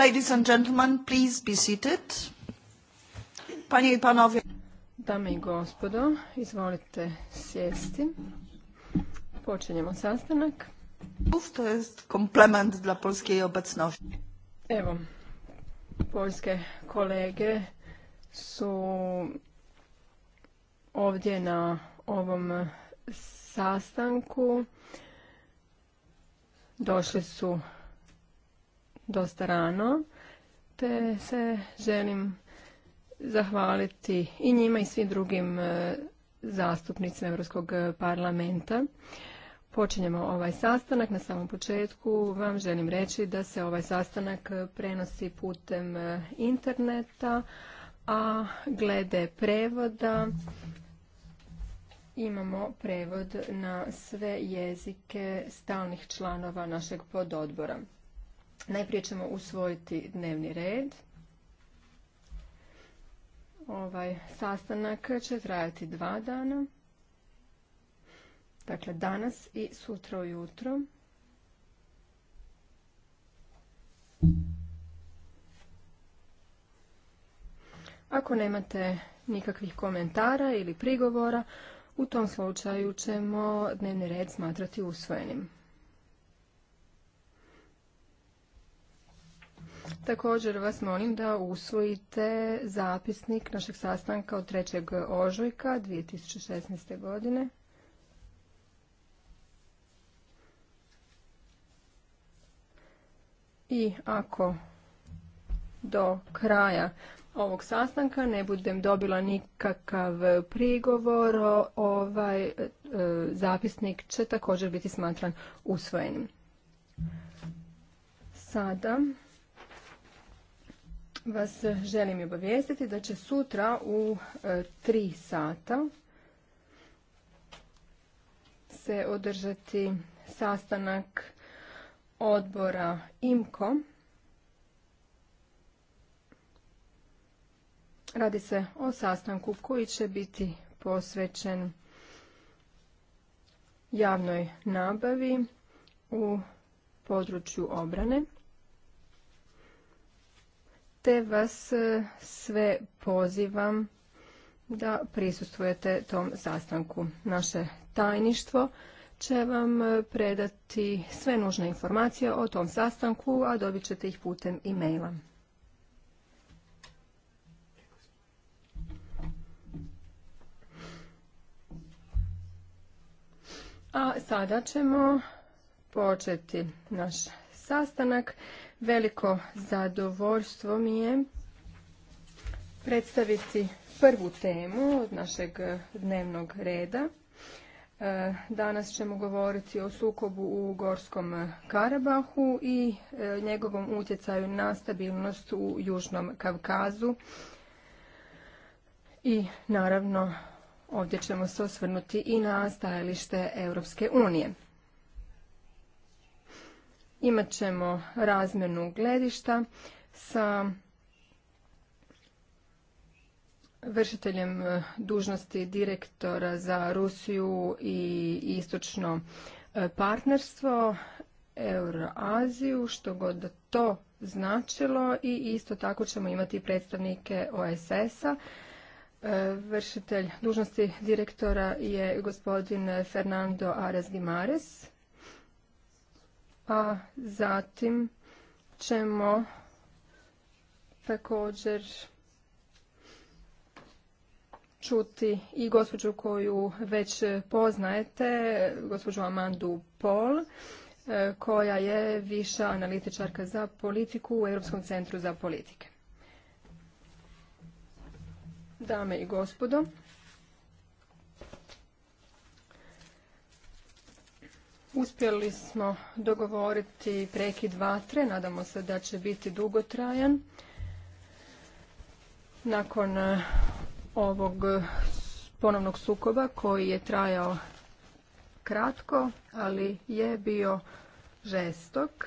Ladies and gentlemen, please be seated. Panie i panowie. Dame i gospodo, izvolite sjesti. Počinjemo sastanak. To je komplement dla polskiej obecnosti. Evo, poljske kolege su ovdje na ovom sastanku. Došli su dosta rano, te se želim zahvaliti i njima i svim drugim e, zastupnicima Europskog parlamenta. Počinjemo ovaj sastanak. Na samom početku vam želim reći da se ovaj sastanak prenosi putem e, interneta, a glede prevoda imamo prevod na sve jezike stalnih članova našeg pododbora. Najprije ćemo usvojiti dnevni red. Ovaj sastanak će trajati dva dana. Dakle, danas i sutra ujutro. Ako nemate nikakvih komentara ili prigovora, u tom slučaju ćemo dnevni red smatrati usvojenim. Također vas molim da usvojite zapisnik našeg sastanka od 3. ožujka 2016. godine. I ako do kraja ovog sastanka ne budem dobila nikakav prigovor, ovaj e, zapisnik će također biti smatran usvojenim. Sada vas želim obavijestiti da će sutra u 3 e, sata se održati sastanak odbora IMKO. Radi se o sastanku koji će biti posvećen javnoj nabavi u području obrane te vas e, sve pozivam da prisustujete tom sastanku. Naše tajništvo će vam e, predati sve nužne informacije o tom sastanku, a dobit ćete ih putem e-maila. A sada ćemo početi naš sastanak. Veliko zadovoljstvo mi je predstaviti prvu temu od našeg dnevnog reda. E, danas ćemo govoriti o sukobu u Gorskom Karabahu i e, njegovom utjecaju na stabilnost u Južnom Kavkazu. I naravno ovdje ćemo se osvrnuti i na stajalište Europske unije. Imat ćemo razmjenu gledišta sa vršiteljem eh, dužnosti direktora za Rusiju i istočno eh, partnerstvo, Euroaziju, što god da to značilo i isto tako ćemo imati predstavnike OSS-a. Eh, vršitelj dužnosti direktora je gospodin Fernando Aras Gimares a zatim ćemo također čuti i gospođu koju već poznajete, gospođu Amandu Pol, e, koja je viša analitičarka za politiku u Europskom centru za politike. Dame i gospodo, Uspjeli smo dogovoriti prekid vatre, nadamo se da će biti dugotrajan. Nakon e, ovog ponovnog sukoba koji je trajao kratko, ali je bio žestok.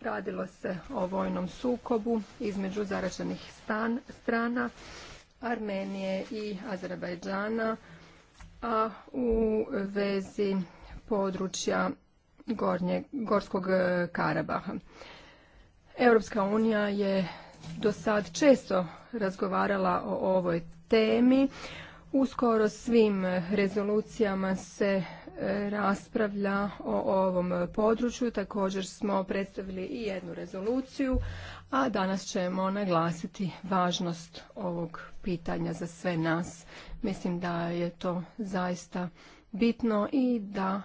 Radilo se o vojnom sukobu između zaraženih strana Armenije i Azerbajdžana a u vezi područja Gorskog e, Karabaha. Europska unija je do sad često razgovarala o ovoj temi. U skoro svim rezolucijama se raspravlja o ovom području. Također smo predstavili i jednu rezoluciju, a danas ćemo naglasiti važnost ovog pitanja za sve nas. Mislim da je to zaista bitno i da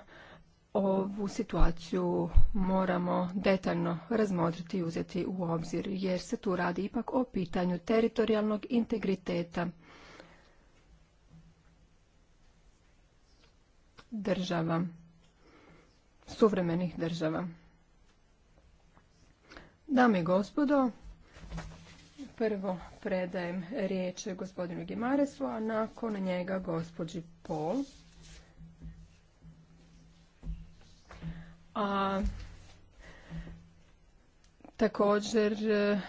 ovu situaciju moramo detaljno razmotriti i uzeti u obzir, jer se tu radi ipak o pitanju teritorijalnog integriteta država, suvremenih država. Dame i gospodo, prvo predajem riječ gospodinu Gimaresu, a nakon njega gospođi Pol. A također eh,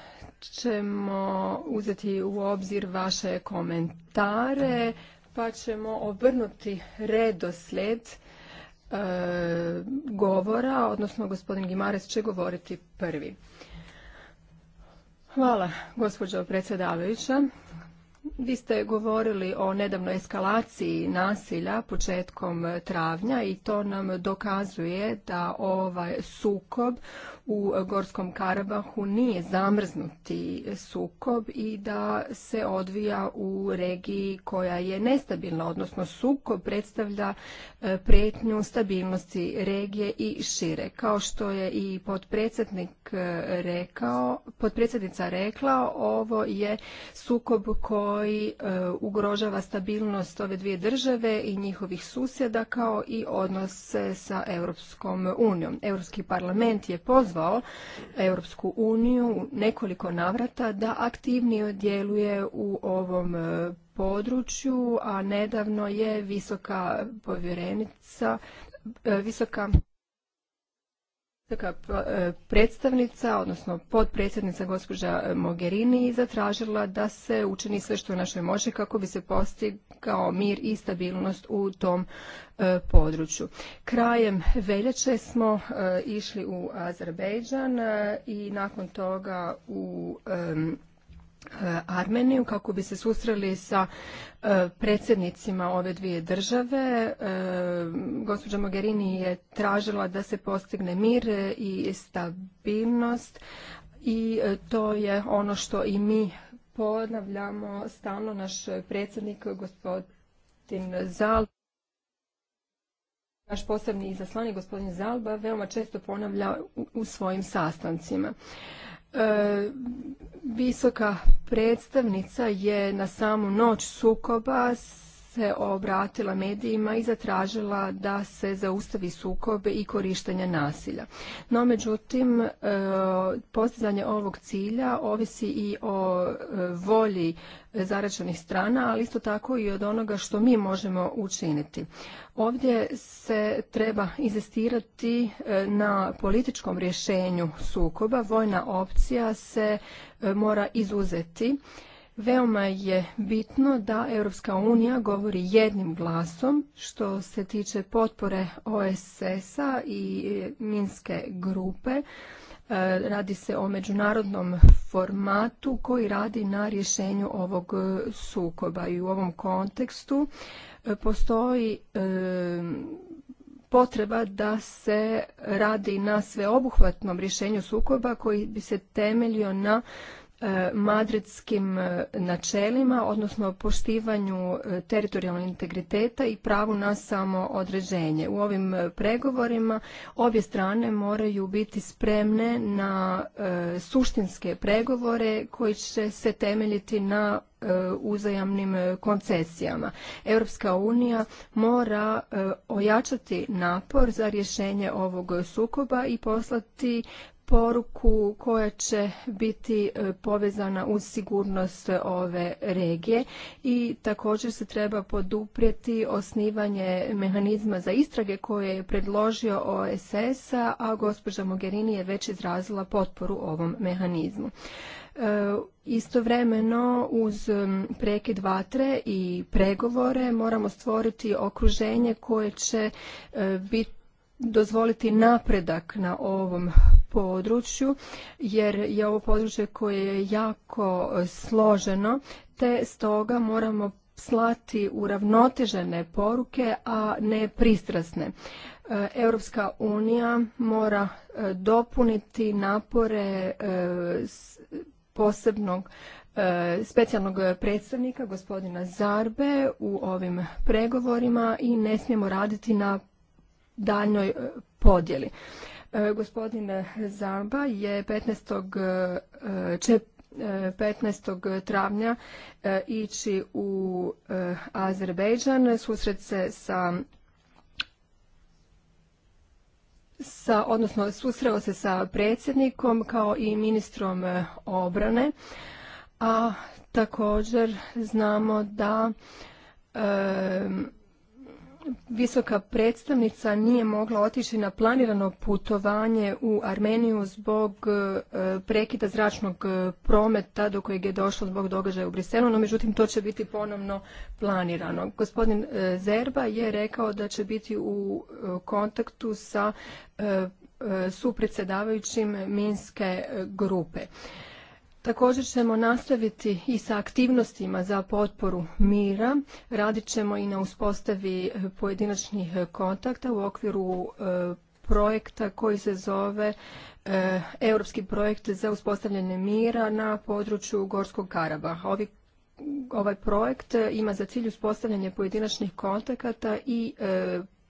ćemo uzeti u obzir vaše komentare pa ćemo obrnuti redoslijed e, govora, odnosno gospodin Gimares će govoriti prvi. Hvala, gospođo predsjedavajuća. Vi ste govorili o nedavnoj eskalaciji nasilja početkom travnja i to nam dokazuje da ovaj sukob u Gorskom Karabahu nije zamrznuti sukob i da se odvija u regiji koja je nestabilna, odnosno sukob predstavlja e, prijetnju stabilnosti regije i šire. Kao što je i potpredsjednik e, rekao, potpredsjednica rekla, ovo je sukob koji koji e, ugrožava stabilnost ove dvije države i njihovih susjeda kao i odnose sa Europskom unijom. Europski parlament je pozvao Europsku uniju nekoliko navrata da aktivnije djeluje u ovom e, području, a nedavno je visoka povjerenica, e, visoka E, predstavnica, odnosno podpredsjednica gospođa Mogherini zatražila da se učini sve što je našoj moći kako bi se postigao mir i stabilnost u tom e, području. Krajem veljače smo e, išli u Azerbejdžan i nakon toga u E, Armeniju kako bi se susreli sa e, predsjednicima ove dvije države. E, gospođa Mogherini je tražila da se postigne mir i stabilnost i to je ono što i mi ponavljamo stalno naš predsjednik gospodin Zal. Naš posebni izaslanik gospodin Zalba veoma često ponavlja u svojim sastancima. E, visoka predstavnica je na samu noć sukoba se obratila medijima i zatražila da se zaustavi sukob i korištenje nasilja. No, međutim, e, postizanje ovog cilja ovisi i o e, volji zaračenih strana, ali isto tako i od onoga što mi možemo učiniti. Ovdje se treba izestirati e, na političkom rješenju sukoba. Vojna opcija se mora izuzeti Veoma je bitno da Europska unija govori jednim glasom što se tiče potpore OSS-a i Minske grupe. E, radi se o međunarodnom formatu koji radi na rješenju ovog sukoba i u ovom kontekstu e, postoji e, potreba da se radi na sveobuhvatnom rješenju sukoba koji bi se temeljio na E, madridskim e, načelima, odnosno poštivanju e, teritorijalnog integriteta i pravu na samoodređenje. U ovim pregovorima obje strane moraju biti spremne na suštinske pregovore koji će se temeljiti na uzajamnim koncesijama. Europska unija mora ojačati napor za rješenje ovog sukoba i poslati poruku koja će biti e, povezana uz sigurnost ove regije i također se treba poduprijeti osnivanje mehanizma za istrage koje je predložio OSS, a, a gospođa Mogherini je već izrazila potporu ovom mehanizmu. E, istovremeno uz prekid vatre i pregovore moramo stvoriti okruženje koje će e, biti dozvoliti napredak na ovom području jer je ovo područje koje je jako složeno te stoga moramo slati uravnotežene poruke, a ne pristrasne. E, Europska unija mora e, dopuniti napore e, posebnog specijalnog predstavnika gospodina Zarbe u ovim pregovorima i ne smijemo raditi na daljnjoj podjeli. E, Gospodine Zamba je 15. će 15. travnja e, ići u e, Azerbejdžan, susret se sa sa, odnosno susreo se sa predsjednikom kao i ministrom obrane, a također znamo da visoka predstavnica nije mogla otići na planirano putovanje u Armeniju zbog e, prekida zračnog e, prometa do kojeg je došlo zbog događaja u Briselu, no međutim to će biti ponovno planirano. Gospodin e, Zerba je rekao da će biti u kontaktu sa supredsjedavajućim Minske grupe. Također ćemo nastaviti i sa aktivnostima za potporu mira. Radit ćemo i na uspostavi e, pojedinačnih e, kontakta u okviru e, projekta koji se zove Europski projekt za uspostavljanje mira na području Gorskog Karabaha. ovaj projekt ima za cilj uspostavljanje pojedinačnih kontakata i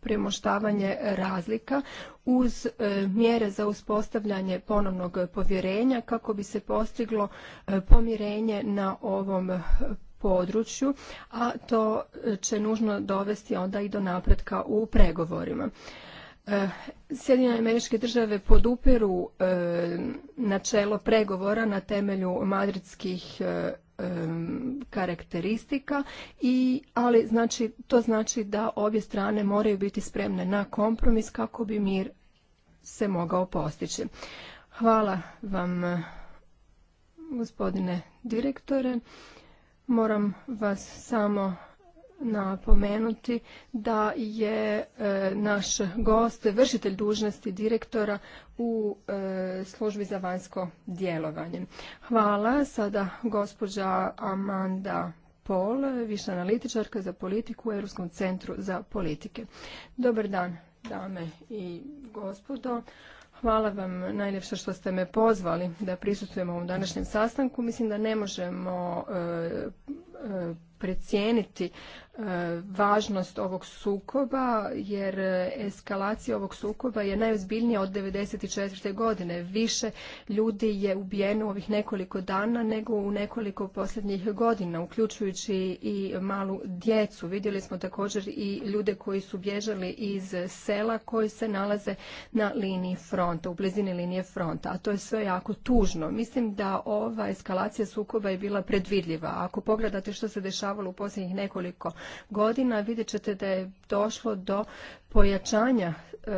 premoštavanje razlika uz e, mjere za uspostavljanje ponovnog povjerenja kako bi se postiglo e, pomirenje na ovom području, a to e, će nužno dovesti onda i do napretka u pregovorima. Sjedinjene američke države podupiru načelo pregovora na temelju madridskih karakteristika i ali znači to znači da obje strane moraju biti spremne na kompromis kako bi mir se mogao postići. Hvala vam gospodine direktore. Moram vas samo napomenuti da je e, naš gost vršitelj dužnosti direktora u e, službi za vanjsko djelovanje. Hvala. Sada gospođa Amanda Pol, viša analitičarka za politiku u Europskom centru za politike. Dobar dan, dame i gospodo. Hvala vam najljepše što ste me pozvali da prisutujemo u ovom današnjem sastanku. Mislim da ne možemo e, precijeniti važnost ovog sukoba jer eskalacija ovog sukoba je najozbiljnija od 1994. godine. Više ljudi je ubijeno ovih nekoliko dana nego u nekoliko posljednjih godina, uključujući i malu djecu. Vidjeli smo također i ljude koji su bježali iz sela koji se nalaze na liniji fronta, u blizini linije fronta, a to je sve jako tužno. Mislim da ova eskalacija sukoba je bila predvidljiva. Ako pogledate što se dešavalo u posljednjih nekoliko godina vidjet ćete da je došlo do pojačanja e,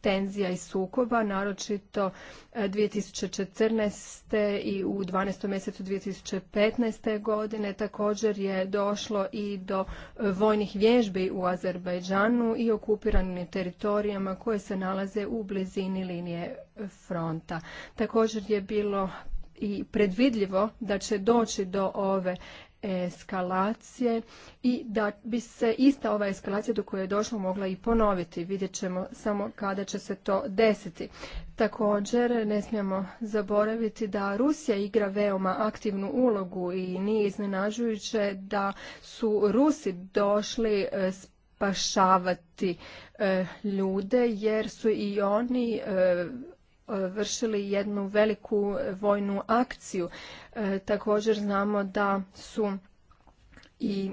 tenzija i sukoba, naročito 2014. E, i u 12. mjesecu 2015. godine također je došlo i do vojnih vježbi u Azerbajdžanu i okupiranim teritorijama koje se nalaze u blizini linije fronta. Također je bilo i predvidljivo da će doći do ove eskalacije i da bi se ista ova eskalacija do koje je došlo mogla i ponoviti. Vidjet ćemo samo kada će se to desiti. Također ne smijemo zaboraviti da Rusija igra veoma aktivnu ulogu i nije iznenađujuće da su Rusi došli e, spašavati e, ljude jer su i oni e, E, vršili jednu veliku vojnu akciju. E, također znamo da su i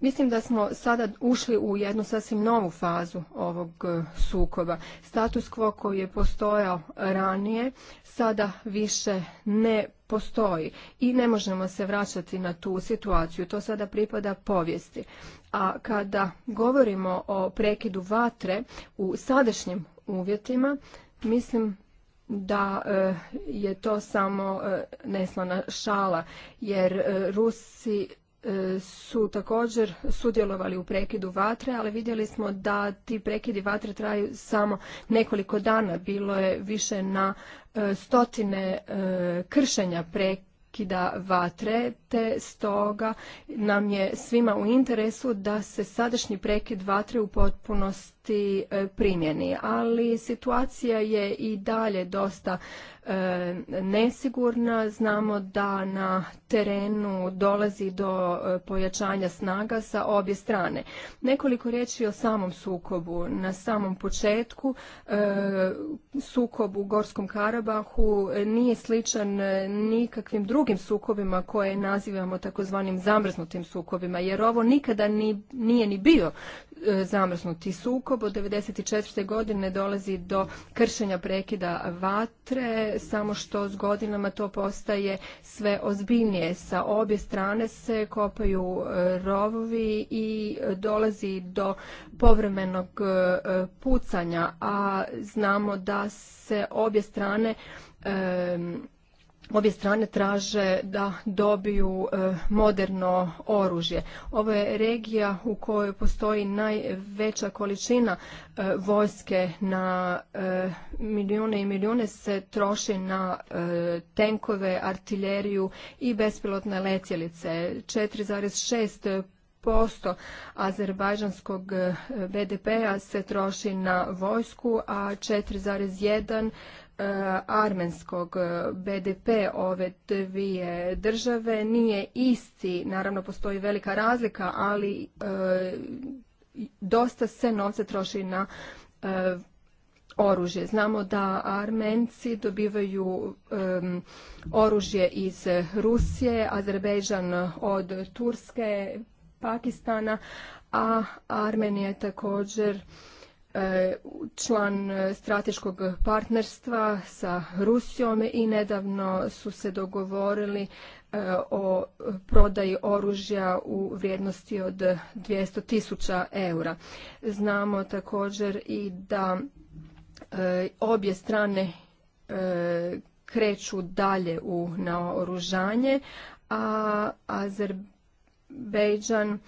Mislim da smo sada ušli u jednu sasvim novu fazu ovog e, sukoba. Status quo koji je postojao ranije sada više ne postoji i ne možemo se vraćati na tu situaciju. To sada pripada povijesti a kada govorimo o prekidu vatre u sadašnjim uvjetima, mislim da e, je to samo e, neslana šala, jer e, Rusi su također sudjelovali u prekidu vatre, ali vidjeli smo da ti prekidi vatre traju samo nekoliko dana. Bilo je više na stotine kršenja prekida prekida vatre, te stoga nam je svima u interesu da se sadašnji prekid vatre u potpunosti biti e, primjeni, ali situacija je i dalje dosta e, nesigurna. Znamo da na terenu dolazi do e, pojačanja snaga sa obje strane. Nekoliko riječi o samom sukobu. Na samom početku sukob u Gorskom Karabahu nije sličan nikakvim drugim sukobima koje nazivamo takozvanim zamrznutim sukobima, jer ovo nikada nije ni bio zamrznuti sukob. Od 1994. godine dolazi do kršenja prekida vatre, samo što s godinama to postaje sve ozbiljnije. Sa obje strane se kopaju e, rovovi i dolazi do povremenog e, pucanja, a znamo da se obje strane e, obje strane traže da dobiju e, moderno oružje. Ovo je regija u kojoj postoji najveća količina e, vojske na e, milijune i milijune se troši na tenkove, artiljeriju i bespilotne letjelice. 4,6 posto azerbajdžanskog BDP-a se troši na vojsku, a 4,1 E, armenskog e, BDP ove dvije države nije isti. Naravno, postoji velika razlika, ali e, dosta se novce troši na oružje. Znamo da Armenci dobivaju oružje iz Rusije, Azerbejdžan od Turske, Pakistana, a Armenija također E, član e, strateškog partnerstva sa Rusijom i nedavno su se dogovorili e, o prodaji oružja u vrijednosti od 200 tisuća eura. Znamo također i da obje strane kreću dalje u naoružanje, a Azerbejdžan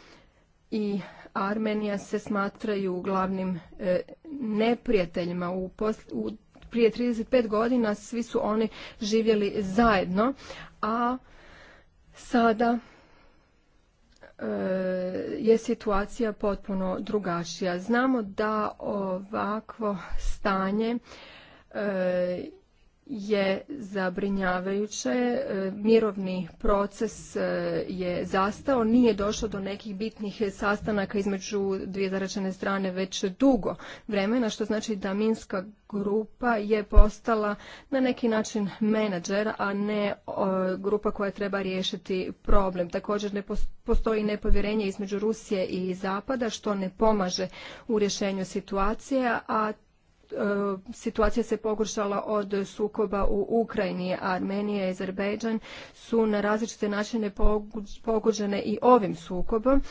i Armenija se smatraju glavnim e, neprijateljima. U, prije 35 godina svi su oni živjeli zajedno, a sada e, je situacija potpuno drugačija. Znamo da ovakvo stanje e, je zabrinjavajuće. E, mirovni proces e, je zastao, nije došlo do nekih bitnih sastanaka između dvije zaračene strane već dugo vremena, što znači da Minska grupa je postala na neki način menadžer, a ne e, grupa koja treba riješiti problem. Također ne postoji nepovjerenje između Rusije i Zapada, što ne pomaže u rješenju situacije, a E, situacija se pogoršala od sukoba u Ukrajini, a Armenija i Azerbejdžan su na različite načine pogođene i ovim sukobom,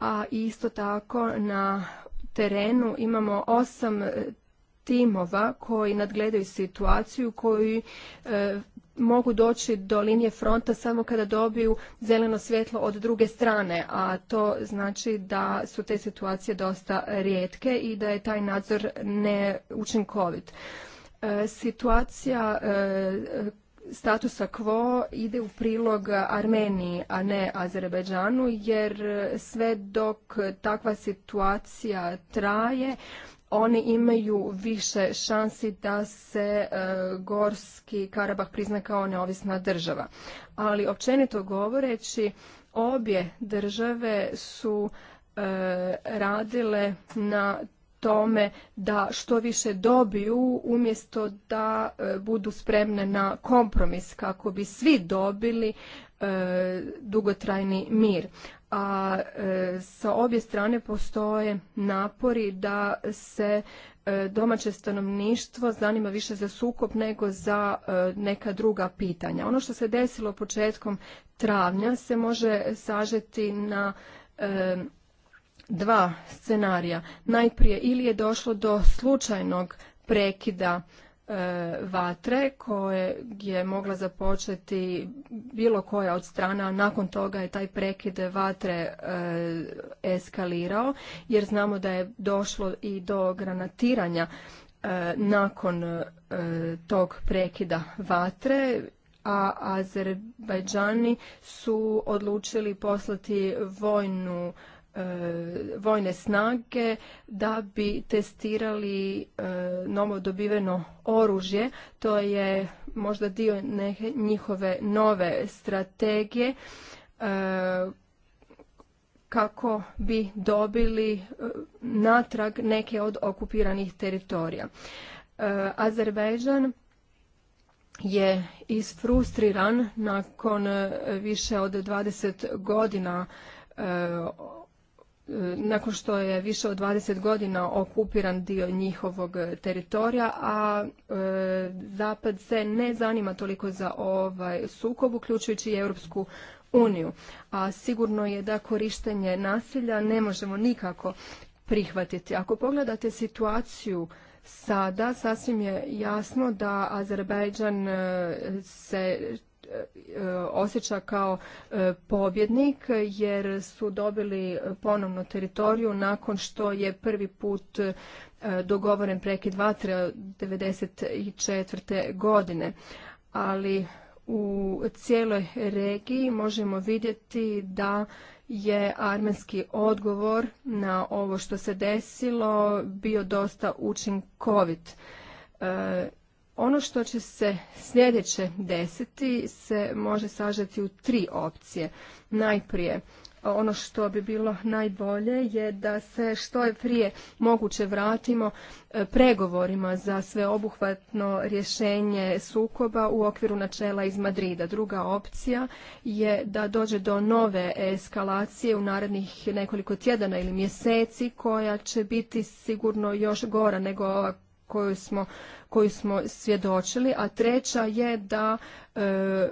a isto tako na terenu imamo osam timova koji nadgledaju situaciju, koji e, mogu doći do linije fronta samo kada dobiju zeleno svjetlo od druge strane, a to znači da su te situacije dosta rijetke i da je taj nadzor neučinkovit. E, situacija e, statusa quo ide u prilog Armeniji, a ne Azerbajdžanu jer sve dok takva situacija traje, oni imaju više šansi da se e, Gorski Karabah prizna kao neovisna država. Ali općenito govoreći, obje države su e, radile na tome da što više dobiju umjesto da e, budu spremne na kompromis kako bi svi dobili dugotrajni mir a e, sa obje strane postoje napori da se e, domaće stanovništvo zanima više za sukob nego za e, neka druga pitanja. Ono što se desilo početkom travnja se može sažeti na dva scenarija. Najprije ili je došlo do slučajnog prekida E, vatre koje je mogla započeti bilo koja od strana, a nakon toga je taj prekid vatre e, eskalirao jer znamo da je došlo i do granatiranja e, nakon tog prekida vatre a Azerbajdžani su odlučili poslati vojnu vojne snage da bi testirali e, novo dobiveno oružje. To je možda dio njihove nove strategije e, kako bi dobili e, natrag neke od okupiranih teritorija. Azerbejdžan je isfrustriran nakon više od 20 godina nakon što je više od 20 godina okupiran dio njihovog teritorija, a e, Zapad se ne zanima toliko za ovaj sukob, uključujući i Europsku uniju. A sigurno je da korištenje nasilja ne možemo nikako prihvatiti. Ako pogledate situaciju sada, sasvim je jasno da Azerbajdžan e, se osjeća kao e, pobjednik jer su dobili ponovno teritoriju nakon što je prvi put e, dogovoren prekid vatre 1994. godine. Ali u cijeloj regiji možemo vidjeti da je armenski odgovor na ovo što se desilo bio dosta učinkovit. E, ono što će se sljedeće desiti se može sažeti u tri opcije. Najprije, ono što bi bilo najbolje je da se što je prije moguće vratimo e, pregovorima za sveobuhvatno rješenje sukoba u okviru načela iz Madrida. Druga opcija je da dođe do nove eskalacije u narednih nekoliko tjedana ili mjeseci koja će biti sigurno još gora nego ova koju smo, koju smo svjedočili, a treća je da e,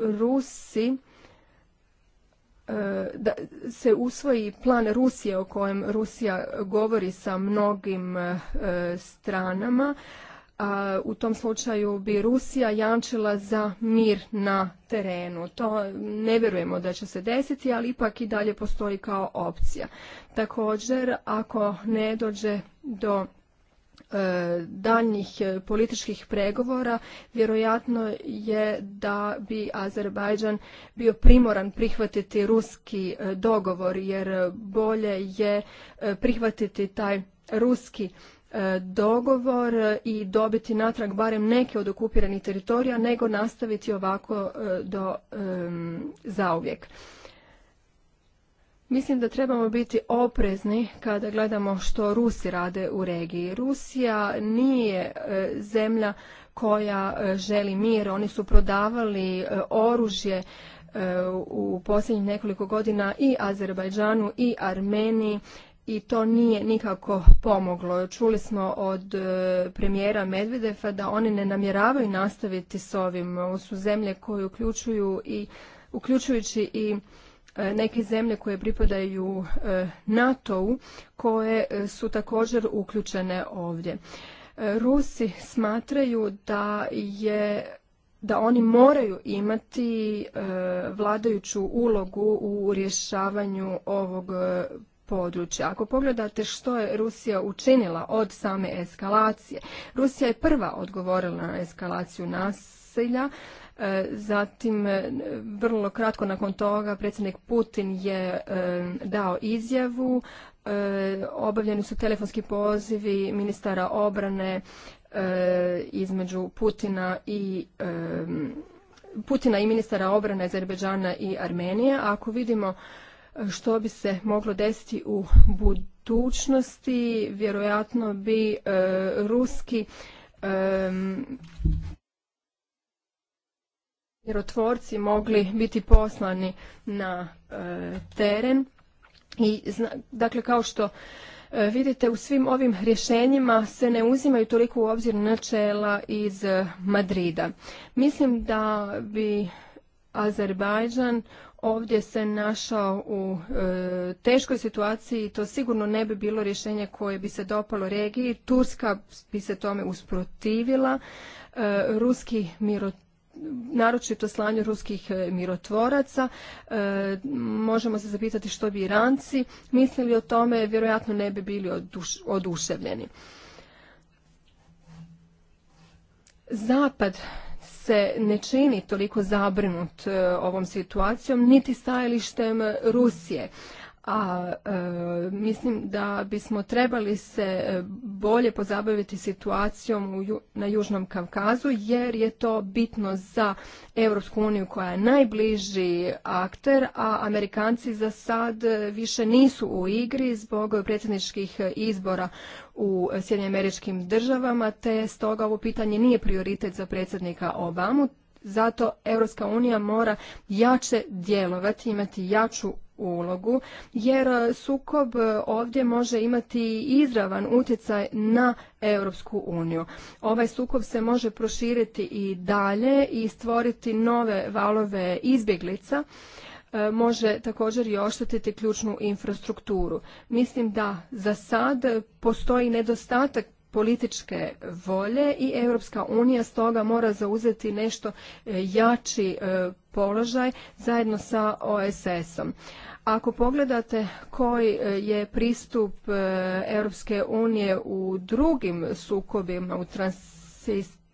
Rusi e, da se usvoji plan Rusije o kojem Rusija govori sa mnogim e, stranama, a u tom slučaju bi Rusija jamčila za mir na terenu. To ne vjerujemo da će se desiti, ali ipak i dalje postoji kao opcija. Također, ako ne dođe do E, daljnjih e, političkih pregovora vjerojatno je da bi Azerbajdžan bio primoran prihvatiti ruski e, dogovor jer bolje je prihvatiti taj ruski dogovor i dobiti natrag barem neke od okupiranih teritorija nego nastaviti ovako do zauvijek. Mislim da trebamo biti oprezni kada gledamo što Rusi rade u regiji. Rusija nije e, zemlja koja e, želi mir. Oni su prodavali e, oružje u posljednjih nekoliko godina i Azerbajdžanu i Armeniji i to nije nikako pomoglo. Čuli smo od premijera Medvedeva da oni ne namjeravaju nastaviti s ovim. Ovo su zemlje koje uključuju i uključujući i E, neke zemlje koje pripadaju e, NATO-u koje e, su također uključene ovdje. Rusi smatraju da je da oni moraju imati vladajuću ulogu u rješavanju ovog područja. Ako pogledate što je Rusija učinila od same eskalacije, Rusija je prva odgovorila na eskalaciju nasilja E, zatim, e, vrlo kratko nakon toga, predsjednik Putin je e, dao izjavu, obavljeni su telefonski pozivi ministara obrane između Putina i Putina i ministara obrane Azerbeđana i Armenije. Ako vidimo što bi se moglo desiti u budućnosti, vjerojatno bi ruski Mirotvorci mogli biti poslani na e, teren. I, dakle, kao što e, vidite, u svim ovim rješenjima se ne uzimaju toliko u obzir načela iz Madrida. Mislim da bi Azerbajdžan ovdje se našao u e, teškoj situaciji i to sigurno ne bi bilo rješenje koje bi se dopalo regiji. Turska bi se tome usprotivila, ruski mirot naročito slanju ruskih e, mirotvoraca. E, možemo se zapitati što bi Iranci mislili o tome, vjerojatno ne bi bili oduševljeni. Zapad se ne čini toliko zabrinut e, ovom situacijom, niti stajalištem Rusije a e, mislim da bismo trebali se e, bolje pozabaviti situacijom na Južnom Kavkazu jer je to bitno za Europsku uniju koja je najbliži akter, a Amerikanci za sad e, više nisu u igri zbog predsjedničkih izbora u Sjedinjim američkim državama, te stoga ovo pitanje nije prioritet za predsjednika Obamu, zato Europska unija mora jače djelovati, imati jaču ulogu jer e, sukob e, ovdje može imati izravan utjecaj na Europsku uniju. Ovaj sukob se može proširiti i dalje i stvoriti nove valove izbjeglica e, može također i oštetiti ključnu infrastrukturu. Mislim da za sad postoji nedostatak političke volje i Europska unija stoga mora zauzeti nešto jači položaj zajedno sa OSS-om. Ako pogledate koji e, je pristup e, Europske unije u drugim sukobima, u trans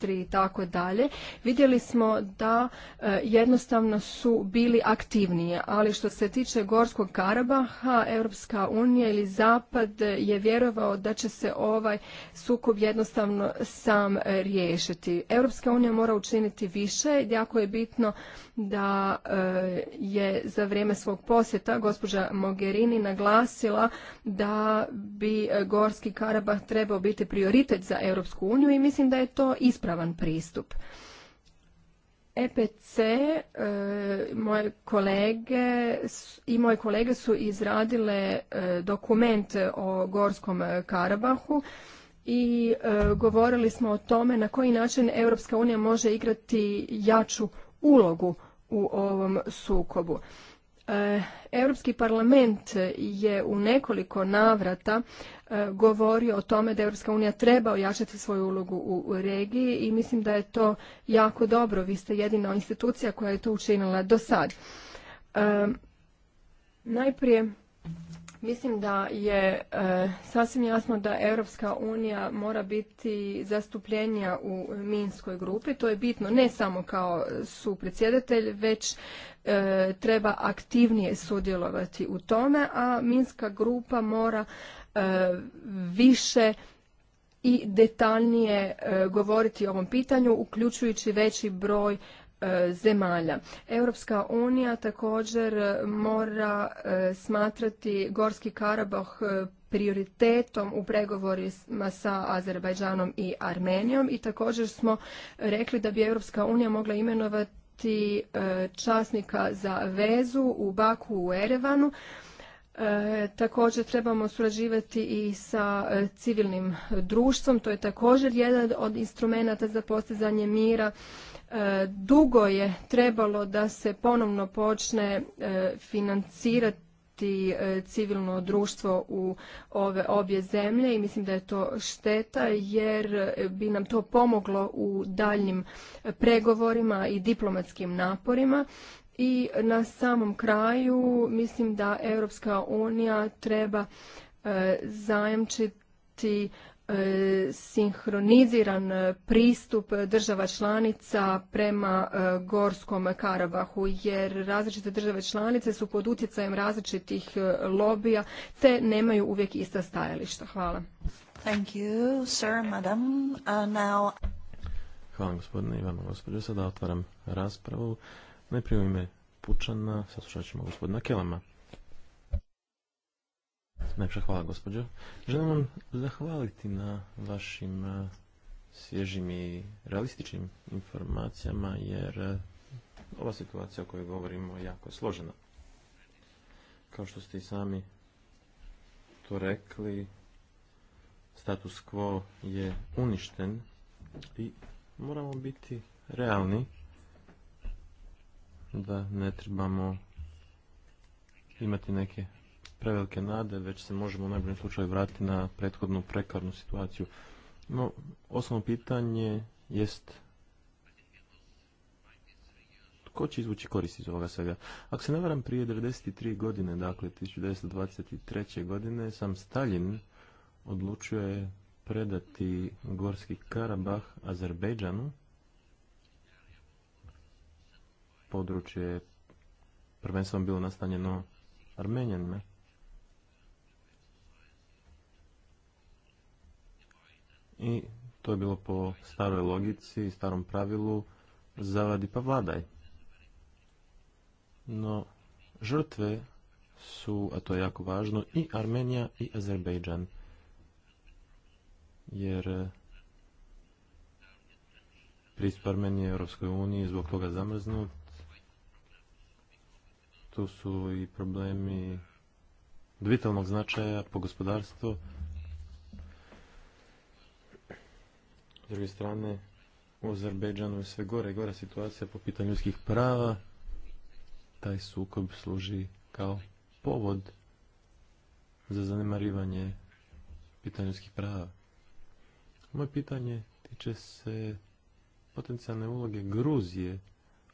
i tako dalje, vidjeli smo da e, jednostavno su bili aktivnije. Ali što se tiče Gorskog Karabaha, Europska unija ili Zapad je vjerovao da će se ovaj sukob jednostavno sam e, riješiti. Europska unija mora učiniti više. Jako je bitno da e, je za vrijeme svog posjeta gospođa Mogherini naglasila da bi Gorski Karabah trebao biti prioritet za Europsku uniju i mislim da je to ispravno van pristup. EPC, e, moje kolege i moje kolege su izradile e, dokument o Gorskom Karabahu i e, govorili smo o tome na koji način Europska unija može igrati jaču ulogu u ovom sukobu. Eh, Europski parlament je u nekoliko navrata eh, govorio o tome da Europska unija treba ojačati svoju ulogu u regiji i mislim da je to jako dobro. Vi ste jedina institucija koja je to učinila do sad. Eh, najprije Mislim da je e, sasvim jasno da Europska unija mora biti zastupljenija u Minskoj grupi. To je bitno ne samo kao supredsjedatelj, već e, treba aktivnije sudjelovati u tome, a Minska grupa mora e, više i detaljnije govoriti o ovom pitanju, uključujući veći broj E, zemalja. Europska unija također mora e, smatrati Gorski Karabah e, prioritetom u pregovorima sa Azerbajdžanom i Armenijom i također smo rekli da bi Europska unija mogla imenovati časnika za vezu u Baku u Erevanu. također trebamo surađivati i sa civilnim društvom, to je također jedan od instrumenata za postizanje mira E, dugo je trebalo da se ponovno počne e, financirati e, civilno društvo u ove obje zemlje i mislim da je to šteta jer bi nam to pomoglo u daljnjim pregovorima i diplomatskim naporima. I na samom kraju mislim da Europska unija treba zajamčiti E, sinhroniziran e, pristup država članica prema e, Gorskom Karabahu, jer različite države članice su pod utjecajem različitih lobija, te nemaju uvijek ista stajališta. Hvala. Thank you, sir, madam. Uh, now... Hvala gospodine i vama gospođo. Sada otvaram raspravu. Najprije u ime Pučana, saslušat ćemo gospodina Kelama. Najpša hvala, gospođo. Želim vam zahvaliti na vašim e, svježim i realističnim informacijama, jer e, ova situacija o kojoj govorimo jako je složena. Kao što ste i sami to rekli, status quo je uništen i moramo biti realni da ne trebamo imati neke prevelike nade, već se možemo u najboljem slučaju vratiti na prethodnu prekarnu situaciju. No, osnovno pitanje jest tko će izvući korist iz ovoga svega. Ako se ne varam, prije 93 godine, dakle 1923. godine, sam Stalin odlučio je predati Gorski Karabah Azerbejdžanu, područje prvenstveno bilo nastanjeno Armenijanima. i to je bilo po staroj logici i starom pravilu zavadi pa vladaj. No, žrtve su, a to je jako važno, i Armenija i Azerbejdžan. Jer eh, pristup Armenije Europskoj uniji zbog toga zamrznut. Tu su i problemi vitalnog značaja po gospodarstvu druge strane, u Azerbejdžanu je sve gore i gora situacija po pitanju ljudskih prava. Taj sukob služi kao povod za zanemarivanje pitanja ljudskih prava. Moje pitanje tiče se potencijalne uloge Gruzije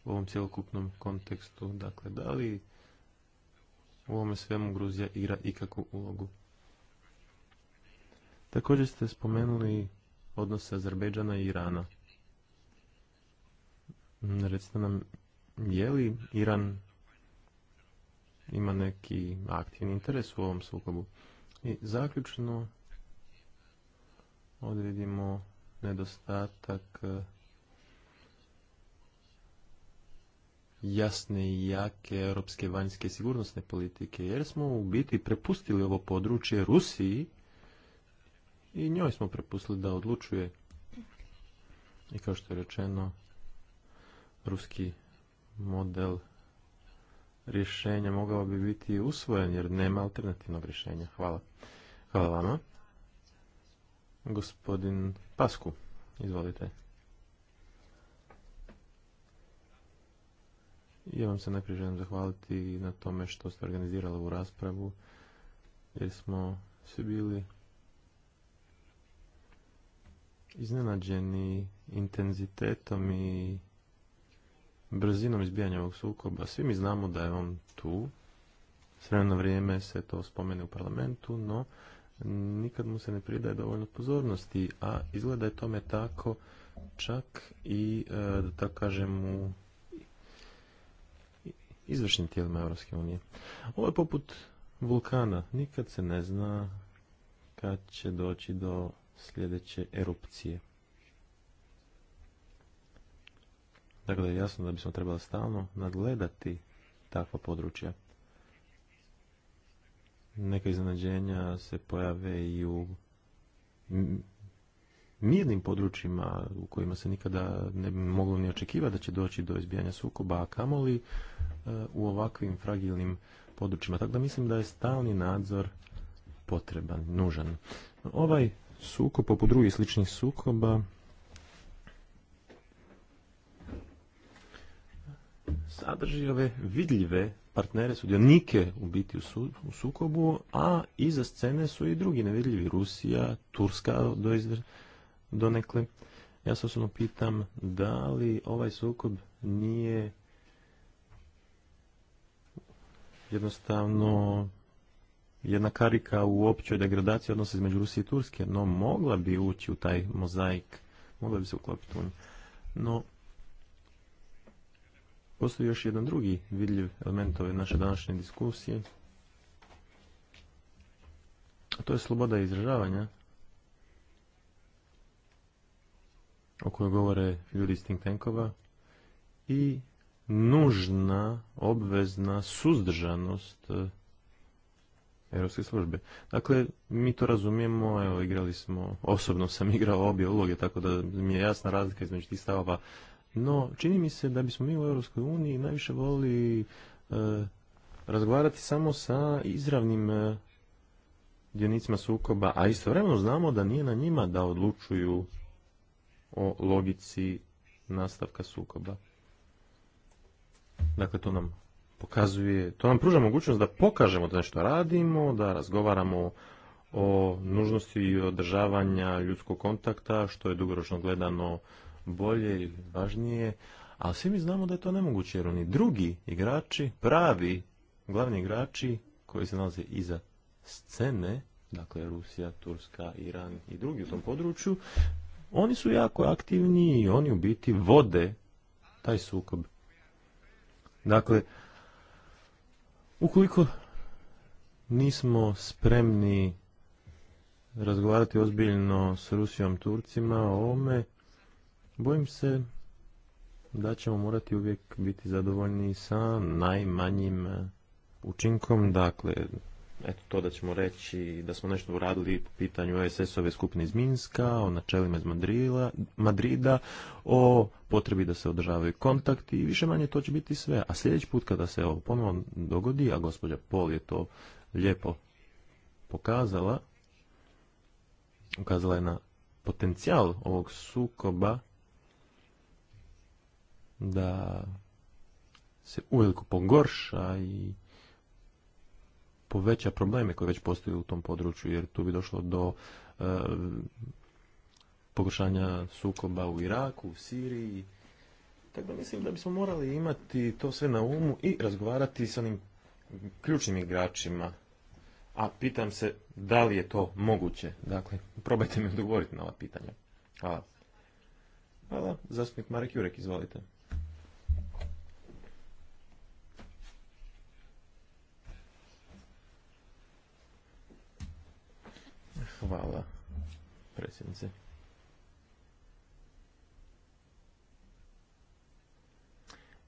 u ovom cjelokupnom kontekstu. Dakle, da li u ovome svemu Gruzija igra ikakvu ulogu? Također ste spomenuli odnose Azerbejdžana i Irana. Recite nam, je li Iran ima neki aktivni interes u ovom sukobu? I zaključno, ovdje vidimo nedostatak e, jasne i jake europske vanjske sigurnosne politike, jer smo u biti prepustili ovo područje Rusiji i njoj smo prepustili da odlučuje. I kao što je rečeno, ruski model rješenja mogao bi biti usvojen jer nema alternativnog rješenja. Hvala. Hvala vama. Gospodin Pasku, izvolite. Ja vam se najprije želim zahvaliti na tome što ste organizirali ovu raspravu jer smo svi bili iznenađeni intenzitetom i brzinom izbijanja ovog sukoba. Svi mi znamo da je on tu. Sredno vrijeme se to spomene u parlamentu, no nikad mu se ne pridaje dovoljno pozornosti, a izgleda je tome tako čak i, e, da tako kažem, u izvršnim tijelima Europske unije. Ovo je poput vulkana. Nikad se ne zna kad će doći do sljedeće erupcije. Dakle, jasno da bismo trebali stalno nadgledati takva područja. Neka iznenađenja se pojave i u mirnim područjima u kojima se nikada ne bi moglo ni očekivati da će doći do izbijanja sukoba, a kamoli e, u ovakvim fragilnim područjima. Tako da mislim da je stalni nadzor potreban, nužan. Ovaj sukob, poput drugih sličnih sukoba, sadrži ove vidljive partnere, sudionike u biti u, sukobu, a iza scene su i drugi nevidljivi, Rusija, Turska do, donekle. Ja se osobno pitam da li ovaj sukob nije jednostavno jedna karika u općoj degradaciji odnosa između Rusije i Turske, no mogla bi ući u taj mozaik, mogla bi se uklopiti u nju. No, postoji još jedan drugi vidljiv element ove naše današnje diskusije, a to je sloboda izražavanja, o kojoj govore ljudi iz think tankova, i nužna, obvezna suzdržanost europske službe. Dakle, mi to razumijemo, evo, igrali smo, osobno sam igrao obje uloge, tako da mi je jasna razlika između tih stavova. No, čini mi se da bismo mi u Europskoj uniji najviše volili e, razgovarati samo sa izravnim e, sukoba, a istovremeno znamo da nije na njima da odlučuju o logici nastavka sukoba. Dakle, to nam pokazuje, to nam pruža mogućnost da pokažemo da nešto radimo, da razgovaramo o nužnosti održavanja ljudskog kontakta, što je dugoročno gledano bolje i važnije, ali svi mi znamo da je to nemoguće, jer oni drugi igrači, pravi glavni igrači koji se nalaze iza scene, dakle Rusija, Turska, Iran i drugi u tom području, oni su jako aktivni i oni u biti vode taj sukob. Dakle, Ukoliko nismo spremni razgovarati ozbiljno s Rusijom Turcima o ovome, bojim se da ćemo morati uvijek biti zadovoljni sa najmanjim učinkom, dakle eto to da ćemo reći da smo nešto uradili po pitanju OSS-ove skupine iz Minska, o načelima iz Madrila, Madrida, o potrebi da se održavaju kontakti i više manje to će biti sve. A sljedeći put kada se ovo ponovno dogodi, a gospođa Pol je to lijepo pokazala, ukazala je na potencijal ovog sukoba da se uveliko pogorša i poveća probleme koje već postoji u tom području, jer tu bi došlo do e, pogoršanja sukoba u Iraku, u Siriji. Tako da mislim da bismo morali imati to sve na umu i razgovarati sa onim ključnim igračima. A pitam se da li je to moguće. Dakle, probajte mi odgovoriti na ova pitanja. Hvala. Hvala. Zastupnik Marek Jurek, izvolite. Hvala, predsjednice.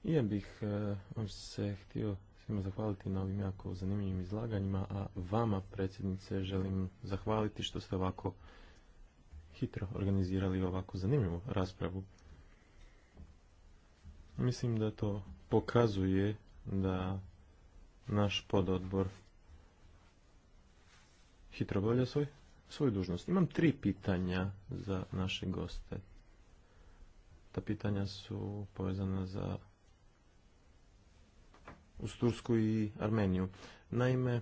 Ja bih e, vam se htio svima zahvaliti na ovim jako zanimljivim izlaganjima, a vama, predsjednice, želim zahvaliti što ste ovako hitro organizirali ovako zanimljivu raspravu. Mislim da to pokazuje da naš pododbor hitro bolja svoj svoju dužnost. Imam tri pitanja za naše goste. Ta pitanja su povezana za uz Tursku i Armeniju. Naime,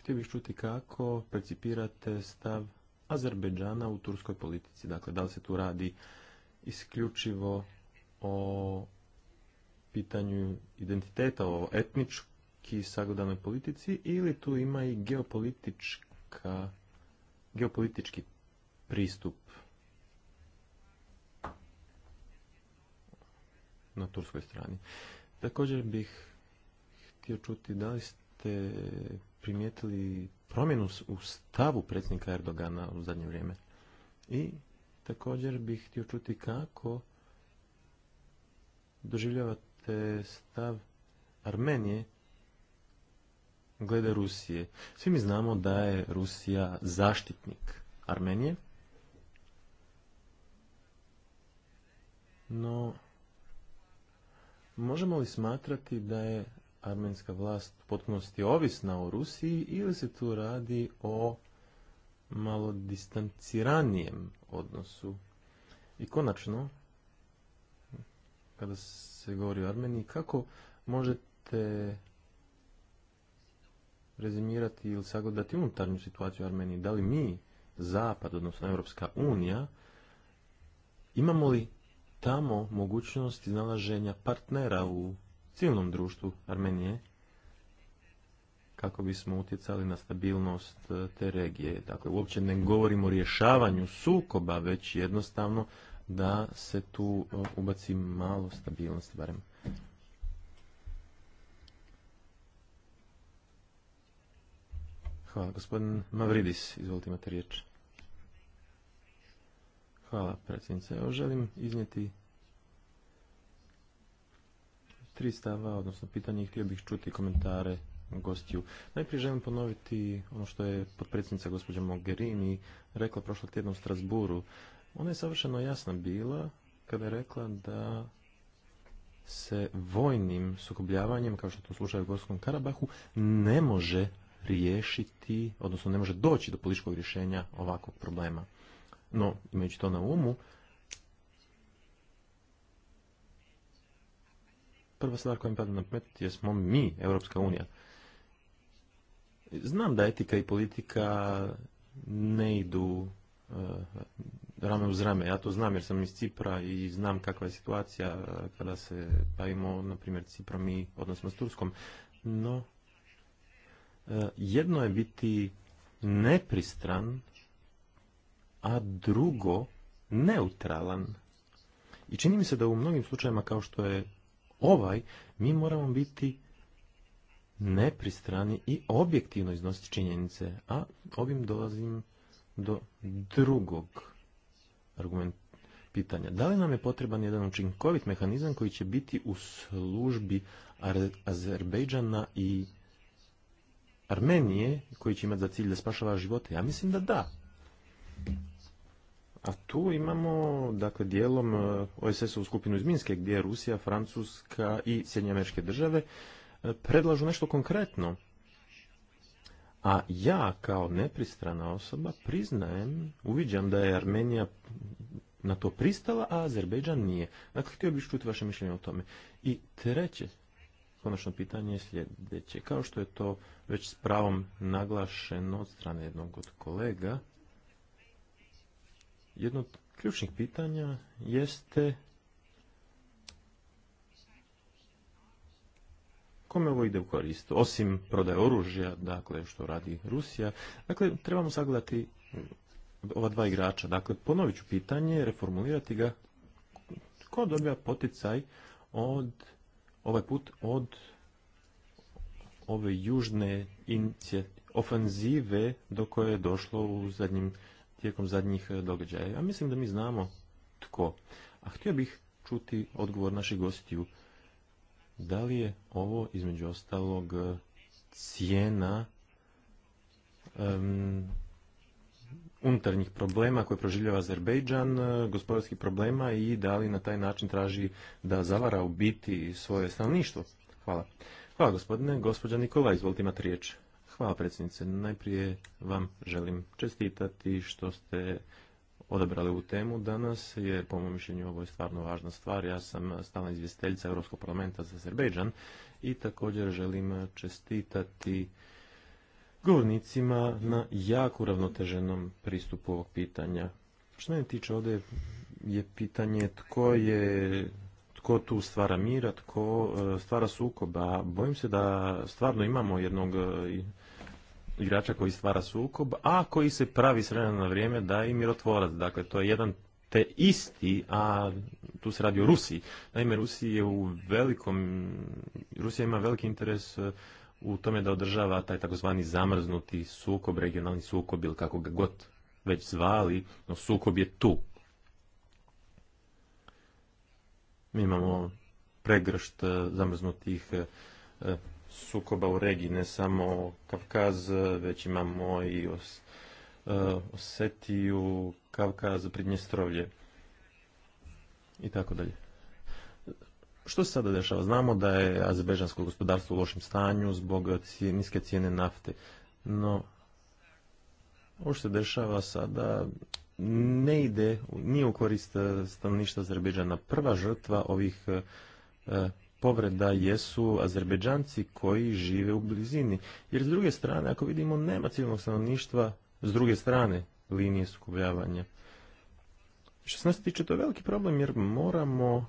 htio bih čuti kako percipirate stav Azerbeđana u turskoj politici. Dakle, da li se tu radi isključivo o pitanju identiteta, o etnički sagodanoj politici ili tu ima i geopolitički ka geopolitički pristup na turskoj strani. Također bih htio čuti da li ste primijetili promjenu u stavu predsjednika Erdogana u zadnje vrijeme. I također bih htio čuti kako doživljavate stav Armenije glede Rusije. Svi mi znamo da je Rusija zaštitnik Armenije. No, možemo li smatrati da je armenska vlast potpunosti ovisna o Rusiji ili se tu radi o malo distanciranijem odnosu? I konačno, kada se govori o Armeniji, kako možete rezimirati ili sagledati unutarnju situaciju u Armeniji. Da li mi, Zapad, odnosno Europska unija, imamo li tamo mogućnost iznalaženja partnera u civilnom društvu Armenije kako bismo utjecali na stabilnost e, te regije. Dakle, uopće ne govorimo o rješavanju sukoba, već jednostavno da se tu e, ubaci malo stabilnosti barem. Hvala. Gospodin Mavridis, izvolite imate riječ. Hvala, predsjednice. Evo želim iznijeti tri stava, odnosno pitanje i htio bih čuti komentare gostiju. Najprije želim ponoviti ono što je potpredsjednica gospođa Mogherini rekla prošlog tjedna u Strasburu. Ona je savršeno jasna bila kada je rekla da se vojnim sukobljavanjem, kao što to slušaju u Gorskom Karabahu, ne može riješiti, odnosno ne može doći do političkog rješenja ovakvog problema. No, imajući to na umu, prva stvar koja mi pada na pamet je smo mi, Europska unija. Znam da etika i politika ne idu eh, rame uz rame. Ja to znam jer sam iz Cipra i znam kakva je situacija eh, kada se bavimo, na primjer, Cipra mi odnosno s Turskom. No, E, jedno je biti nepristran, a drugo neutralan. I čini mi se da u mnogim slučajevima kao što je ovaj, mi moramo biti nepristrani i objektivno iznositi činjenice, a ovim dolazim do drugog argumenta pitanja. Da li nam je potreban jedan učinkovit mehanizam koji će biti u službi Azerbejdžana i Armenije koji će imati za cilj da spašava živote? Ja mislim da da. A tu imamo, dakle, dijelom e, OSS-ovu skupinu iz Minske, gdje Rusija, Francuska i Sjedinje američke države e, predlažu nešto konkretno. A ja, kao nepristrana osoba, priznajem, uviđam da je Armenija na to pristala, a Azerbejdžan nije. Dakle, htio bih čuti vaše mišljenje o tome. I treće, konačno pitanje je sljedeće. Kao što je to već s pravom naglašeno od strane jednog od kolega, jedno od ključnih pitanja jeste kome ovo ide u korist, osim prodaje oružja, dakle što radi Rusija. Dakle, trebamo sagledati ova dva igrača. Dakle, ponovit ću pitanje, reformulirati ga ko dobija poticaj od ovaj put od ove južne ofenzive do koje je došlo u zadnjim, tijekom zadnjih e, događaja. Ja mislim da mi znamo tko. A htio bih čuti odgovor naših gostiju. Da li je ovo, između ostalog, e, cijena unutarnjih problema koje proživljava Azerbejdžan, e, gospodarskih problema i da li na taj način traži da zavara u biti svoje stanovništvo. Hvala. Hvala gospodine. Gospođa Nikola, izvolite imati riječ. Hvala predsjednice. Najprije vam želim čestitati što ste odabrali ovu temu danas, jer po mom mišljenju ovo je stvarno važna stvar. Ja sam stalna izvjestiteljica Europskog parlamenta za Azerbejdžan i također želim čestitati govornicima na jako ravnoteženom pristupu ovog pitanja. Što mene tiče ovdje je pitanje tko je tko tu stvara mira, tko e, stvara sukoba. Bojim se da stvarno imamo jednog e, igrača koji stvara sukob, a koji se pravi sredan na vrijeme da je mirotvorac. Dakle, to je jedan te isti, a tu se radi o Rusiji. Naime, Rusiji je u velikom, Rusija ima veliki interes e, u tome da održava taj takozvani zamrznuti sukob, regionalni sukob ili kako ga god već zvali, no sukob je tu. Mi imamo pregršt eh, zamrznutih eh, eh, sukoba u regiji, ne samo Kavkaz, već imamo i os, Osetiju, Kavkaz, Pridnjestrovlje i tako dalje. Što se sada dešava? Znamo da je azerbejdžansko gospodarstvo u lošem stanju zbog niske cijene nafte, no ovo što se dešava sada ne ide, nije u korist e, stanovništva Azerbejdžana. Prva žrtva ovih e, e, povreda jesu Azerbejdžanci koji žive u blizini. Jer s druge strane, ako vidimo, nema civilnog stanovništva s druge strane linije sukobljavanja. Što se nas tiče, to je veliki problem jer moramo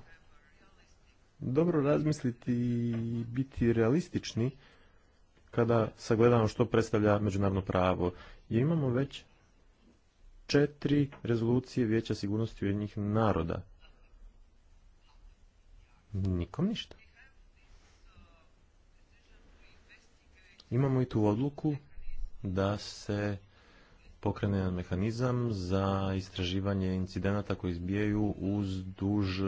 dobro razmisliti i biti realistični kada sagledamo što predstavlja međunarodno pravo. I imamo već četiri rezolucije Vijeća sigurnosti Ujedinjenih naroda. Nikom ništa. Imamo i tu odluku da se pokrene jedan mehanizam za istraživanje incidenata koji izbijaju uz duž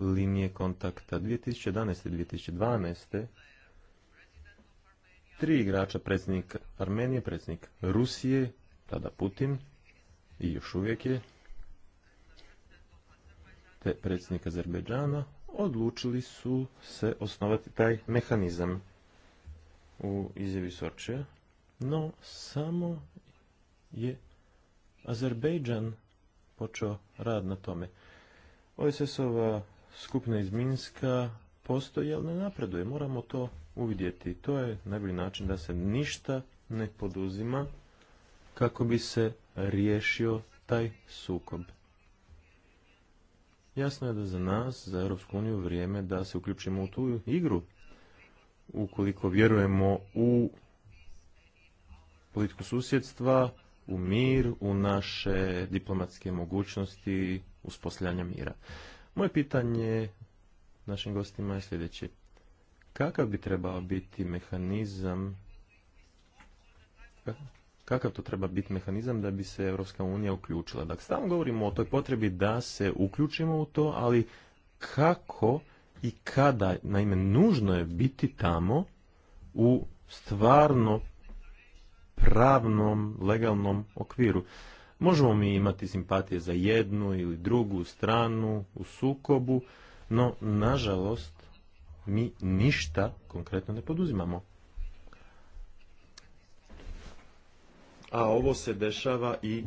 linije kontakta. 2011. i 2012. tri igrača, predsjednik Armenije, predsjednik Rusije, tada Putin i još uvijek je, te predsjednik Azerbajdžana odlučili su se osnovati taj mehanizam u izjavi Sorčeja, no samo je Azerbejdžan počeo rad na tome. OSS-ova skupina iz Minska postoji, ali ne napreduje. Moramo to uvidjeti. To je najbolji način da se ništa ne poduzima kako bi se riješio taj sukob. Jasno je da za nas, za Europsku uniju, vrijeme da se uključimo u tu igru. Ukoliko vjerujemo u politiku susjedstva, u mir, u naše diplomatske mogućnosti uspostavljanja mira. Moje pitanje našim gostima je sljedeće. Kakav bi trebao biti mehanizam kakav to treba biti mehanizam da bi se Europska unija uključila. Dakle, stalno govorimo o toj potrebi da se uključimo u to, ali kako i kada, naime, nužno je biti tamo u stvarno pravnom, legalnom okviru. Možemo mi imati simpatije za jednu ili drugu stranu u sukobu, no nažalost mi ništa konkretno ne poduzimamo. A ovo se dešava i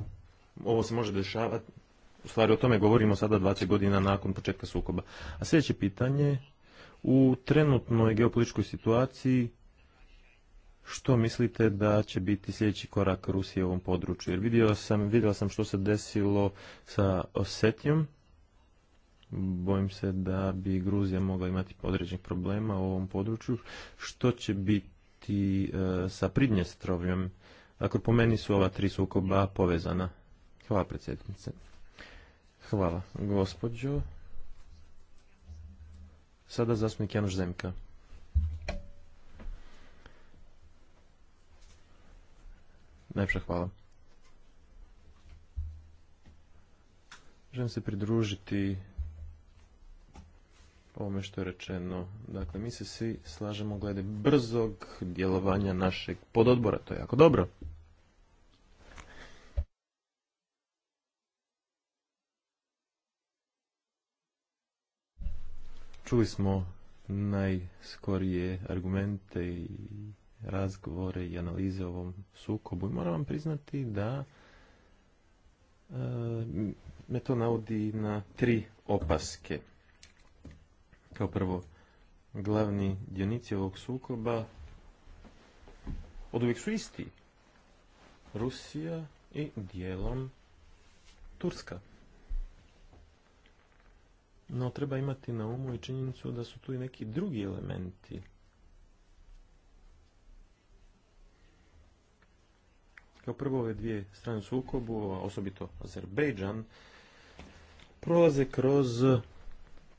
ovo se može dešavati u stvari o tome govorimo sada 20 godina nakon početka sukoba. A sljedeće pitanje, u trenutnoj geopolitičkoj situaciji što mislite da će biti sljedeći korak Rusije u ovom području? Jer vidio sam, vidjela sam što se desilo sa Osetijom. Bojim se da bi Gruzija mogla imati određenih problema u ovom području. Što će biti e, sa Pridnjestrovljom? ako po meni su ova tri sukoba povezana. Hvala predsjednice. Hvala, gospođo. Sada zastupnik Janoš Zemka. Najpša hvala. Želim se pridružiti ovome što je rečeno. Dakle, mi se svi slažemo glede brzog djelovanja našeg pododbora. To je jako dobro. Čuli smo najskorije argumente i razgovore i analize o ovom sukobu. I moram vam priznati da e, me to navodi na tri opaske. Kao prvo, glavni dionici ovog sukoba od uvijek su isti. Rusija i dijelom Turska. No, treba imati na umu i činjenicu da su tu i neki drugi elementi Kao prvo ove dvije strane u sukobu, osobito Azerbejdžan, prolaze kroz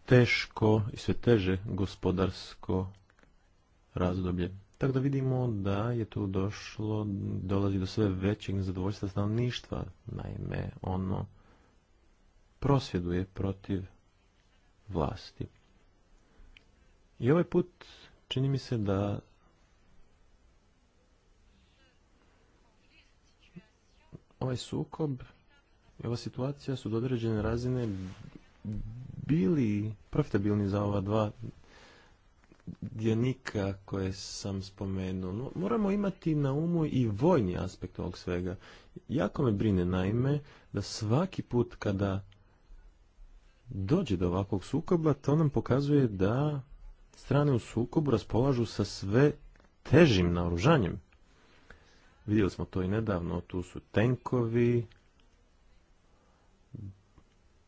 teško i sve teže gospodarsko razdoblje. Tako da vidimo da je tu došlo, dolazi do sve većeg nezadovoljstva stanovništva. Naime, ono prosvjeduje protiv vlasti. I ovaj put čini mi se da ovaj sukob i ova situacija su do određene razine bili profitabilni za ova dva dionika koje sam spomenuo. No, moramo imati na umu i vojni aspekt ovog svega. Jako me brine naime da svaki put kada dođe do ovakvog sukoba, to nam pokazuje da strane u sukobu raspolažu sa sve težim naoružanjem. Vidjeli smo to i nedavno, tu su tenkovi,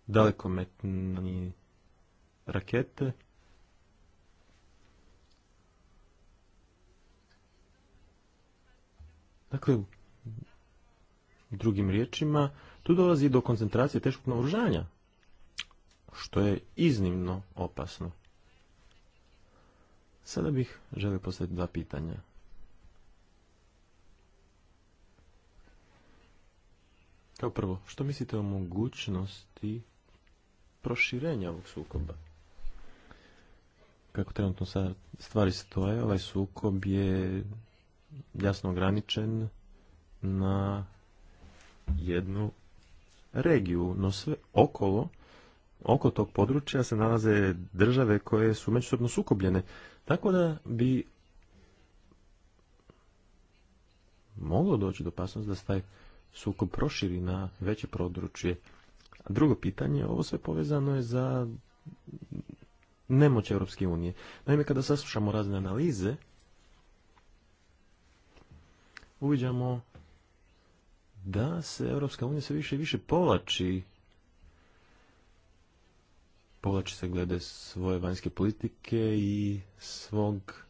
dalekometni rakete. Dakle, drugim riječima, tu dolazi do koncentracije teškog naoružanja, što je iznimno opasno. Sada bih želio postaviti dva pitanja. Kao prvo, što mislite o mogućnosti proširenja ovog sukoba? Kako trenutno sa stvari stoje, ovaj sukob je jasno ograničen na jednu regiju, no sve okolo, oko tog područja se nalaze države koje su međusobno sukobljene. Tako da bi moglo doći do opasnosti da se sukob proširi na veće područje. Drugo pitanje, ovo sve povezano je za nemoć Europske unije. Naime, kada saslušamo razne analize, uviđamo da se Europska unija sve više i više povlači povlači se glede svoje vanjske politike i svog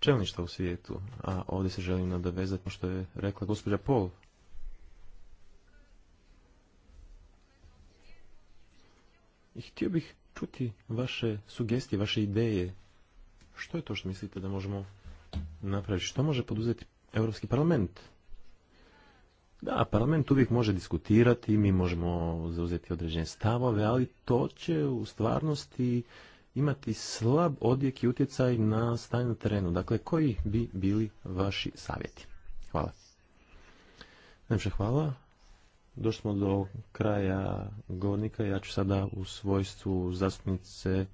čelništva u svijetu. A ovdje se želim nadovezati što je rekla gospođa Pol i htio bih čuti vaše sugestije, vaše ideje. Što je to što mislite da možemo napraviti? Što može poduzeti Europski parlament? Da, parlament uvijek može diskutirati, mi možemo zauzeti određene stavove, ali to će u stvarnosti imati slab odjek i utjecaj na stanje na terenu. Dakle, koji bi bili vaši savjeti? Hvala. hvala. Došli smo do kraja govornika. Ja ću sada u svojstvu zastupnice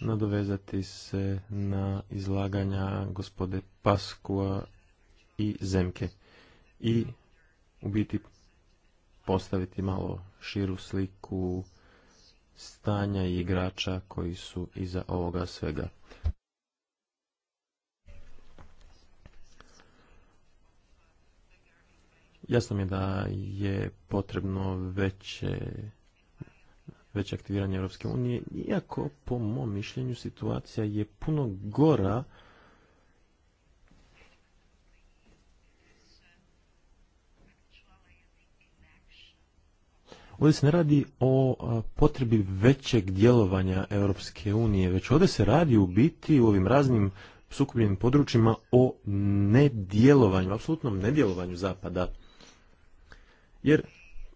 nadovezati se na izlaganja gospode Paskua i Zemke i u biti postaviti malo širu sliku stanja i igrača koji su iza ovoga svega. Jasno mi je da je potrebno veće veće aktiviranje Europske unije, iako po mom mišljenju situacija je puno gora Ovdje se ne radi o potrebi većeg djelovanja Europske unije, već ovdje se radi u biti u ovim raznim sukupljenim područjima o nedjelovanju, apsolutnom nedjelovanju Zapada. Jer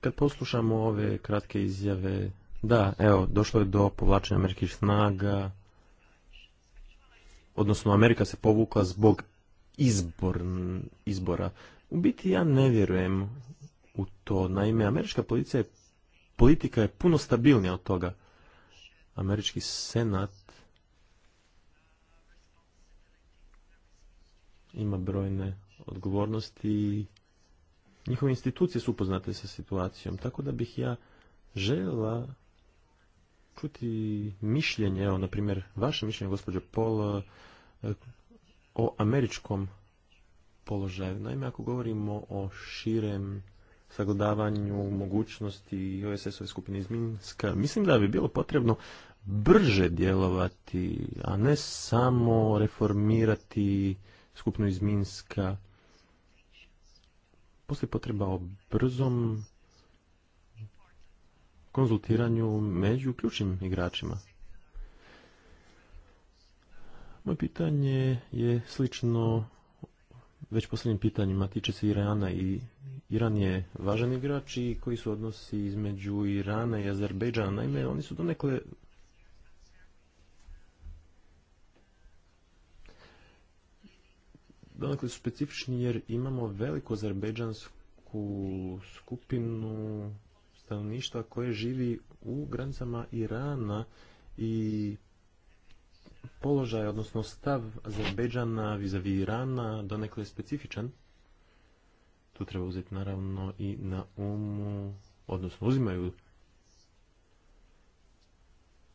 kad poslušamo ove kratke izjave, da, evo, došlo je do povlačenja američkih snaga, odnosno Amerika se povukla zbog izbor, izbora. U biti ja ne vjerujem u to. Naime, američka policija je, politika je puno stabilnija od toga. Američki senat ima brojne odgovornosti njihove institucije su upoznate sa situacijom, tako da bih ja žela čuti mišljenje, evo, na primjer, vaše mišljenje, gospođo Pol, e, o američkom položaju. Naime, ako govorimo o širem sagledavanju mogućnosti OSS-ove skupine iz Minska, mislim da bi bilo potrebno brže djelovati, a ne samo reformirati skupinu iz Minska, poslije potreba o brzom konzultiranju među ključnim igračima. Moje pitanje je slično već posljednjim pitanjima tiče se Irana i Iran je važan igrač i koji su odnosi između Irana i Azerbejdžana. Naime, oni su donekle donekle su specifični jer imamo veliku azerbeđansku skupinu stanovništva koje živi u granicama Irana i položaj, odnosno stav Azerbeđana vizavi Irana donekle je specifičan. Tu treba uzeti naravno i na umu, odnosno uzimaju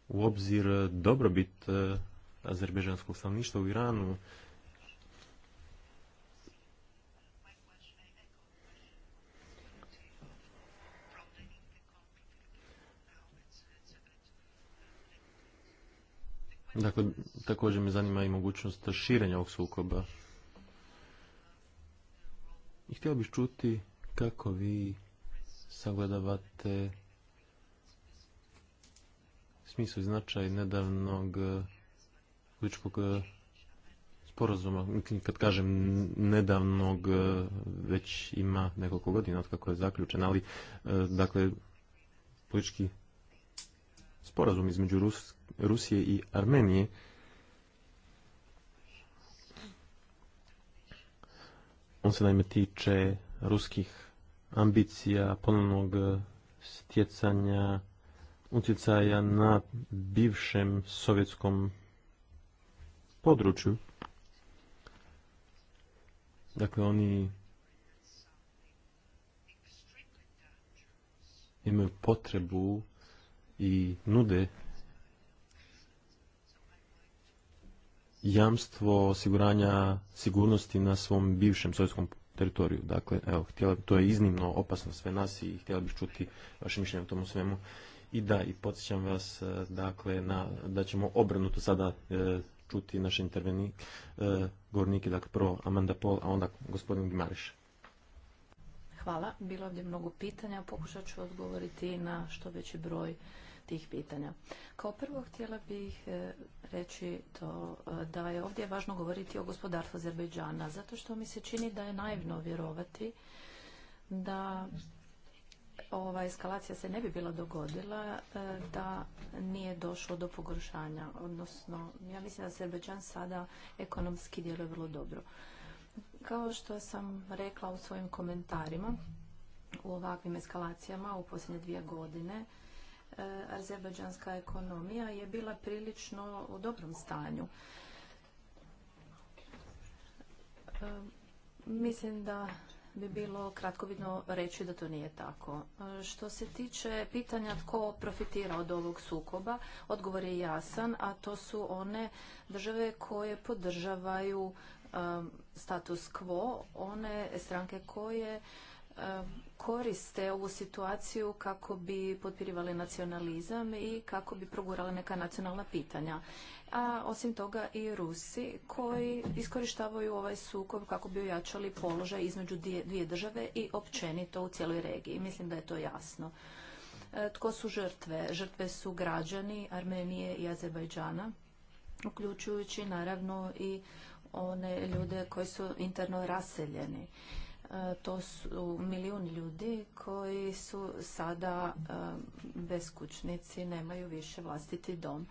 u obzir dobrobit eh, azerbeđanskog stanovništva u Iranu Dakle, također me zanima i mogućnost širenja ovog sukoba. I htio bih čuti kako vi sagledavate smislu i značaj nedavnog eh, političkog eh, sporazuma. Kad kažem nedavnog, eh, već ima nekoliko godina od kako je zaključen, ali dakle, politički sporazum između Rus Rusije i Armenije. On se najme tiče ruskih ambicija, ponovnog eh, stjecanja utjecaja na bivšem sovjetskom području. Dakle, oni imaju potrebu i nude jamstvo osiguranja sigurnosti na svom bivšem sovjetskom teritoriju. Dakle, evo, htjela, to je iznimno opasno sve nas i htjela bih čuti vaše mišljenje o tomu svemu. I da, i podsjećam vas, e, dakle, na, da ćemo obrnuto sada e, čuti naše interveni e, govornike, dakle, prvo Amanda Pol, a onda gospodin Gimariš. Hvala. Bilo ovdje mnogo pitanja. Pokušat ću odgovoriti na što veći broj tih pitanja. Kao prvo htjela bih e, reći to e, da je ovdje važno govoriti o gospodarstvu Azerbejdžana, zato što mi se čini da je naivno vjerovati da ova eskalacija se ne bi bila dogodila e, da nije došlo do pogoršanja. Odnosno, ja mislim da Azerbejdžan sada ekonomski djeluje vrlo dobro. Kao što sam rekla u svojim komentarima, u ovakvim eskalacijama u posljednje dvije godine, e, azerbajdžanska ekonomija je bila prilično u dobrom stanju. E, mislim da bi bilo kratkovidno reći da to nije tako. E, što se tiče pitanja tko profitira od ovog sukoba, odgovor je jasan, a to su one države koje podržavaju Um, status quo, one stranke koje um, koriste ovu situaciju kako bi potpirivali nacionalizam i kako bi progurali neka nacionalna pitanja. A osim toga i Rusi koji iskorištavaju ovaj sukob kako bi ojačali položaj između dvije države i općenito u cijeloj regiji. Mislim da je to jasno. E, tko su žrtve? Žrtve su građani Armenije i Azerbajdžana uključujući naravno i one ljude koji su interno raseljeni. E, to su milijun ljudi koji su sada e, beskućnici, nemaju više vlastiti dom.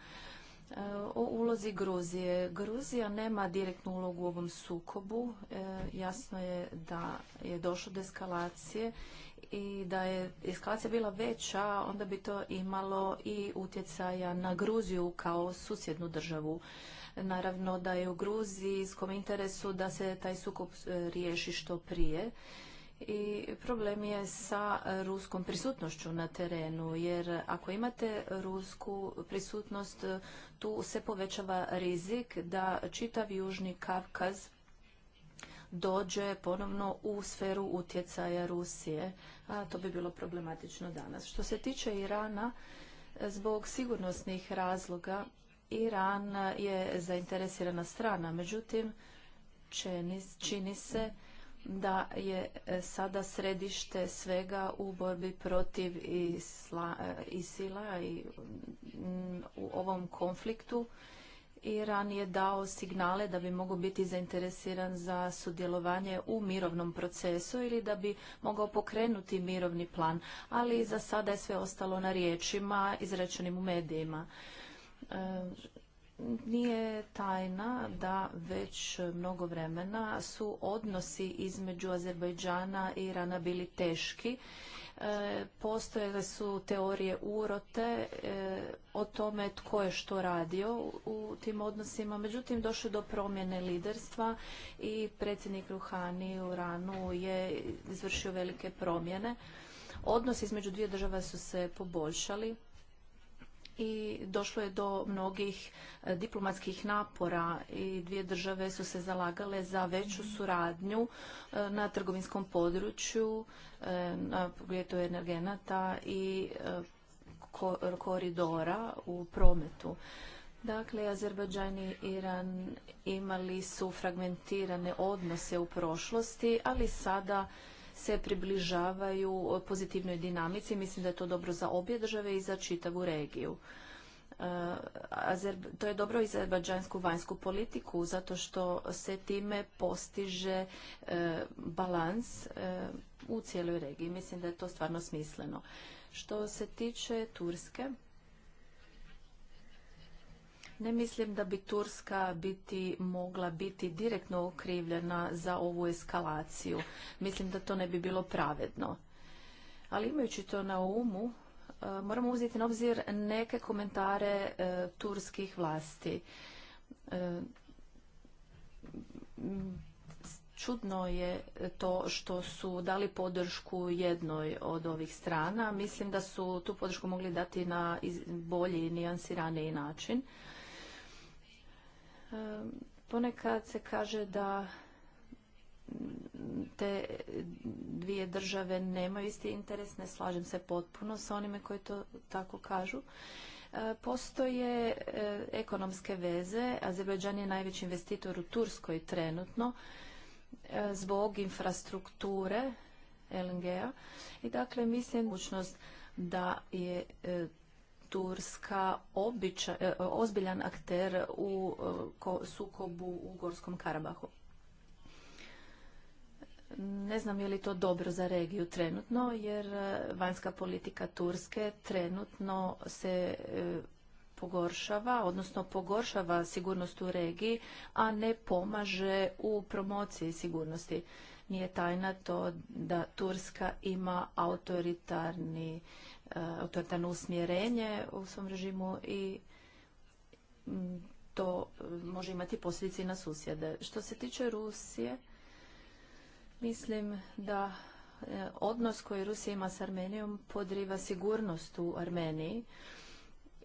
E, o ulozi Gruzije. Gruzija nema direktnu ulogu u ovom sukobu. Jasno je da je došlo do eskalacije i da je eskalacija bila veća, onda bi to imalo i utjecaja na Gruziju kao susjednu državu. Naravno da je u gruzijskom interesu da se taj sukob e, riješi što prije. I problem je sa ruskom prisutnošću na terenu, jer ako imate rusku prisutnost, tu se povećava rizik da čitav Južni Kavkaz dođe ponovno u sferu utjecaja Rusije, a to bi bilo problematično danas. Što se tiče Irana, zbog sigurnosnih razloga Iran je zainteresirana strana, međutim čini, se da je e, sada središte svega u borbi protiv e, Isila i mm, u ovom konfliktu. Iran je dao signale da bi mogao biti zainteresiran za sudjelovanje u mirovnom procesu ili da bi mogao pokrenuti mirovni plan, ali za sada je sve ostalo na riječima izrečenim u medijima. E, nije tajna da već mnogo vremena su odnosi između Azerbajdžana i Irana bili teški. E, postojale postojele su teorije urote e, o tome tko je što radio u tim odnosima. Međutim, došlo do promjene liderstva i predsjednik Ruhani u Iranu je izvršio velike promjene. Odnosi između dvije država su se poboljšali i došlo je do mnogih e, diplomatskih napora i dvije države su se zalagale za veću suradnju e, na trgovinskom području, e, na pogledu energenata i koridora u prometu. Dakle, Azerbajdžan i Iran imali su fragmentirane odnose u prošlosti, ali sada se približavaju pozitivnoj dinamici. Mislim da je to dobro za obje države i za čitavu regiju. E, to je dobro i za vanjsku politiku zato što se time postiže e, balans e, u cijeloj regiji. Mislim da je to stvarno smisleno. Što se tiče Turske, ne mislim da bi Turska biti mogla biti direktno okrivljena za ovu eskalaciju. Mislim da to ne bi bilo pravedno. Ali imajući to na umu, e, moramo uzeti na obzir neke komentare e, turskih vlasti. E, čudno je to što su dali podršku jednoj od ovih strana. Mislim da su tu podršku mogli dati na bolji i nijansiraniji način. Ponekad se kaže da te dvije države nemaju isti interes, ne slažem se potpuno sa onime koji to tako kažu. E, postoje e, ekonomske veze, Azerbajdžan je najveći investitor u Turskoj trenutno e, zbog infrastrukture LNG-a i dakle mislim mogućnost da je Turska e, ozbiljan akter u e, sukobu u Gorskom Karabahu. Ne znam je li to dobro za regiju trenutno, jer e, vanjska politika Turske trenutno se pogoršava, odnosno pogoršava sigurnost u regiji, a ne pomaže u promociji sigurnosti. Nije tajna to da Turska ima autoritarni autoritarno usmjerenje u svom režimu i mm, to e, može imati posljedice na susjede. Što se tiče Rusije, mislim da e, odnos koji Rusija ima s Armenijom podriva sigurnost u Armeniji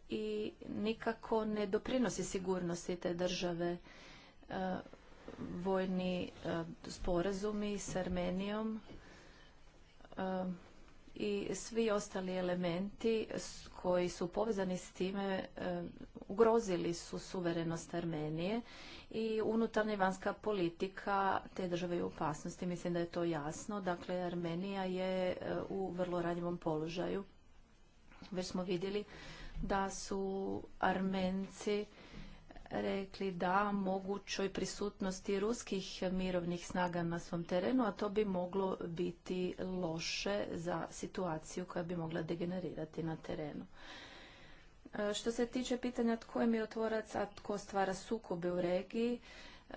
i nikako ne doprinosi sigurnosti te države. E, vojni sporazumi s Armenijom i svi ostali elementi koji su povezani s time e, ugrozili su suverenost Armenije i unutarnja i vanjska politika te države u opasnosti. Mislim da je to jasno. Dakle, Armenija je e, u vrlo ranjivom položaju. Već smo vidjeli da su Armenci rekli da mogućoj prisutnosti ruskih mirovnih snaga na svom terenu, a to bi moglo biti loše za situaciju koja bi mogla degenerirati na terenu. E, što se tiče pitanja tko je mirotvorac, a tko stvara sukobe u regiji, e,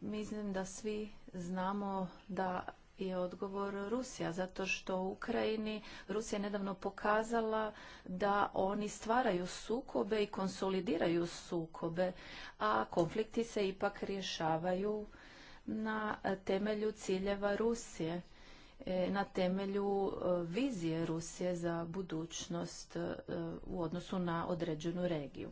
mislim da svi znamo da je odgovor Rusija, zato što u Ukrajini Rusija je nedavno pokazala da oni stvaraju sukobe i konsolidiraju sukobe, a konflikti se ipak rješavaju na temelju ciljeva Rusije, e, na temelju e, vizije Rusije za budućnost e, u odnosu na određenu regiju.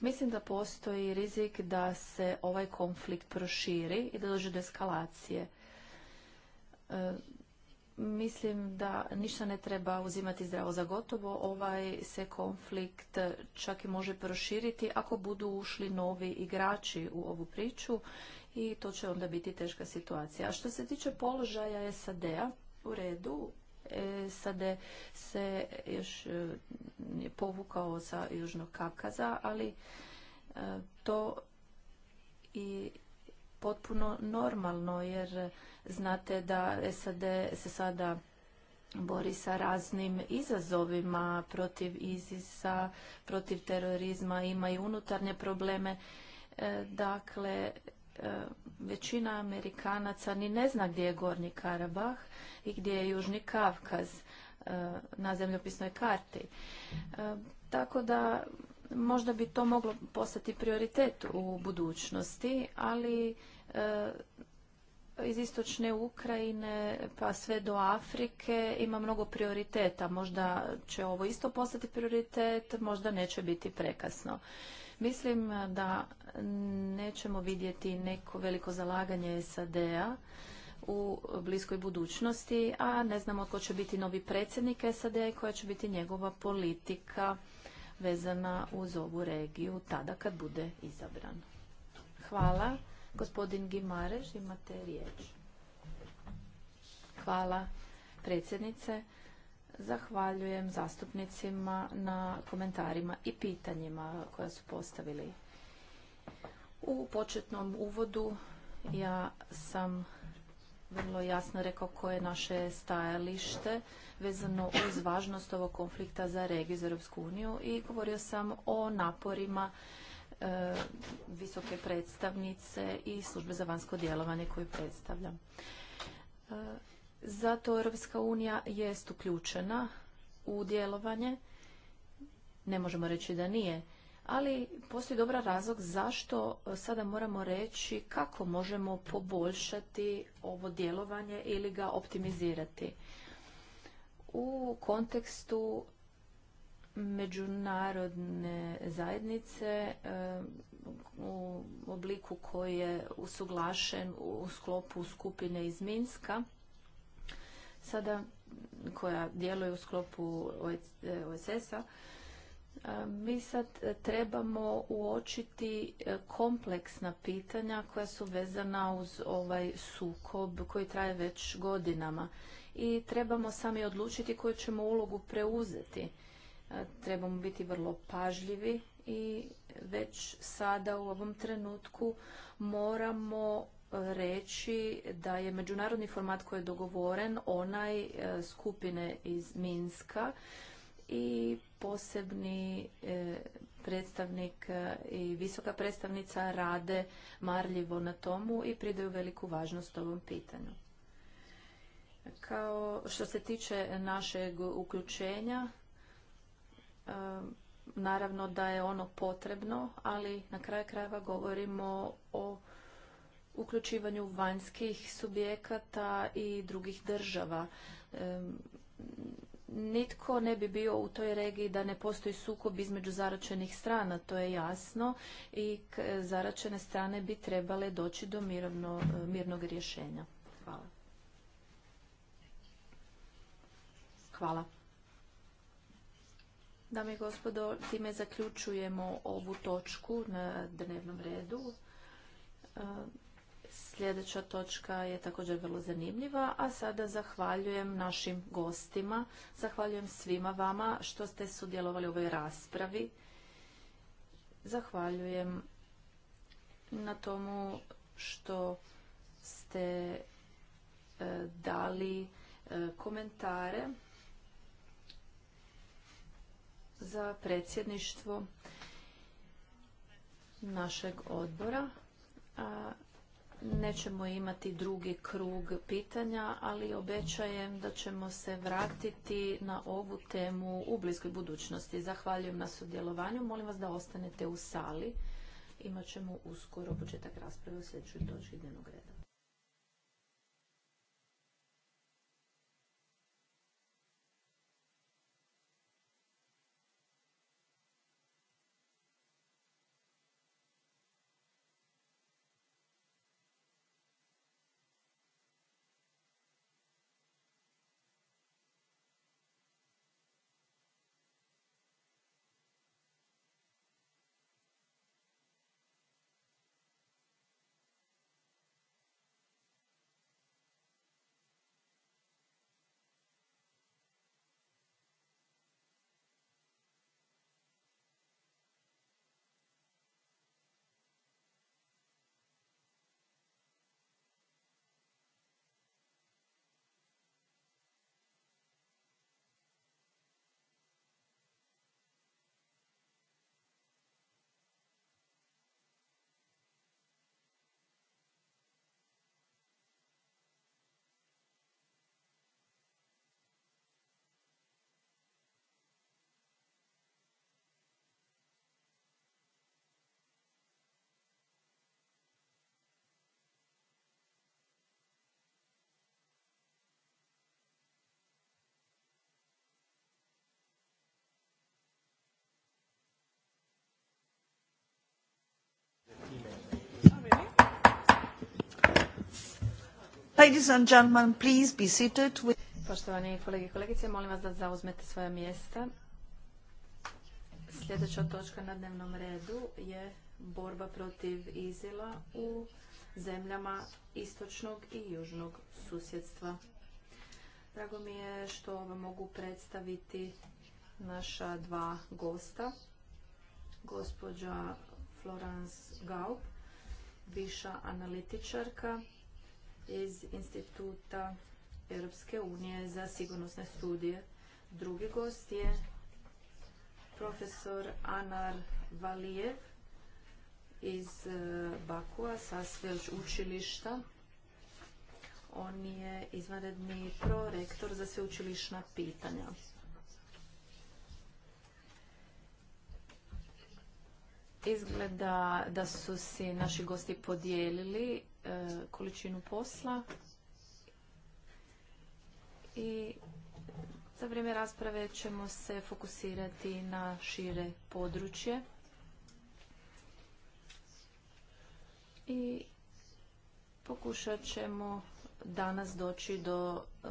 Mislim da postoji rizik da se ovaj konflikt proširi i da dođe do eskalacije. E, mislim da ništa ne treba uzimati zdravo za gotovo. Ovaj se konflikt čak i može proširiti ako budu ušli novi igrači u ovu priču i to će onda biti teška situacija. A što se tiče položaja SAD-a, u redu, E, SAD se još e, povukao sa Južnog Kavkaza, ali e, to i potpuno normalno jer znate da SAD se sada bori sa raznim izazovima protiv isis protiv terorizma, ima i unutarnje probleme. Dakle, većina Amerikanaca ni ne zna gdje je Gornji Karabah i gdje je Južni Kavkaz e, na zemljopisnoj karti. E, tako da možda bi to moglo postati prioritet u budućnosti, ali e, iz istočne Ukrajine pa sve do Afrike ima mnogo prioriteta. Možda će ovo isto postati prioritet, možda neće biti prekasno. Mislim da nećemo vidjeti neko veliko zalaganje SAD-a u bliskoj budućnosti, a ne znamo tko će biti novi predsjednik sad i koja će biti njegova politika vezana uz ovu regiju tada kad bude izabran. Hvala. Gospodin Gimarež, imate riječ. Hvala predsjednice. Zahvaljujem zastupnicima na komentarima i pitanjima koja su postavili. U početnom uvodu ja sam vrlo jasno rekao koje je naše stajalište vezano uz važnost ovog konflikta za regiju, za Europsku uniju i govorio sam o naporima e, visoke predstavnice i službe za vanjsko djelovanje koju predstavljam. E, zato Europska unija jest uključena u djelovanje. Ne možemo reći da nije ali postoji dobra razlog zašto e, sada moramo reći kako možemo poboljšati ovo djelovanje ili ga optimizirati. U kontekstu međunarodne zajednice e, u obliku koji je usuglašen u sklopu skupine iz Minska, sada koja djeluje u sklopu OSS-a, e mi sad e, trebamo uočiti e, kompleksna pitanja koja su vezana uz ovaj sukob koji traje već godinama i trebamo sami odlučiti koju ćemo ulogu preuzeti. E, trebamo biti vrlo pažljivi i već sada u ovom trenutku moramo reći da je međunarodni format koji je dogovoren onaj skupine iz Minska i posebni e, predstavnik e, i visoka predstavnica rade marljivo na tomu i pridaju veliku važnost ovom pitanju. Kao što se tiče našeg uključenja, e, naravno da je ono potrebno, ali na kraju krajeva govorimo o uključivanju vanjskih subjekata i drugih država nitko ne bi bio u toj regiji da ne postoji sukob između zaračenih strana, to je jasno i e, zaračene strane bi trebale doći do mirovno, e, mirnog rješenja. Hvala. Hvala. Dame i gospodo, time zaključujemo ovu točku na dnevnom redu. E, Sljedeća točka je također vrlo zanimljiva, a sada zahvaljujem našim gostima, zahvaljujem svima vama što ste sudjelovali u ovoj raspravi. Zahvaljujem na tomu što ste e, dali e, komentare za predsjedništvo našeg odbora. A Nećemo imati drugi krug pitanja, ali obećajem da ćemo se vratiti na ovu temu u bliskoj budućnosti. Zahvaljujem na sudjelovanju. Molim vas da ostanete u sali. Imaćemo uskoro početak rasprave u sljedećoj točki dnevnog reda. Ladies and Poštovani kolege i kolegice, molim vas da zauzmete svoja mjesta. Sljedeća točka na dnevnom redu je borba protiv izila u zemljama istočnog i južnog susjedstva. Drago mi je što vam mogu predstaviti naša dva gosta. Gospođa Florence Gaup, viša analitičarka iz Instituta Europske unije za sigurnosne studije. Drugi gost je profesor Anar Valijev iz e, Bakua sa učilišta. On je izvanredni prorektor za sveučilišna pitanja. Izgleda da su si naši gosti podijelili e, količinu posla i za vrijeme rasprave ćemo se fokusirati na šire područje i pokušat ćemo danas doći do e,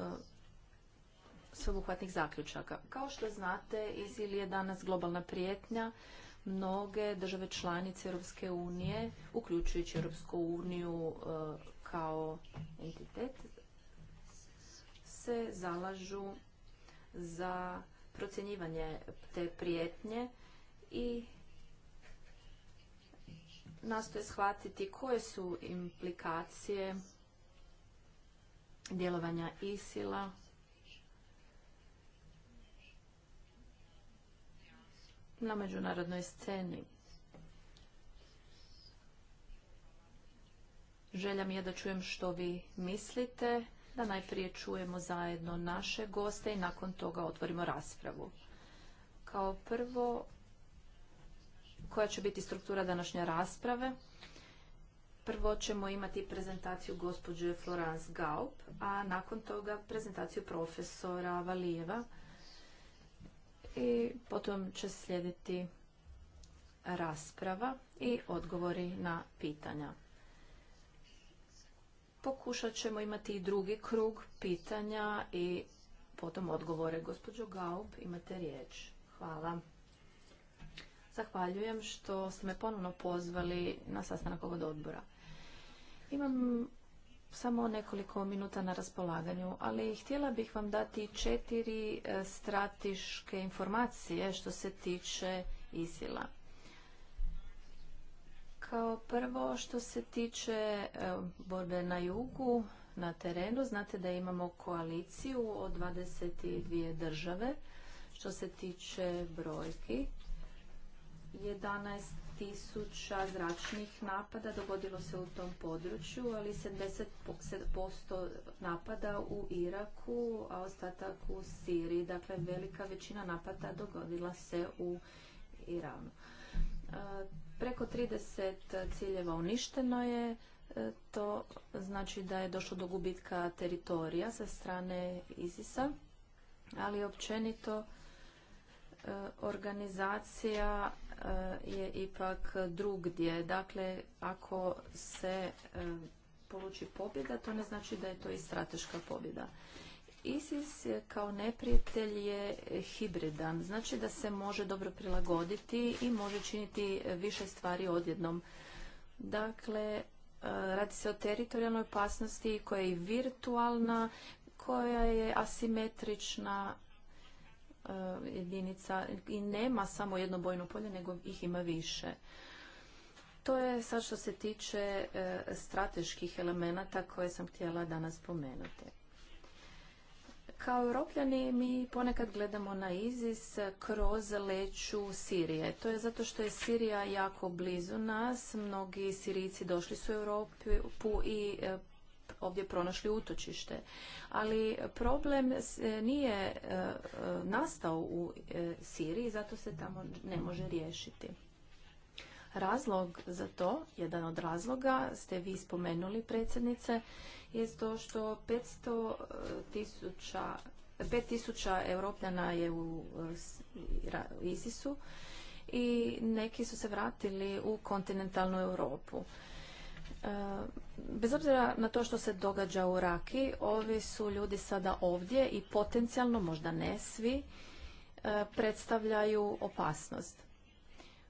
sveobuhvatnih zaključaka. Kao što znate, Izil je danas globalna prijetnja mnoge države članice Europske unije, uključujući Europsku uniju e, kao entitet, se zalažu za procjenjivanje te prijetnje i nastoje shvatiti koje su implikacije djelovanja ISIL-a na međunarodnoj sceni. Želja mi je da čujem što vi mislite, da najprije čujemo zajedno naše goste i nakon toga otvorimo raspravu. Kao prvo, koja će biti struktura današnje rasprave? Prvo ćemo imati prezentaciju gospođe Florence Gaup, a nakon toga prezentaciju profesora Valijeva i potom će slijediti rasprava i odgovori na pitanja. Pokušat ćemo imati i drugi krug pitanja i potom odgovore. Gospodžo Gaub, imate riječ. Hvala. Zahvaljujem što ste me ponovno pozvali na sastanak ovog odbora. Imam samo nekoliko minuta na raspolaganju, ali htjela bih vam dati četiri e, strateške informacije što se tiče Isila. Kao prvo što se tiče e, borbe na jugu, na terenu, znate da imamo koaliciju od 22 države. Što se tiče brojki, 11 tisuća zračnih napada dogodilo se u tom području, ali 70% napada u Iraku, a ostatak u Siriji. Dakle, velika većina napada dogodila se u Iranu. E, preko 30 ciljeva uništeno je, e, to znači da je došlo do gubitka teritorija sa strane ISIS-a, ali općenito e, organizacija E, je ipak drugdje. Dakle, ako se e, poluči pobjeda, to ne znači da je to i strateška pobjeda. ISIS kao neprijatelj je hibridan, znači da se može dobro prilagoditi i može činiti više stvari odjednom. Dakle, e, radi se o teritorijalnoj opasnosti koja je virtualna, koja je asimetrična E, jedinica i nema samo jedno bojno polje, nego ih ima više. To je sad što se tiče e, strateških elemenata koje sam htjela danas spomenuti. Kao europljani mi ponekad gledamo na Izis kroz leću Sirije. To je zato što je Sirija jako blizu nas. Mnogi Sirijci došli su u Europu i e, ovdje pronašli utočište. Ali problem e, nije e, nastao u e, Siriji, zato se tamo ne može riješiti. Razlog za to, jedan od razloga, ste vi spomenuli predsjednice, je to što 500 tisuća 5000 europljana je u Isisu i neki su se vratili u kontinentalnu Europu. E, bez obzira na to što se događa u Raki, ovi su ljudi sada ovdje i potencijalno, možda ne svi, e, predstavljaju opasnost.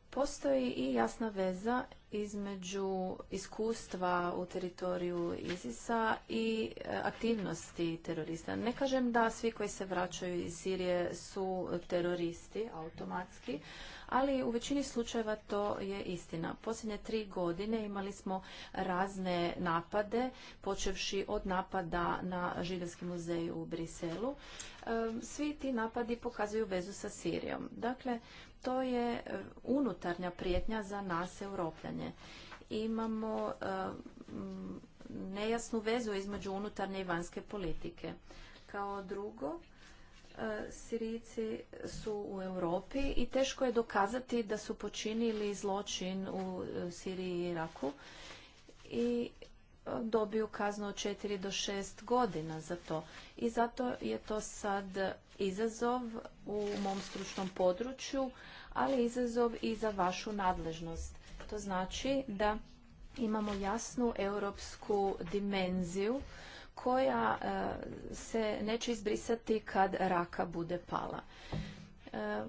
Postoji i jasna veza između iskustva u teritoriju Izisa i e, aktivnosti terorista. Ne kažem da svi koji se vraćaju iz Sirije su teroristi automatski, ali u većini slučajeva to je istina. Posljednje tri godine imali smo razne napade, počevši od napada na Židovski muzej u Briselu. Svi ti napadi pokazuju vezu sa Sirijom. Dakle, to je unutarnja prijetnja za nas europljanje. Imamo nejasnu vezu između unutarnje i vanjske politike. Kao drugo, E, Sirici su u Europi i teško je dokazati da su počinili zločin u e, Siriji i Iraku i e, dobiju kaznu od 4 do 6 godina za to. I zato je to sad izazov u mom stručnom području, ali izazov i za vašu nadležnost. To znači da imamo jasnu europsku dimenziju koja e, se neće izbrisati kad raka bude pala. E,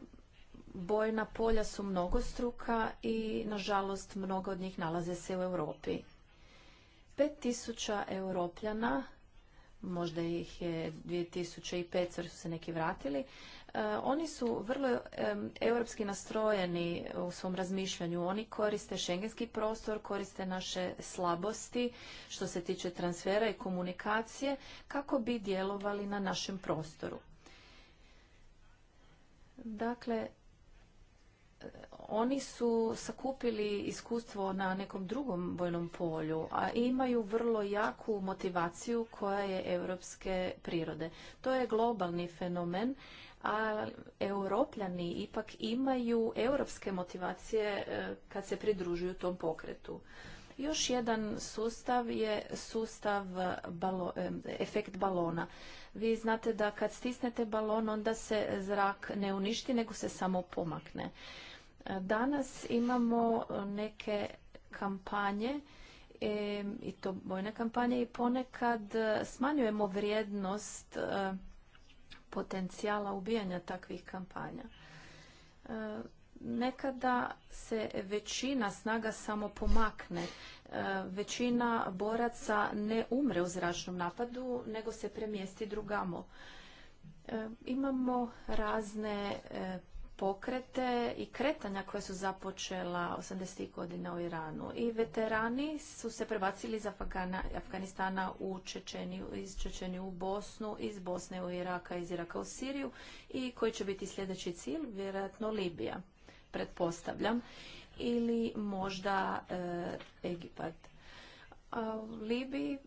bojna polja su mnogo struka i nažalost mnogo od njih nalaze se u Europi. 5000 europljana, možda ih je 2500 jer su se neki vratili, E, oni su vrlo europski nastrojeni u svom razmišljanju. Oni koriste šengenski prostor, koriste naše slabosti što se tiče transfera i komunikacije kako bi djelovali na našem prostoru. Dakle, oni su sakupili iskustvo na nekom drugom vojnom polju, a imaju vrlo jaku motivaciju koja je europske prirode. To je globalni fenomen a europljani ipak imaju europske motivacije e, kad se pridružuju tom pokretu. Još jedan sustav je sustav e, efekt balona. Vi znate da kad stisnete balon onda se zrak ne uništi nego se samo pomakne. E, danas imamo neke kampanje i to bojne kampanje i ponekad smanjujemo vrijednost potencijala ubijanja takvih kampanja. E, nekada se većina snaga samo pomakne. E, većina boraca ne umre u zračnom napadu, nego se premjesti drugamo. E, imamo razne pokrete i kretanja koje su započela 80. godina u Iranu. I veterani su se prebacili iz Afganistana u Čečeniju, iz Čečeniju u Bosnu, iz Bosne u Iraka, iz Iraka u Siriju i koji će biti sljedeći cilj, vjerojatno Libija, pretpostavljam, ili možda e, Egipat. u Libiji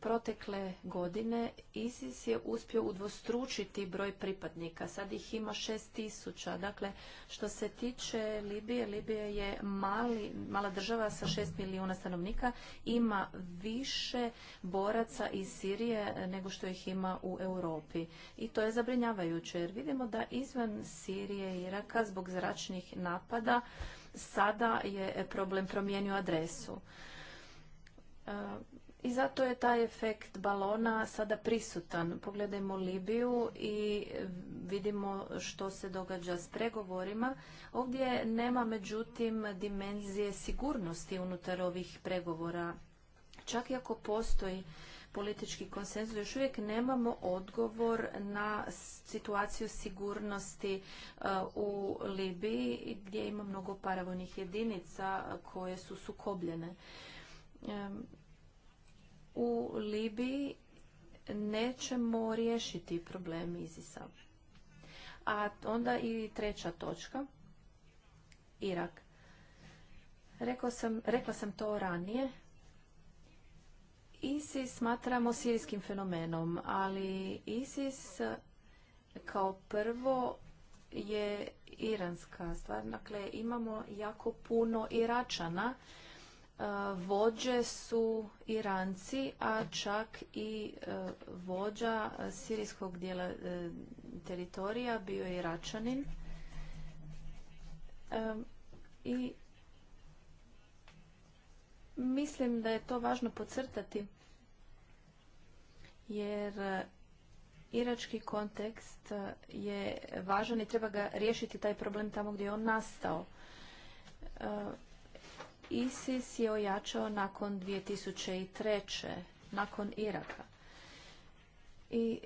protekle godine ISIS je uspio udvostručiti broj pripadnika. Sad ih ima šest tisuća. Dakle, što se tiče Libije, Libija je mali, mala država sa šest milijuna stanovnika. Ima više boraca iz Sirije nego što ih ima u Europi. I to je zabrinjavajuće jer vidimo da izvan Sirije i Iraka zbog zračnih napada sada je problem promijenio adresu. I zato je taj efekt balona sada prisutan. Pogledajmo Libiju i vidimo što se događa s pregovorima. Ovdje nema međutim dimenzije sigurnosti unutar ovih pregovora. Čak i ako postoji politički konsenzus, još uvijek nemamo odgovor na situaciju sigurnosti uh, u Libiji gdje ima mnogo paravojnih jedinica uh, koje su sukobljene. Um, u Libiji nećemo riješiti problem Isisa. A onda i treća točka, Irak. sam, rekla sam to ranije. ISIS smatramo sirijskim fenomenom, ali ISIS kao prvo je iranska stvar. Dakle, imamo jako puno Iračana E, vođe su Iranci, a čak i e, vođa e, sirijskog dijela teritorija bio je Iračanin. I mislim da je to važno podcrtati jer irački kontekst je važan i treba ga riješiti taj problem tamo gdje je on nastao. ISIS je ojačao nakon 2003. nakon Iraka. I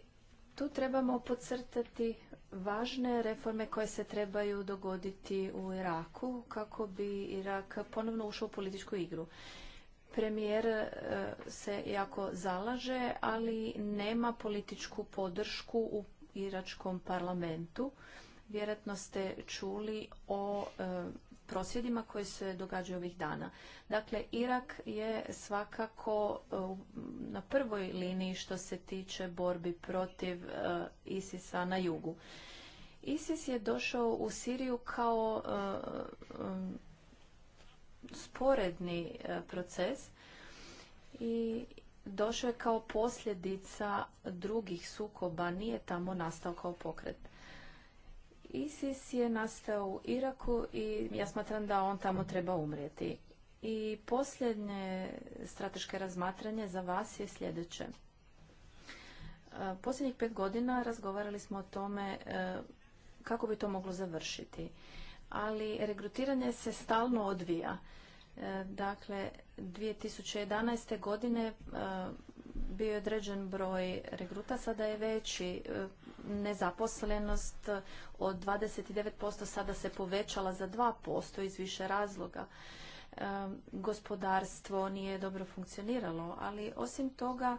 tu trebamo podcrtati važne reforme koje se trebaju dogoditi u Iraku kako bi Irak ponovno ušao u političku igru. Premijer e, se jako zalaže, ali nema političku podršku u iračkom parlamentu. Vjerojatno ste čuli o e, prosvjedima koji se događaju ovih dana. Dakle, Irak je svakako e, na prvoj liniji što se tiče borbi protiv e, ISIS-a na jugu. ISIS je došao u Siriju kao e, sporedni proces i došao je kao posljedica drugih sukoba, nije tamo nastao kao pokret. ISIS je nastao u Iraku i ja smatram da on tamo treba umrijeti. I posljednje strateške razmatranje za vas je sljedeće. E, posljednjih pet godina razgovarali smo o tome e, kako bi to moglo završiti. Ali regrutiranje se stalno odvija. E, dakle, 2011. godine bio je određen broj regruta, sada je veći. E, nezaposlenost od 29% sada se povećala za 2% iz više razloga. E, gospodarstvo nije dobro funkcioniralo, ali osim toga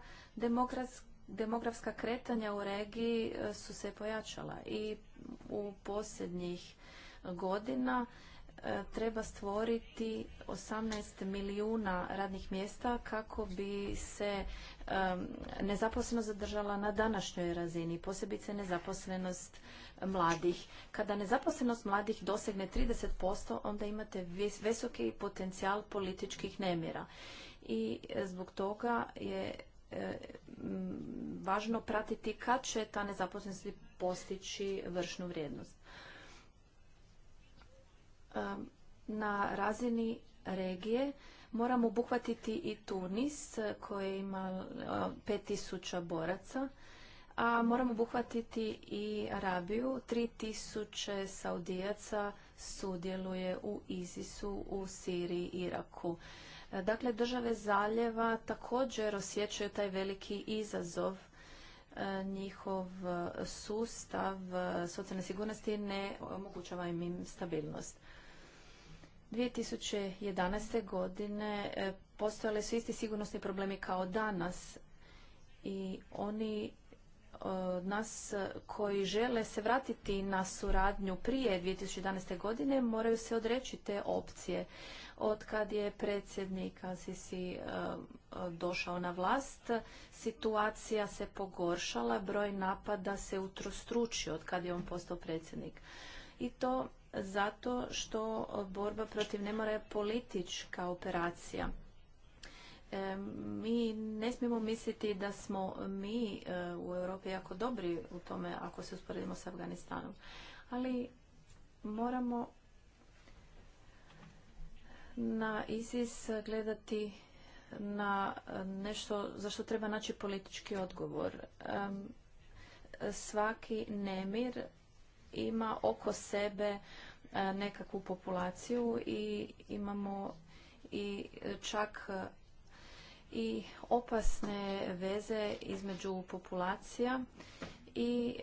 demografska kretanja u regiji e, su se pojačala i u posljednjih godina E, treba stvoriti 18 milijuna radnih mjesta kako bi se nezaposlenost zadržala na današnjoj razini, posebice nezaposlenost mladih. Kada nezaposlenost mladih dosegne 30%, onda imate visoki potencijal političkih nemira. I e, zbog toga je e, važno pratiti kad će ta nezaposlenost postići vršnu vrijednost na razini regije moramo obuhvatiti i Tunis koji ima 5000 e, boraca, a moramo obuhvatiti i Arabiju. 3000 Saudijaca sudjeluje u Izisu u Siriji i Iraku. E, dakle, države zaljeva također osjećaju taj veliki izazov e, njihov sustav socijalne sigurnosti ne omogućava im stabilnost. 2011. godine e, postojale su isti sigurnosni problemi kao danas i oni e, nas koji žele se vratiti na suradnju prije 2011. godine moraju se odreći te opcije. Od kad je predsjednik Asisi e, došao na vlast, situacija se pogoršala, broj napada se utrostručio od kad je on postao predsjednik. I to zato što borba protiv mora je politička operacija. E, mi ne smijemo misliti da smo mi e, u Europi jako dobri u tome ako se usporedimo s Afganistanom. Ali moramo na ISIS gledati na nešto za što treba naći politički odgovor. svaki nemir ima oko sebe e, nekakvu populaciju i imamo i e, čak e, i opasne veze između populacija i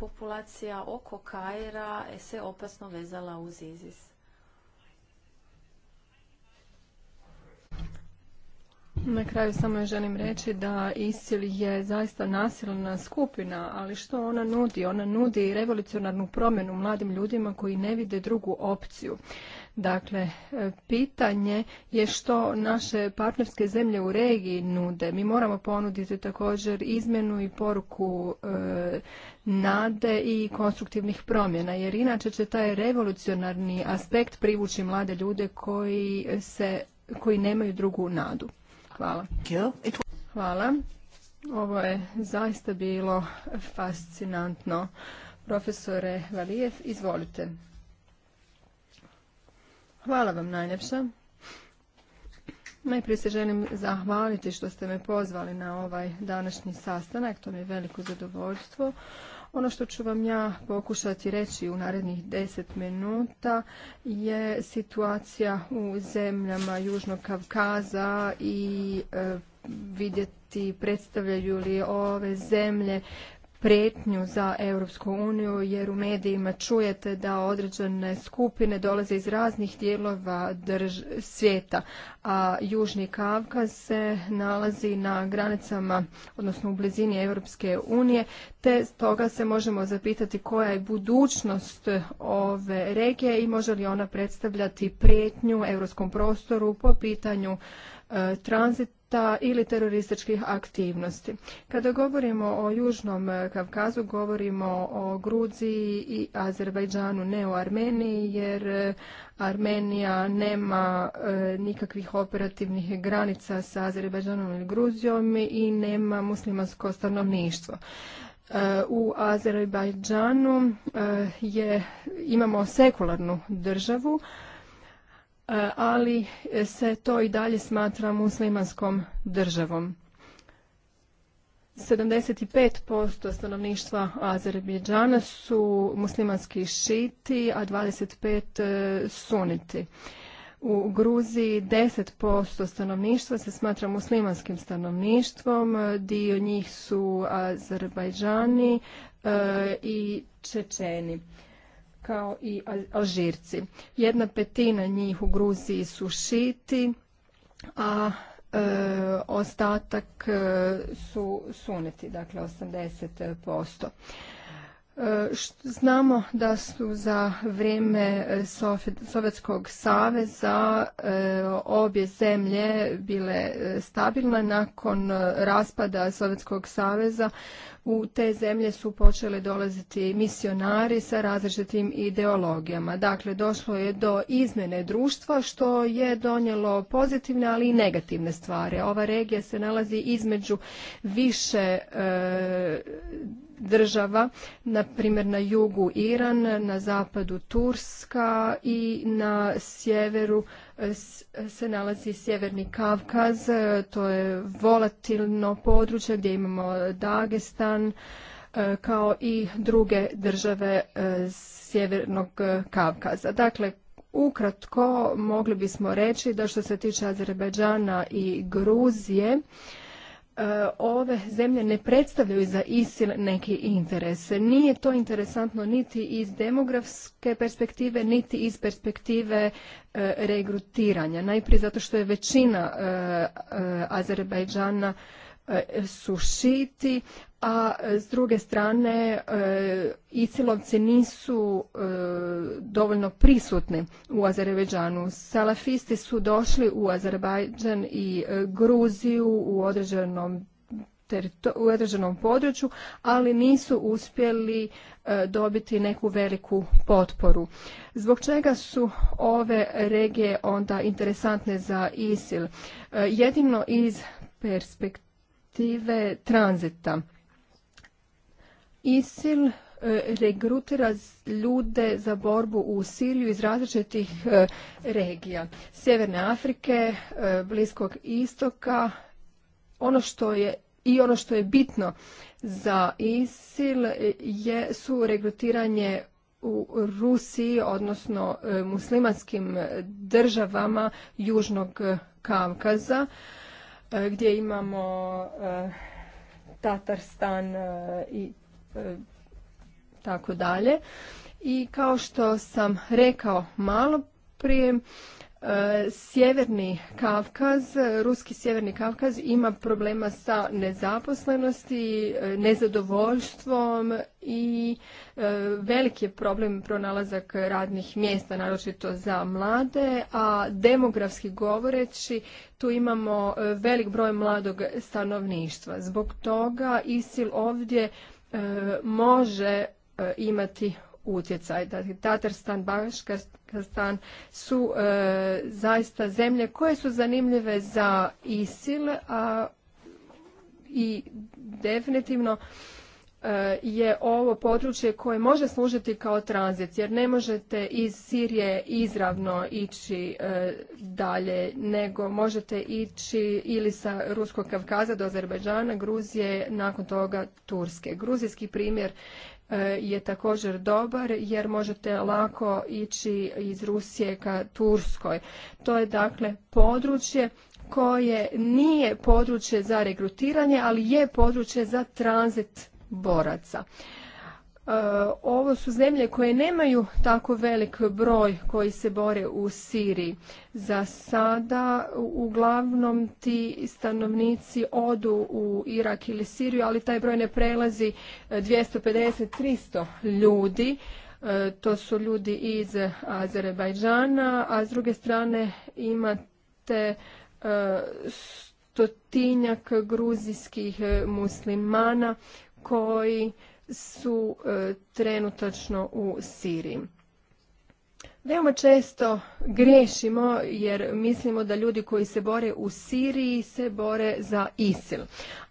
populacija oko Kajera se opasno vezala uz ISIS. Na kraju samo želim reći da ISIL je zaista nasilna skupina, ali što ona nudi? Ona nudi revolucionarnu promjenu mladim ljudima koji ne vide drugu opciju. Dakle, pitanje je što naše partnerske zemlje u regiji nude. Mi moramo ponuditi također izmjenu i poruku e, nade i konstruktivnih promjena, jer inače će taj revolucionarni aspekt privući mlade ljude koji, se, koji nemaju drugu nadu. Hvala. Hvala. Ovo je zaista bilo fascinantno. Profesore Valijev, izvolite. Hvala vam najljepša. Najprije se želim zahvaliti što ste me pozvali na ovaj današnji sastanak, to mi je veliko zadovoljstvo. Ono što ću vam ja pokušati reći u narednih deset minuta je situacija u zemljama Južnog Kavkaza i e, vidjeti predstavljaju li ove zemlje prijetnju za Europsku uniju jer u medijima čujete da određene skupine dolaze iz raznih dijelova svijeta, a Južni Kavkaz se nalazi na granicama, odnosno u blizini Europske unije, te stoga se možemo zapitati koja je budućnost ove regije i može li ona predstavljati prijetnju europskom prostoru po pitanju e, tranzit ili terorističkih aktivnosti. Kada govorimo o Južnom Kavkazu, govorimo o Gruziji i Azerbajdžanu, ne o Armeniji, jer Armenija nema e, nikakvih operativnih granica sa Azerbajdžanom ili Gruzijom i nema muslimansko stanovništvo. E, u Azerbajdžanu e, je, imamo sekularnu državu, E, ali se to i dalje smatra muslimanskom državom. 75% stanovništva Azerbejdžana su muslimanski šiti, a 25 e, suniti. U Gruziji 10% stanovništva se smatra muslimanskim stanovništvom, e, dio njih su Azerbajdžani i Čečeni kao i Alžirci. Jedna petina njih u Gruziji su šiti, a e, ostatak e, su suneti, dakle 80%. E, znamo da su za vrijeme Sovjetskog saveza obje zemlje bile stabilne nakon raspada Sovjetskog saveza u te zemlje su počeli dolaziti misionari sa različitim ideologijama. Dakle, došlo je do izmjene društva što je donijelo pozitivne, ali i negativne stvari. Ova regija se nalazi između više e, država, na primjer na jugu Iran, na zapadu Turska i na sjeveru se nalazi Sjeverni Kavkaz, e, to je volatilno područje gdje imamo Dagestan e, kao i druge države e, Sjevernog Kavkaza. Dakle, ukratko mogli bismo reći da što se tiče Azerbeđana i Gruzije, E, ove zemlje ne predstavljaju za ISIL neki interes. Nije to interesantno niti iz demografske perspektive, niti iz perspektive e, regrutiranja. Najprije zato što je većina e, Azerbajdžana su šiti, a e, s druge strane e, Isilovci nisu e, dovoljno prisutni u Azerbejdžanu. Salafisti su došli u Azerbajdžan i Gruziju u određenom određenom području, ali nisu uspjeli dobiti neku veliku potporu. Zbog čega su ove regije onda interesantne za ISIL? jedino iz perspektive tranzita. ISIL e, regrutira ljude za borbu u Siriju iz različitih e, regija. Sjeverne Afrike, e, Bliskog istoka, ono što je i ono što je bitno za ISIL je, su regrutiranje u Rusiji, odnosno muslimanskim državama Južnog Kavkaza, gdje imamo Tatarstan i E, tako dalje. I kao što sam rekao malo prije, e, Sjeverni Kavkaz, Ruski Sjeverni Kavkaz ima problema sa nezaposlenosti, e, nezadovoljstvom i veliki je problem pronalazak radnih mjesta, naročito za mlade, a demografski govoreći tu imamo velik broj mladog stanovništva. Zbog toga ISIL ovdje E, može e, imati utjecaj. Dakle, Tatarstan, Baškarstan su e, zaista zemlje koje su zanimljive za ISIL a, i definitivno E, je ovo područje koje može služiti kao tranzit, jer ne možete iz Sirije izravno ići e, dalje, nego možete ići ili sa Ruskog Kavkaza do Azerbeđana, Gruzije, nakon toga Turske. Gruzijski primjer e, je također dobar jer možete lako ići iz Rusije ka Turskoj. To je dakle područje koje nije područje za regrutiranje, ali je područje za tranzit boraca. E, ovo su zemlje koje nemaju tako velik broj koji se bore u Siriji. Za sada uglavnom ti stanovnici odu u Irak ili Siriju, ali taj broj ne prelazi 250-300 e, ljudi. E, to su ljudi iz Azerbajdžana, a s druge strane imate stotinjak gruzijskih muslimana koji su e, trenutačno u Siriji. Veoma često griješimo jer mislimo da ljudi koji se bore u Siriji se bore za ISIL.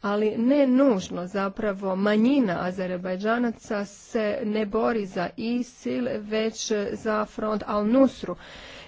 Ali ne nužno zapravo manjina Azerbajdžanaca se ne bori za ISIL već za front al-Nusru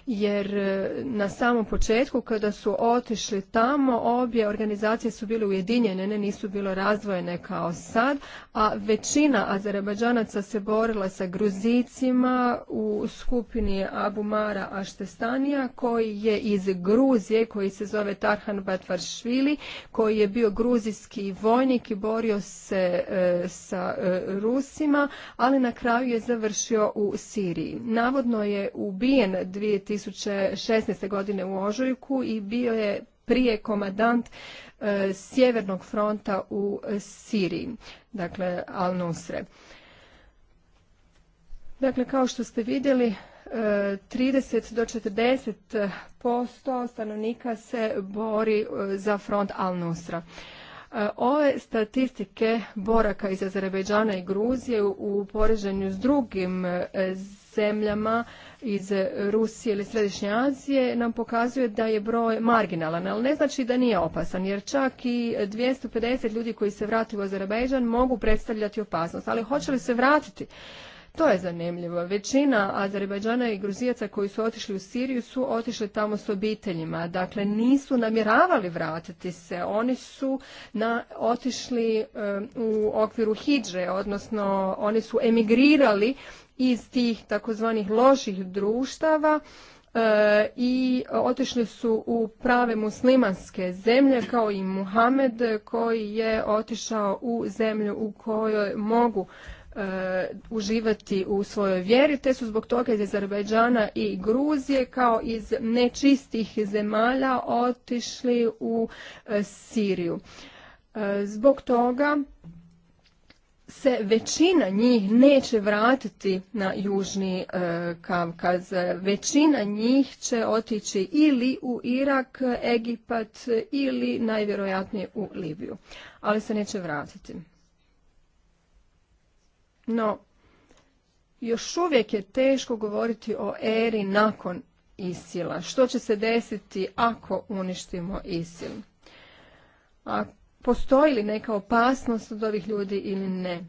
jer e, na samom početku kada su otišli tamo obje organizacije su bile ujedinjene, ne nisu bilo razvojene kao sad, a većina Azerbajdžanaca se borila sa Gruzicima u skupini Abumara Aštestanija koji je iz Gruzije koji se zove Tarhan Batvaršvili koji je bio gruzijski vojnik i borio se e, sa e, Rusima, ali na kraju je završio u Siriji. Navodno je ubijen 2000 2016. godine u Ožujku i bio je prije komadant e, Sjevernog fronta u Siriji, dakle Al-Nusre. Dakle, kao što ste vidjeli, 30 e, do 40 posto stanovnika se bori e, za front Al-Nusra. Ove statistike boraka iz Azerbejdžana i Gruzije u poređenju s drugim zemljama iz Rusije ili Središnje Azije nam pokazuje da je broj marginalan, ali ne znači da nije opasan, jer čak i 250 ljudi koji se vrati u Azerbajdžan mogu predstavljati opasnost. Ali hoće li se vratiti? To je zanimljivo. Većina Azerbajdžana i Gruzijaca koji su otišli u Siriju su otišli tamo s obiteljima. Dakle, nisu namjeravali vratiti se. Oni su na, otišli eh, u okviru hidže, odnosno oni su emigrirali iz tih takozvanih loših društava eh, i otišli su u prave muslimanske zemlje kao i Muhamed koji je otišao u zemlju u kojoj mogu E, uživati u svojoj vjeri, te su zbog toga iz Azerbajdžana i Gruzije kao iz nečistih zemalja otišli u e, Siriju. E, zbog toga se većina njih neće vratiti na Južni Kavkaz. Većina njih će otići ili u Irak, Egipat ili najvjerojatnije u Libiju, ali se neće vratiti. No, još uvijek je teško govoriti o eri nakon Isila. Što će se desiti ako uništimo Isil? A postoji li neka opasnost od ovih ljudi ili ne?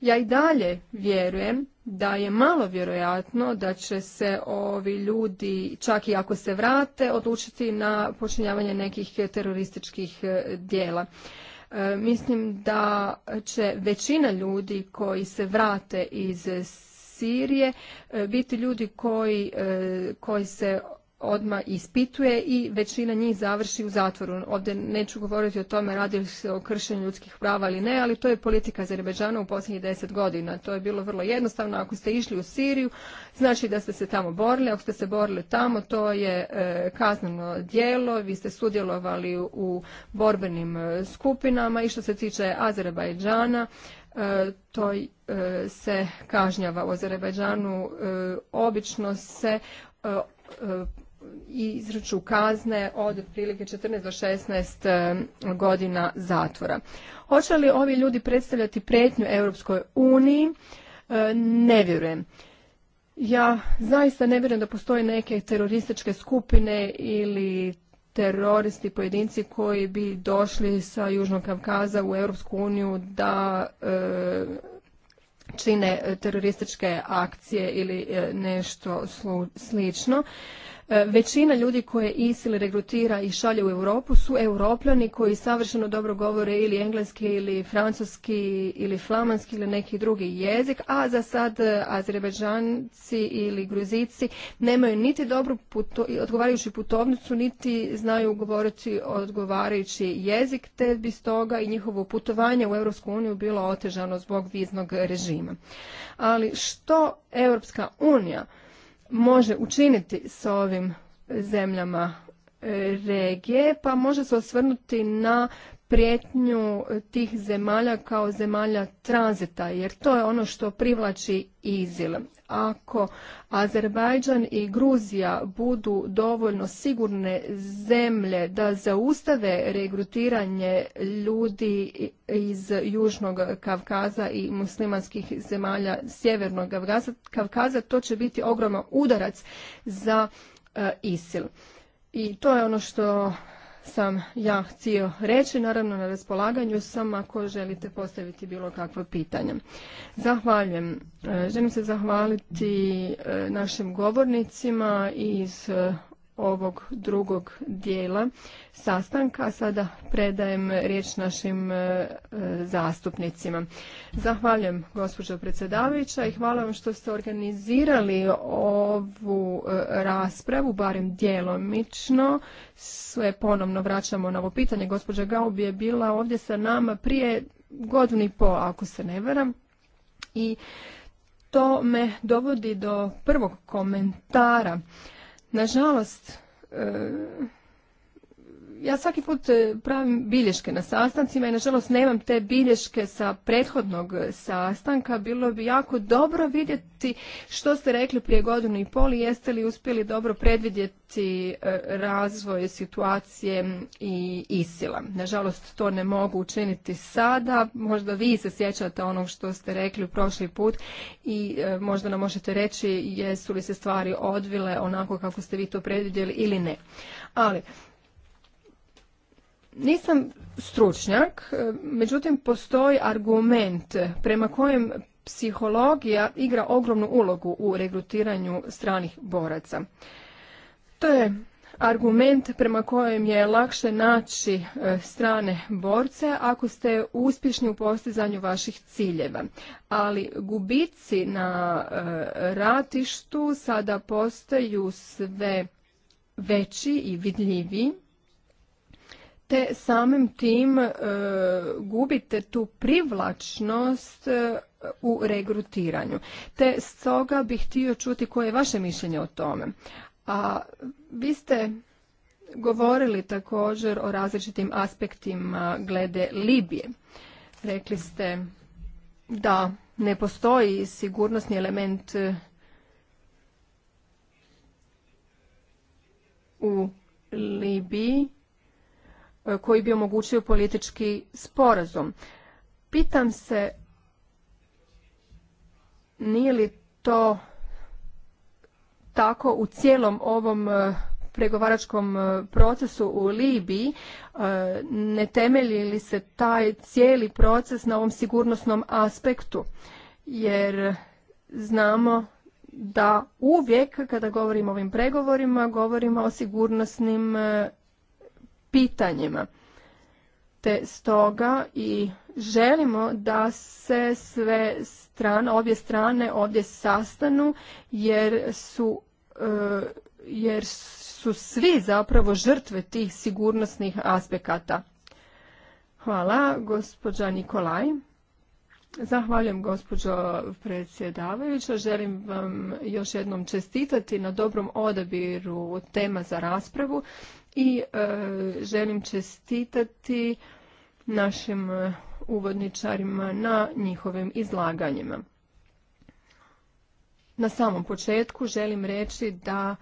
Ja i dalje vjerujem da je malo vjerojatno da će se ovi ljudi, čak i ako se vrate, odlučiti na počinjavanje nekih terorističkih e, dijela. E, mislim da će većina ljudi koji se vrate iz Sirije e, biti ljudi koji, e, koji se odma ispituje i većina njih završi u zatvoru. Ovdje neću govoriti o tome radi li se o kršenju ljudskih prava ili ne, ali to je politika Azerbejdžana u posljednjih deset godina. To je bilo vrlo jednostavno. Ako ste išli u Siriju, znači da ste se tamo borili. Ako ste se borili tamo, to je e, kazneno djelo. Vi ste sudjelovali u borbenim e, skupinama i što se tiče Azerbajdžana e, to se kažnjava u Azerbajdžanu. obično se izraču kazne od otprilike 14 do 16 eh, godina zatvora. Hoće li ovi ljudi predstavljati pretnju Europskoj uniji? Eh, ne vjerujem. Ja zaista ne vjerujem da postoje neke terorističke skupine ili teroristi pojedinci koji bi došli sa Južnog Kavkaza u Europsku uniju da eh, čine terorističke akcije ili nešto slično. E, većina ljudi koje ISIL regrutira i šalje u Europu su europljani koji savršeno dobro govore ili engleski ili francuski ili flamanski ili neki drugi jezik, a za sad e, Azerbeđanci ili Gruzici nemaju niti dobru puto, odgovarajuću putovnicu, niti znaju govoriti odgovarajući jezik, te bi stoga i njihovo putovanje u Europsku uniju bilo otežano zbog viznog režima. Ali što Europska unija može učiniti s ovim zemljama e, regije, pa može se osvrnuti na prijetnju tih zemalja kao zemalja tranzita, jer to je ono što privlači izil ako Azerbajdžan i Gruzija budu dovoljno sigurne zemlje da zaustave regrutiranje ljudi iz Južnog Kavkaza i muslimanskih zemalja Sjevernog Kavkaza, to će biti ogroman udarac za e, ISIL. I to je ono što sam ja htio reći. Naravno, na raspolaganju sam ako želite postaviti bilo kakva pitanja. Zahvaljujem. E, želim se zahvaliti e, našim govornicima iz ovog drugog dijela sastanka. Sada predajem riječ našim e, zastupnicima. Zahvaljujem gospođo predsjedavajuća i hvala vam što ste organizirali ovu e, raspravu, barem djelomično. Sve ponovno vraćamo na ovo pitanje. Gospođa Gaub je bila ovdje sa nama prije godinu i pol, ako se ne varam. I to me dovodi do prvog komentara Nažalost, e, ja svaki put e, pravim bilješke na sastancima i nažalost nemam te bilješke sa prethodnog e, sastanka. Bilo bi jako dobro vidjeti što ste rekli prije godinu i pol i jeste li uspjeli dobro predvidjeti e, razvoj situacije i isila. Nažalost to ne mogu učiniti sada. Možda vi se sjećate onog što ste rekli prošli put i možda nam možete reći jesu li se stvari odvile onako kako ste vi to predvidjeli ili ne. Ali nisam stručnjak, e, međutim postoji argument prema kojem psihologija igra ogromnu ulogu u regrutiranju stranih boraca. To je argument prema kojem je lakše naći e, strane borce ako ste uspješni u postizanju vaših ciljeva. Ali gubici na e, ratištu sada postaju sve veći i vidljiviji te samim tim e, gubite tu privlačnost e, u regrutiranju. Te stoga bih htio čuti koje je vaše mišljenje o tome. A vi ste govorili također o različitim aspektima glede Libije. Rekli ste da ne postoji sigurnosni element e, u Libiji E, koji bi omogućio politički sporazum. Pitam se nije li to tako u cijelom ovom e, pregovaračkom e, procesu u Libiji ne temelji li se taj cijeli proces na ovom sigurnosnom aspektu jer znamo da uvijek kada govorimo o ovim pregovorima govorimo o sigurnosnim pitanjima. Te stoga i želimo da se sve strane, obje strane ovdje sastanu jer su e, jer su svi zapravo žrtve tih sigurnosnih aspekata. Hvala, gospođa Nikolaj. Zahvaljujem, gospođo predsjedavajuća. Želim vam još jednom čestitati na dobrom odabiru tema za raspravu i e, želim čestitati našim e, uvodničarima na njihovim izlaganjima. Na samom početku želim reći da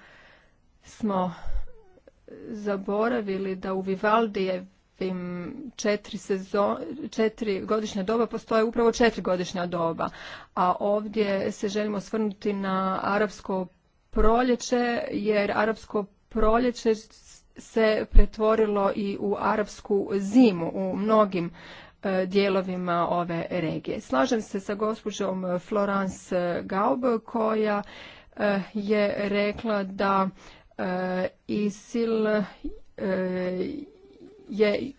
smo zaboravili da u Vivaldijevim četiri, četiri godišnja doba postoje upravo četiri godišnja doba, a ovdje se želimo svrnuti na arapsko proljeće, jer arapsko proljeće se pretvorilo i u arapsku zimu u mnogim e, dijelovima ove regije. Slažem se sa gospođom Florence Gaub koja e, je rekla da e, ISIL je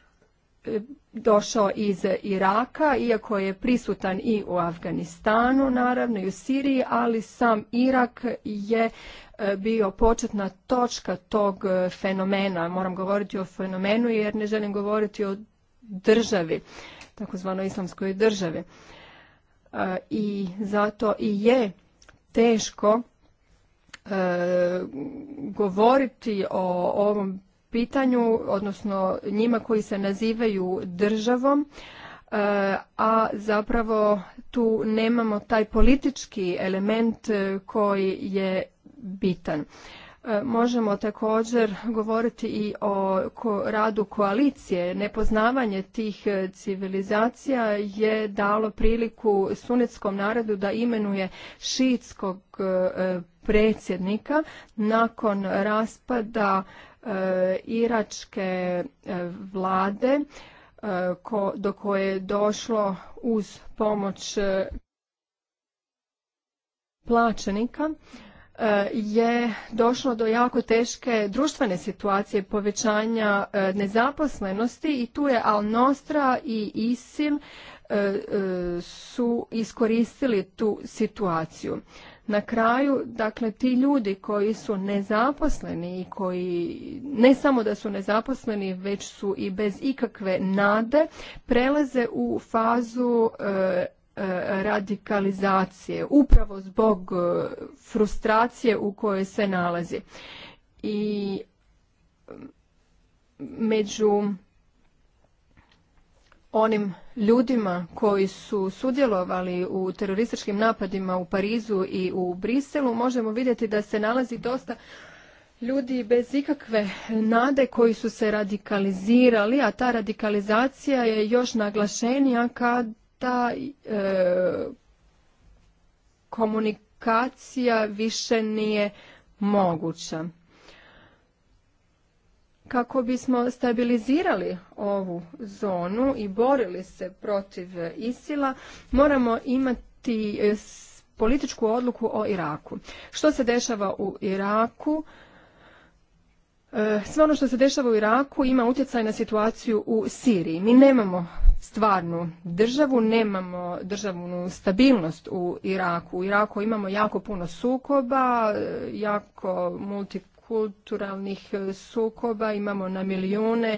došao iz Iraka, iako je prisutan i u Afganistanu, naravno i u Siriji, ali sam Irak je e, bio početna točka tog e, fenomena. Moram govoriti o fenomenu jer ne želim govoriti o državi, takozvano islamskoj državi. E, I zato i je teško govoriti o ovom pitanju, odnosno njima koji se nazivaju državom, e, a zapravo tu nemamo taj politički element e, koji je bitan. E, možemo također govoriti i o radu koalicije. Nepoznavanje tih civilizacija je dalo priliku sunetskom narodu da imenuje šiitskog predsjednika nakon raspada e, iračke e, vlade e, do koje je došlo uz pomoć plaćenika je došlo do jako teške društvene situacije povećanja nezaposlenosti i tu je Al Nostra i ISIL su iskoristili tu situaciju. Na kraju, dakle, ti ljudi koji su nezaposleni i koji ne samo da su nezaposleni, već su i bez ikakve nade, prelaze u fazu e, e, radikalizacije, upravo zbog e, frustracije u kojoj se nalazi. I među onim ljudima koji su sudjelovali u terorističkim napadima u Parizu i u Briselu možemo vidjeti da se nalazi dosta ljudi bez ikakve nade koji su se radikalizirali, a ta radikalizacija je još naglašenija kada e, komunikacija više nije moguća kako bismo stabilizirali ovu zonu i borili se protiv Isila, moramo imati e, političku odluku o Iraku. Što se dešava u Iraku? E, sve ono što se dešava u Iraku ima utjecaj na situaciju u Siriji. Mi nemamo stvarnu državu, nemamo državnu stabilnost u Iraku. U Iraku imamo jako puno sukoba, e, jako multi kulturalnih e, sukoba, imamo na milijune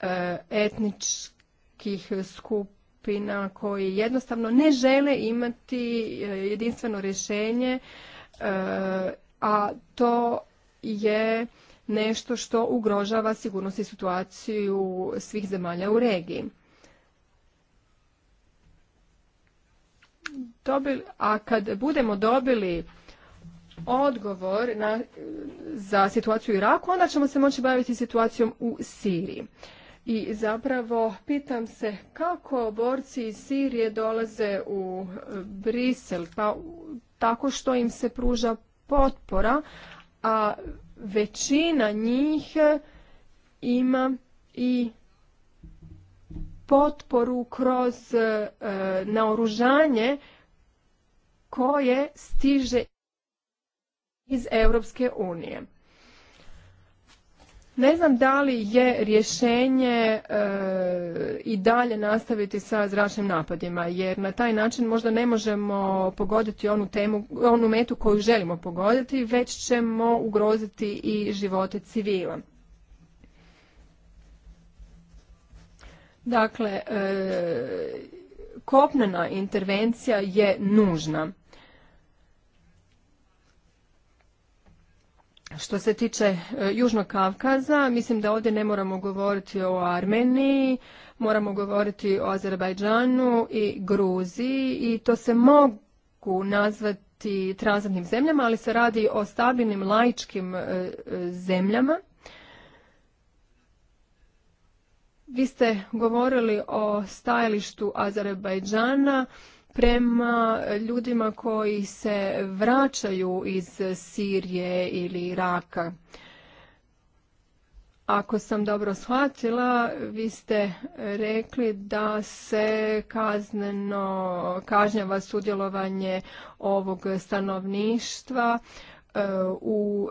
e, etničkih skupina koji jednostavno ne žele imati e, jedinstveno rješenje, a to je nešto što ugrožava sigurnost i situaciju svih zemalja u regiji. a kad budemo dobili odgovor na, za situaciju u Iraku, onda ćemo se moći baviti situacijom u Siriji. I zapravo pitam se kako borci iz Sirije dolaze u e, Brisel, pa tako što im se pruža potpora, a većina njih ima i potporu kroz e, naoružanje koje stiže iz Europske unije. Ne znam da li je rješenje e, i dalje nastaviti sa zračnim napadima, jer na taj način možda ne možemo pogoditi onu, temu, onu metu koju želimo pogoditi, već ćemo ugroziti i živote civila. Dakle, e, kopnena intervencija je nužna. Što se tiče e, Južnog Kavkaza, mislim da ovdje ne moramo govoriti o Armeniji, moramo govoriti o Azerbajdžanu i Gruziji i to se mogu nazvati transatnim zemljama, ali se radi o stabilnim laičkim e, e, zemljama. Vi ste govorili o stajalištu Azerbajdžana prema ljudima koji se vraćaju iz Sirije ili Iraka. Ako sam dobro shvatila, vi ste rekli da se kazneno kažnjava sudjelovanje ovog stanovništva E, u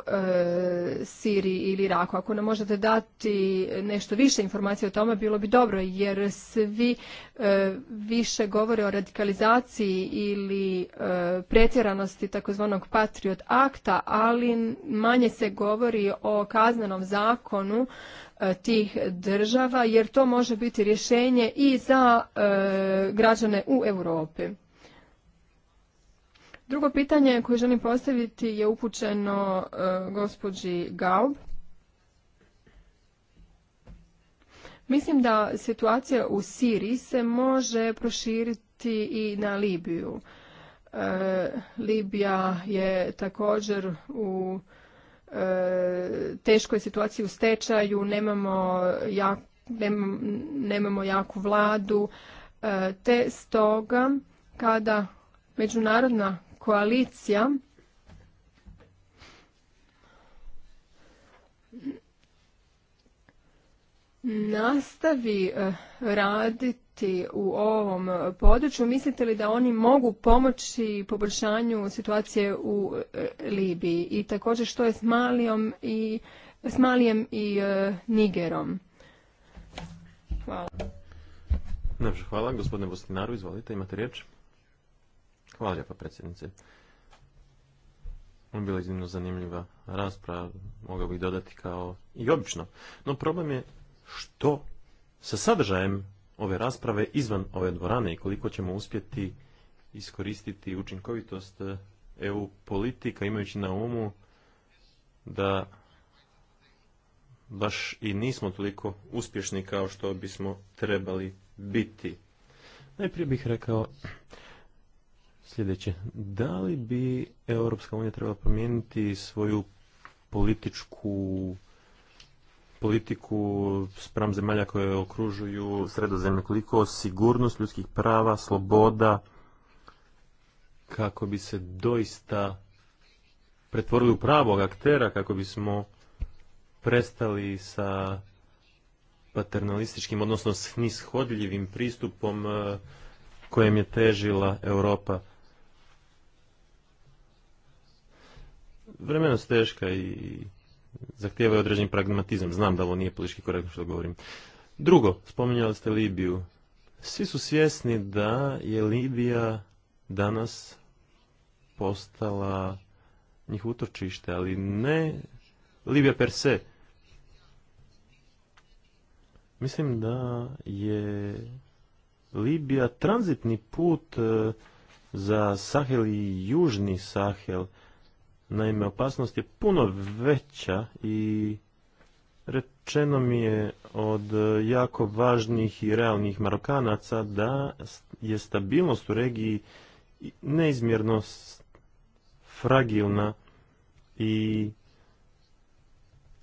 e, Siriji ili Iraku. Ako nam možete dati nešto više informacije o tome, bilo bi dobro, jer svi e, više govore o radikalizaciji ili pretjeranosti takozvanog Patriot akta, ali manje se govori o kaznenom zakonu tih država, jer to može biti rješenje i za građane u Europi. Drugo pitanje koje želim postaviti je upućeno e, gospođi Gaub. Mislim da situacija u Siriji se može proširiti i na Libiju. E, Libija je također u e, teškoj situaciji u stečaju, nemamo, jak, nemamo jaku vladu, te stoga kada međunarodna koalicija nastavi eh, raditi u ovom području, mislite li da oni mogu pomoći poboljšanju situacije u eh, Libiji i također što je s Malijom i Malijem i eh, Nigerom? Hvala. hvala. Gospodine Bostinaru, izvolite, imate riječ. Hvala lijepa predsjednice. Ono je bila iznimno zanimljiva rasprava, mogao bih dodati kao i obično. No problem je što sa sadržajem ove rasprave izvan ove dvorane i koliko ćemo uspjeti iskoristiti učinkovitost eh, EU politika imajući na umu da baš i nismo toliko uspješni kao što bismo trebali biti. Najprije bih rekao sljedeće. Da li bi Europska unija trebala promijeniti svoju političku politiku spram zemalja koje okružuju sredozemlje, koliko sigurnost ljudskih prava, sloboda, kako bi se doista pretvorili u pravog aktera, kako bismo prestali sa paternalističkim, odnosno s nishodljivim pristupom eh, kojem je težila Europa. vremena su teška i zahtijevaju određen pragmatizam. Znam da ovo nije politički korektno što govorim. Drugo, spominjali ste Libiju. Svi su svjesni da je Libija danas postala njih utočište, ali ne Libija per se. Mislim da je Libija tranzitni put eh, za Sahel i južni Sahel. Naime, opasnost je puno veća i rečeno mi je od jako važnih i realnih Marokanaca da je stabilnost u regiji neizmjerno fragilna i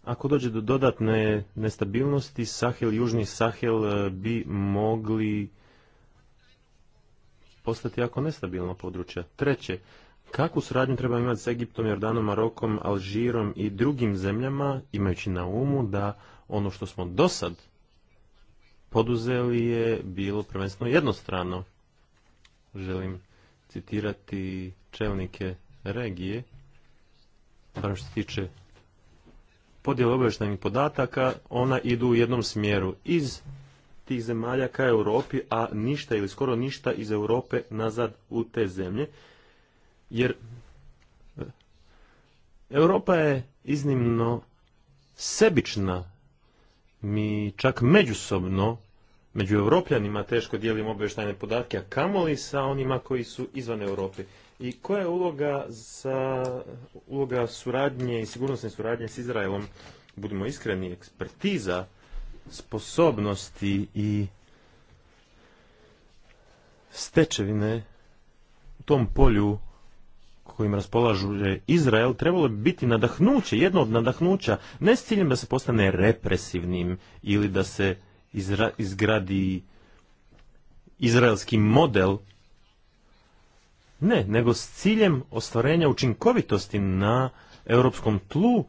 ako dođe do dodatne nestabilnosti, Sahel, Južni Sahel eh, bi mogli postati jako nestabilno područje. Treće, Kakvu suradnju treba imati s Egiptom, Jordanom, Marokom, Alžirom i drugim zemljama, imajući na umu da ono što smo do sad poduzeli je bilo prvenstveno jednostrano. Želim citirati čelnike regije, barem što se tiče podjele obještajnih podataka, ona idu u jednom smjeru iz tih zemalja ka Europi, a ništa ili skoro ništa iz Europe nazad u te zemlje. Jer eh, Europa je iznimno sebična. Mi čak međusobno, među europljanima teško dijelimo obještajne podatke, a kamoli sa onima koji su izvan Europe. I koja je uloga, za, uloga suradnje i sigurnosne suradnje s Izraelom? Budimo iskreni, ekspertiza, sposobnosti i stečevine u tom polju kojim raspolažu Izrael trebalo bi biti nadahnuće, jedno od nadahnuća, ne s ciljem da se postane represivnim ili da se izgradi izraelski model, ne, nego s ciljem ostvarenja učinkovitosti na europskom tlu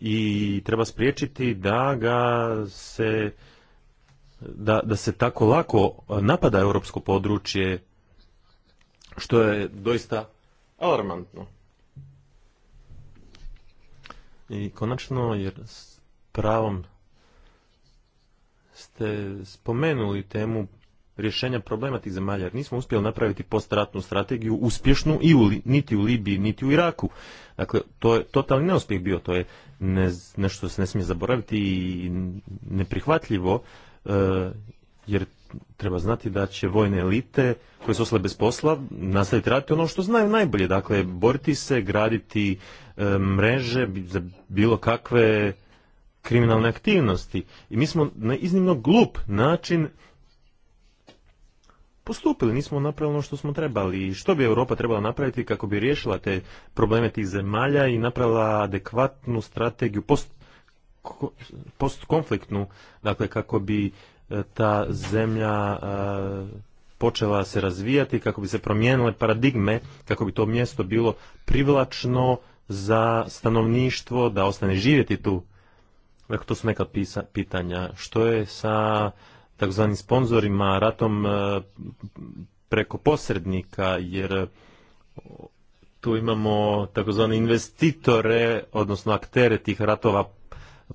i treba spriječiti da ga se da, da se tako lako napada europsko područje što je doista alarmantno. I konačno, jer s pravom ste spomenuli temu rješenja problema tih zemalja, jer nismo uspjeli napraviti postratnu strategiju uspješnu i u, niti u Libiji, niti u Iraku. Dakle, to je totalni neuspjeh bio, to je ne, nešto se ne smije zaboraviti i neprihvatljivo, e, jer treba znati da će vojne elite koje su ostale bez posla nastaviti raditi ono što znaju najbolje. Dakle, boriti se, graditi e, mreže za bilo kakve kriminalne aktivnosti. I mi smo na iznimno glup način postupili, nismo napravili ono što smo trebali i što bi Europa trebala napraviti kako bi riješila te probleme tih zemalja i napravila adekvatnu strategiju post, post dakle kako bi ta zemlja počela se razvijati, kako bi se promijenile paradigme, kako bi to mjesto bilo privlačno za stanovništvo, da ostane živjeti tu. Dakle, to su neka pitanja. Što je sa takozvanim sponzorima, ratom preko posrednika, jer tu imamo takozvane investitore, odnosno aktere tih ratova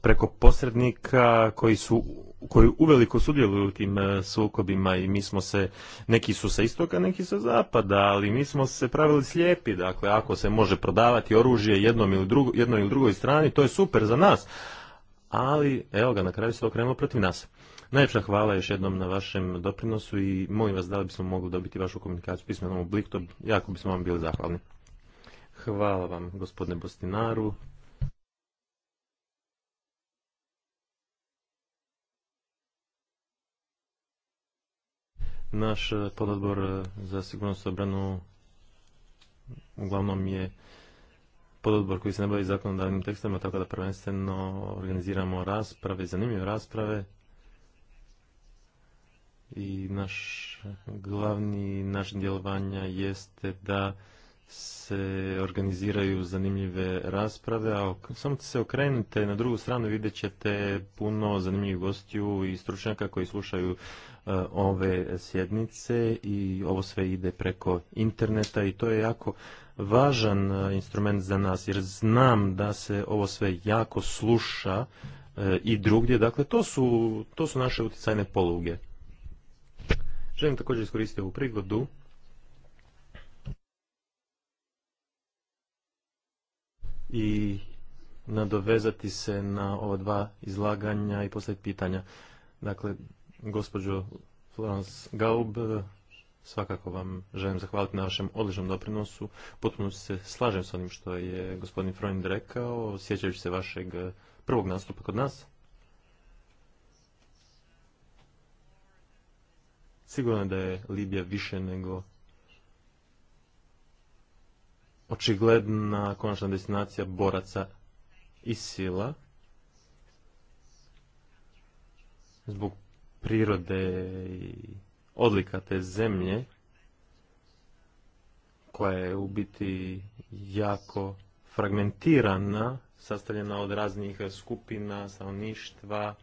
preko posrednika koji su koji uveliko sudjeluju u tim eh, sukobima i mi smo se, neki su sa istoka, neki sa zapada, ali mi smo se pravili slijepi, dakle ako se može prodavati oružje jednom ili drugo, jednoj ili drugoj strani, to je super za nas, ali evo ga, na kraju se okrenulo protiv nas. Najljepša hvala još jednom na vašem doprinosu i molim vas da li bismo mogli dobiti vašu komunikaciju pismenom obliku, jako bismo vam bili zahvalni. Hvala vam gospodine Bostinaru. Naš e, pododbor e, za sigurnost obranu uglavnom je pododbor koji se ne bavi zakonodavnim tekstama, tako da prvenstveno organiziramo rasprave, zanimljive rasprave i naš glavni način djelovanja jeste da se organiziraju zanimljive rasprave, a samo se okrenite na drugu stranu vidjet ćete puno zanimljivih gostiju i stručnjaka koji slušaju e, ove sjednice i ovo sve ide preko interneta i to je jako važan e, instrument za nas jer znam da se ovo sve jako sluša e, i drugdje, dakle to su, to su naše utjecajne poluge. Želim također iskoristiti ovu prigodu i nadovezati se na ova dva izlaganja i postaviti pitanja. Dakle, gospođo Florence Gaub, svakako vam želim zahvaliti na vašem odličnom doprinosu. Potpuno se slažem s onim što je gospodin Freund rekao, sjećajući se vašeg prvog nastupa kod nas. Sigurno je da je Libija više nego očigledna konačna destinacija boraca i sila zbog prirode i odlika te zemlje koja je u biti jako fragmentirana, sastavljena od raznih skupina, stanovništva.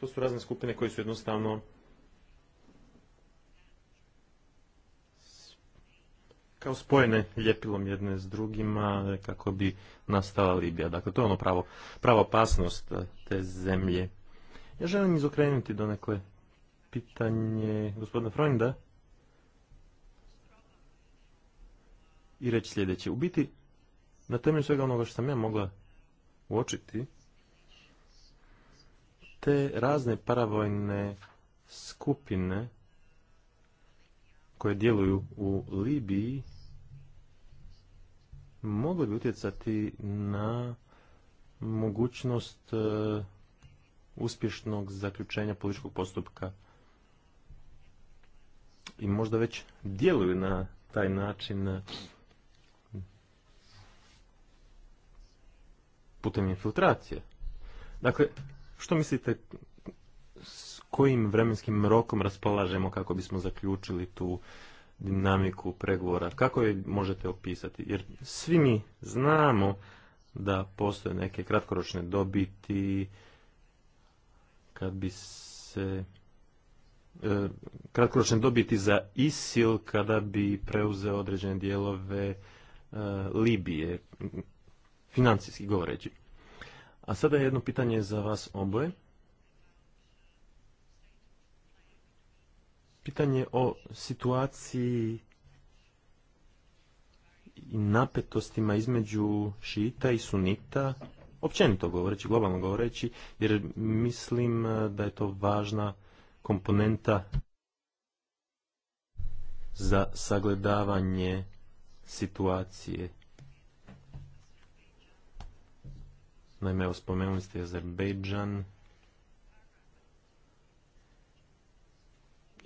To su razne skupine koje su jednostavno kao spojene ljepilom jedne s drugima e, kako bi nastala Libija. Dakle, to je ono pravo, pravo opasnost e, te zemlje. Ja želim izokrenuti donekle pitanje gospodina Freunda i reći sljedeće. U biti, na temelju svega onoga što sam ja mogla uočiti, te razne paravojne skupine koje djeluju u Libiji mogle bi utjecati na mogućnost e, uspješnog zaključenja političkog postupka i možda već djeluju na taj način e, putem infiltracije. Dakle, što mislite kojim vremenskim rokom raspolažemo kako bismo zaključili tu dinamiku pregovora? Kako je možete opisati? Jer svi mi znamo da postoje neke kratkoročne dobiti kad bi se e, kratkoročne dobiti za ISIL kada bi preuzeo određene dijelove e, Libije financijski govoreći. A sada je jedno pitanje za vas oboje. pitanje o situaciji i napetostima između šita i sunita, općenito govoreći, globalno govoreći, jer mislim e, da je to važna komponenta za sagledavanje situacije. Naime, evo spomenuli ste Azerbejdžan,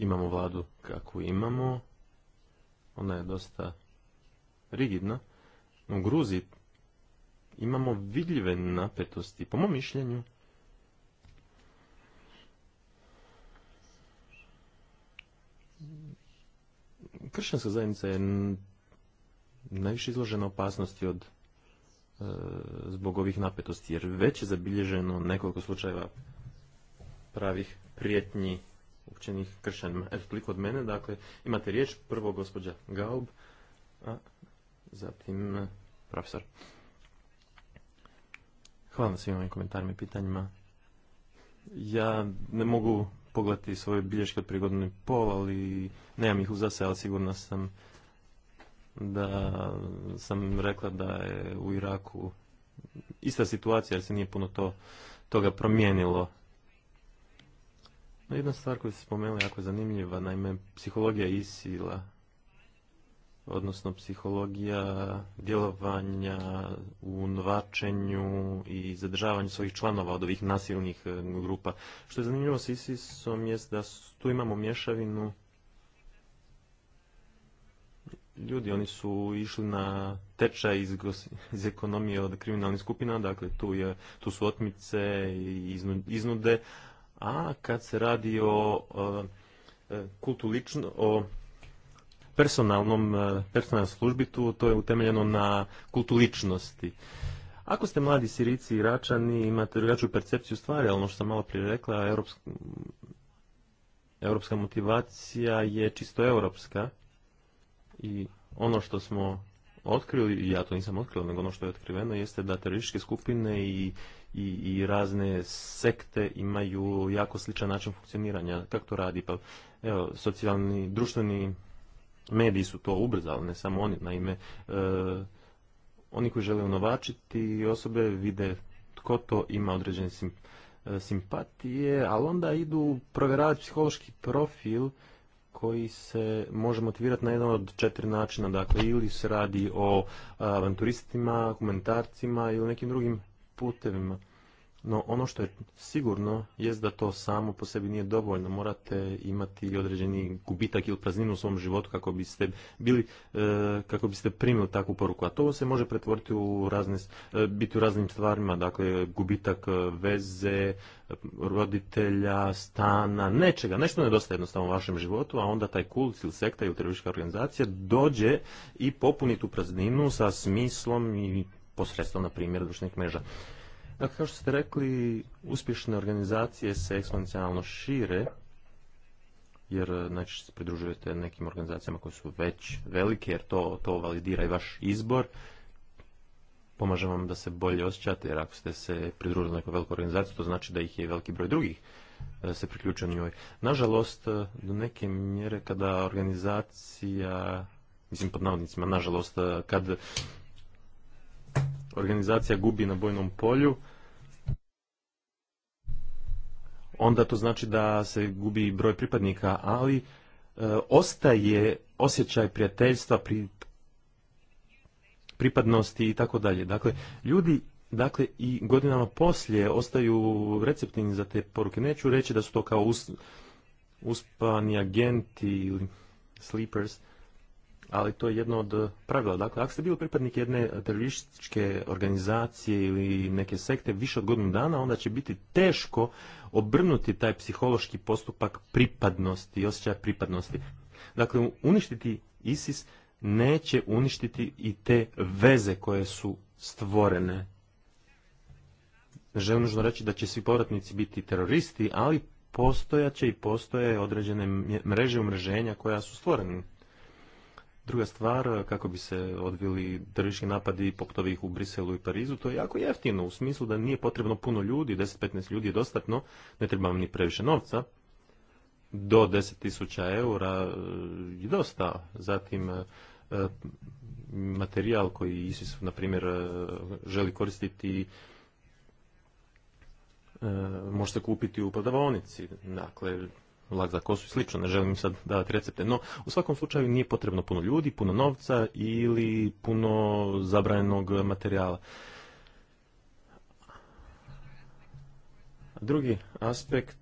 imamo vladu kakvu imamo, ona je dosta rigidna. U Gruzi imamo vidljive napetosti, po mom mišljenju. Kršćanska zajednica je najviše izložena opasnosti od e, zbog ovih napetosti, jer već je zabilježeno nekoliko slučajeva pravih prijetnji upućenih kršćanima. toliko od mene. Dakle, imate riječ. Prvo gospođa Gaub, a zatim e, profesor. Hvala na svim ovim komentarima i pitanjima. Ja ne mogu pogledati svoje bilješke od prigodne ali nemam ih uza ali sigurno sam da sam rekla da je u Iraku ista situacija jer se nije puno to, toga promijenilo. No, jedna stvar koju ste spomenuli jako zanimljiva, naime, psihologija isila, odnosno psihologija djelovanja u novačenju i zadržavanju svojih članova od ovih nasilnih e, grupa. Što je zanimljivo s ISISom je da tu imamo mješavinu ljudi, oni su išli na tečaj iz, iz ekonomije od kriminalnih skupina, dakle tu, je, tu su otmice i iznude, a kad se radi o e, kultu personalnom, e, personalnoj službi, to je utemeljeno na kultu ličnosti. Ako ste mladi sirici i račani, imate drugačiju percepciju stvari, ali ono što sam malo prije rekla, europska, motivacija je čisto europska i ono što smo otkrili, ja to nisam otkrio, nego ono što je otkriveno, jeste da terorističke skupine i i, i razne sekte imaju jako sličan način funkcioniranja. Kako to radi? Pa, evo, socijalni, društveni mediji su to ubrzali, ne samo oni. Naime, e, oni koji žele unovačiti osobe vide tko to ima određene e, simpatije, ali onda idu provjeravati psihološki profil koji se može motivirati na jedan od četiri načina. Dakle, ili se radi o e, avanturistima, komentarcima ili nekim drugim putevima. No ono što je sigurno je da to samo po sebi nije dovoljno. Morate imati određeni gubitak ili prazninu u svom životu kako biste bili, e, kako biste primili takvu poruku. A to se može pretvoriti u razne, e, biti u raznim stvarima, dakle gubitak e, veze, roditelja, stana, nečega, nešto nedostaje jednostavno u vašem životu, a onda taj kult ili sekta ili teroristička organizacija dođe i popuni tu prazninu sa smislom i posredstvom, na primjer, društvenih mreža. Dakle, kao što ste rekli, uspješne organizacije se eksponencijalno šire, jer e, znači, se pridružujete nekim organizacijama koje su već velike, jer to, to validira i vaš izbor. Pomaže vam da se bolje osjećate, jer ako ste se pridružili nekoj velikoj organizaciji, to znači da ih je veliki broj drugih e, se priključio njoj. Nažalost, e, do neke mjere kada organizacija, mislim pod navodnicima, nažalost, kad organizacija gubi na bojnom polju, onda to znači da se gubi broj pripadnika, ali e, ostaje osjećaj prijateljstva, pri, pripadnosti i tako dalje. Dakle, ljudi dakle i godinama poslije ostaju receptivni za te poruke. Neću reći da su to kao uspani agenti ili sleepers, ali to je jedno od eh, pravila. Dakle, ako ste bili pripadnik jedne eh, terorističke organizacije ili neke sekte više od godinu dana, onda će biti teško obrnuti taj psihološki postupak pripadnosti, osjećaja pripadnosti. Dakle, uništiti ISIS neće uništiti i te veze koje su stvorene. Želim nužno reći da će svi povratnici biti teroristi, ali postojaće i postoje određene mreže umreženja koja su stvorene Druga stvar, kako bi se odvili teroristički napadi poput ovih u Briselu i Parizu, to je jako jeftino, u smislu da nije potrebno puno ljudi, 10-15 ljudi je dostatno, ne trebamo ni previše novca, do 10.000 eura e, je dosta. Zatim, e, materijal koji ISIS, na primjer, e, želi koristiti može se kupiti u prodavaonici. Dakle, vlak za kosu i slično, ne želim sad davati recepte, no u svakom slučaju nije potrebno puno ljudi, puno novca ili puno zabranjenog materijala. Drugi aspekt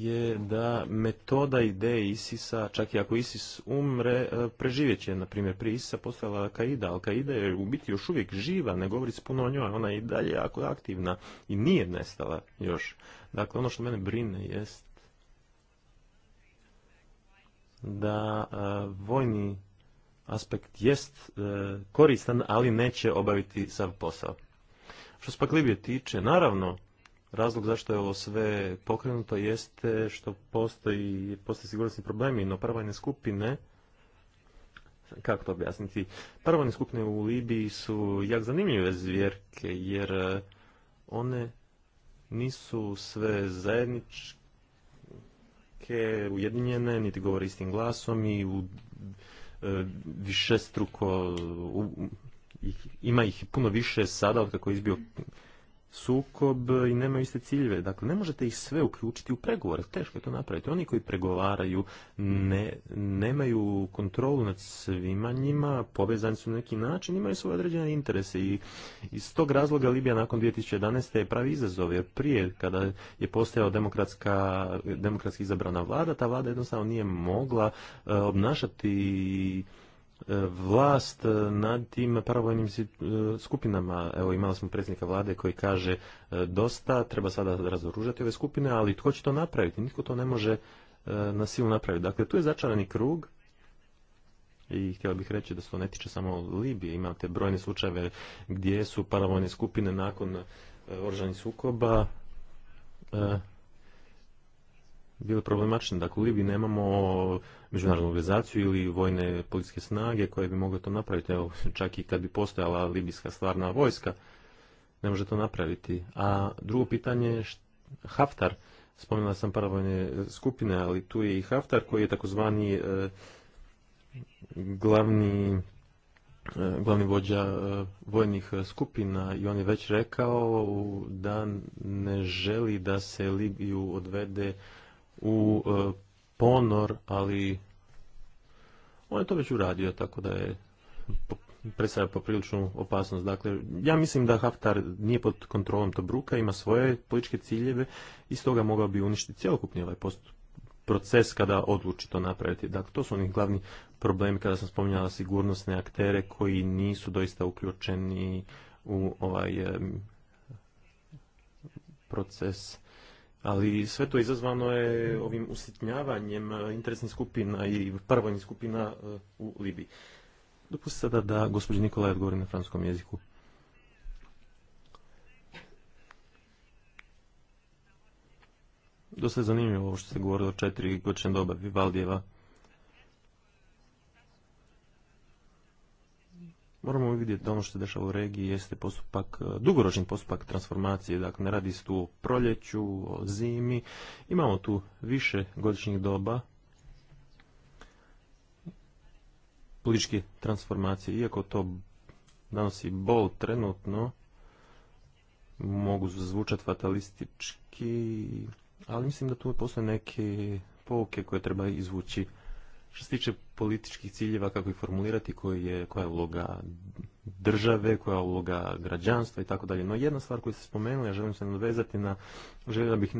je da metoda ideje Isisa, čak i ako Isis umre, e, preživjet će. Naprimjer, prije Isisa postojala Al-Qaida. al je u biti još uvijek živa, ne govori se puno o njoj, ona je i dalje jako aktivna i nije nestala još. Dakle, ono što mene brine jest da e, vojni aspekt jest e, koristan, ali neće obaviti sav posao. Što se pak Libije tiče, naravno, razlog zašto je ovo sve pokrenuto jeste što postoji, postoji sigurnosni problemi, no prvojne skupine, kako to objasniti, prvojne skupine u Libiji su jak zanimljive zvjerke, jer eh, one nisu sve zajedničke, ujedinjene, niti govori istim glasom i u, eh, više struko, ima ih puno više sada od kako je izbio sukob i nemaju iste ciljeve. Dakle, ne možete ih sve uključiti u pregovore. Teško je to napraviti. Oni koji pregovaraju ne, nemaju kontrolu nad svima njima, povezani su na neki način, imaju svoje određene interese i iz tog razloga Libija nakon 2011. je pravi izazov, jer prije kada je postojala demokratska, demokratski izabrana vlada, ta vlada jednostavno nije mogla e, obnašati E, vlast e, nad tim paravojnim e, skupinama. Evo imali smo predsjednika vlade koji kaže dosta, treba sada razoružati ove skupine, ali tko će to napraviti? Nitko to ne može na silu napraviti. Dakle, tu je začarani krug i htio bih reći da se to ne tiče samo Libije. Imate brojne slučajeve gdje su paravojne skupine nakon oružanih sukoba bile problematične. Dakle, u Libiji nemamo međunarodnu organizaciju ili vojne policijske snage koje bi mogle to napraviti. Evo, čak i kad bi postojala libijska stvarna vojska, ne može to napraviti. A drugo pitanje je Haftar. Spomenula sam paravojne skupine, ali tu je i Haftar koji je takozvani e, glavni e, glavni vođa e, vojnih skupina i on je već rekao da ne želi da se Libiju odvede u e, ponor, ali on je to već uradio, tako da je predstavlja popriličnu opasnost. Dakle, ja mislim da Haftar nije pod kontrolom Tobruka, ima svoje političke ciljeve i stoga mogao bi uništiti cjelokupni ovaj proces kada odluči to napraviti. Dakle, to su oni glavni problemi kada sam spominjala sigurnosne aktere koji nisu doista uključeni u ovaj proces ali sve to izazvano je ovim usitnjavanjem e, interesnih skupina i prvojnih skupina e, u Libiji. Dopustite sada da gospođa Nikola odgovori na francuskom jeziku. Dosta je zanimljivo ovo što ste govorili o četiri godišnje doba Vivaldijeva moramo vidjeti da ono što se dešava u regiji jeste postupak, e, dugoročni postupak transformacije, dakle ne radi se tu o proljeću, o zimi, imamo tu više godišnjih doba političke transformacije, iako to danosi bol trenutno, mogu zvučati fatalistički, ali mislim da tu postoje neke pouke koje treba izvući što se tiče političkih ciljeva, kako ih formulirati, koji je, koja je uloga države, koja je uloga građanstva i tako dalje. No jedna stvar koju ste spomenuli, ja želim se nadvezati na, želim bih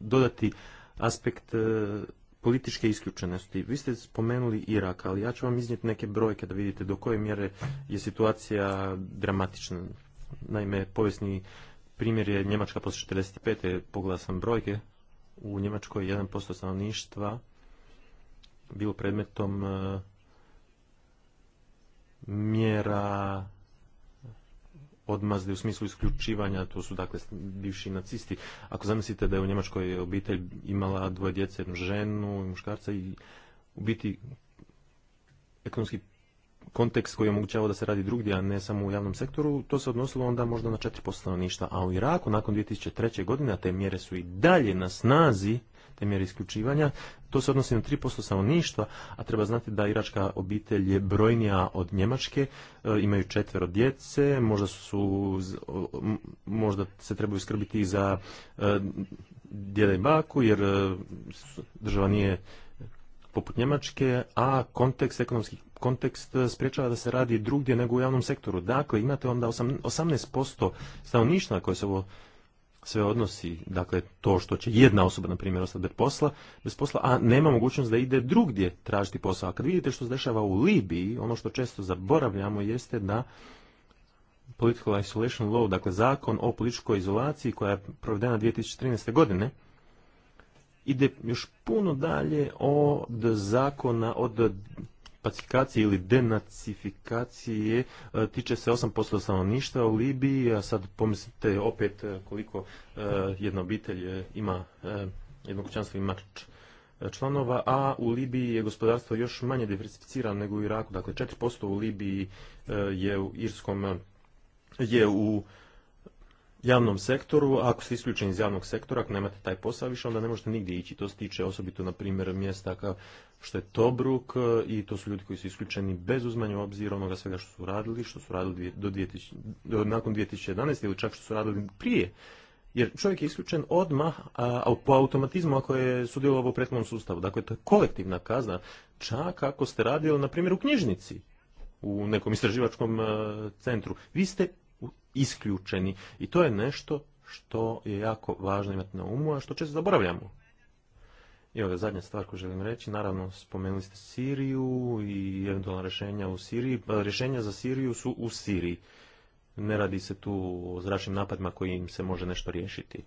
dodati aspekt e, političke isključenosti. Vi ste spomenuli Irak, ali ja ću vam iznijeti neke brojke da vidite do koje mjere je situacija dramatična. Naime, povijesni primjer je Njemačka posle 45. Pogledao sam brojke. U Njemačkoj 1% stanovništva bilo predmetom e, mjera odmazde u smislu isključivanja, to su dakle bivši nacisti. Ako zamislite da je u Njemačkoj obitelj imala dvoje djece, jednu ženu i muškarca i u biti ekonomski kontekst koji je omogućavao da se radi drugdje, a ne samo u javnom sektoru, to se odnosilo onda možda na 4% ništa. A u Iraku nakon 2003. godine te mjere su i dalje na snazi te mjere isključivanja. To se odnosi na 3% stanovništva, a treba znati da iračka obitelj je brojnija od njemačke, e, imaju četvero djece, možda, su, možda se trebaju skrbiti i za e, djeda i baku, jer e, država nije poput Njemačke, a kontekst, ekonomski kontekst spriječava da se radi drugdje nego u javnom sektoru. Dakle, imate onda 18% stanovništva koje se ovo sve odnosi, dakle to što će jedna osoba, na primjer, ostati bez posla, bez posla, a nema mogućnost da ide drugdje tražiti posao. A kad vidite što se dešava u Libiji, ono što često zaboravljamo jeste da political isolation law, dakle zakon o političkoj izolaciji koja je provedena 2013. godine, ide još puno dalje od zakona, od pacifikacije ili denacifikacije e, tiče se 8% stanovništva u Libiji, a sad pomislite opet e, koliko e, jedna obitelj ima, jedno kućanstvo ima članova, a u Libiji je gospodarstvo još manje diversificirano nego u Iraku. Dakle, 4% u Libiji je u Irskom je u javnom sektoru, ako ste isključeni iz javnog sektora, ako nemate taj posao više, onda ne možete nigdje ići. To se tiče osobito, na primjer, mjesta kao što je Tobruk eh, i to su ljudi koji su isključeni bez uzmanja obzira onoga svega što su radili, što su radili do 2000, do, nakon 2011. ili čak što su radili prije. Jer čovjek je isključen odmah a, po automatizmu ako je sudjelovao u prethodnom sustavu. Dakle, to je kolektivna kazna. Čak ako ste radili, na primjer, u knjižnici, u nekom istraživačkom eh, centru. Vi ste isključeni. I to je nešto što je jako važno imati na umu, a što često zaboravljamo. I ove zadnja stvar koju želim reći, naravno spomenuli ste Siriju i eventualna rješenja u Siriji. Pa, rješenja za Siriju su u Siriji. Ne radi se tu o zračnim napadima kojim se može nešto riješiti.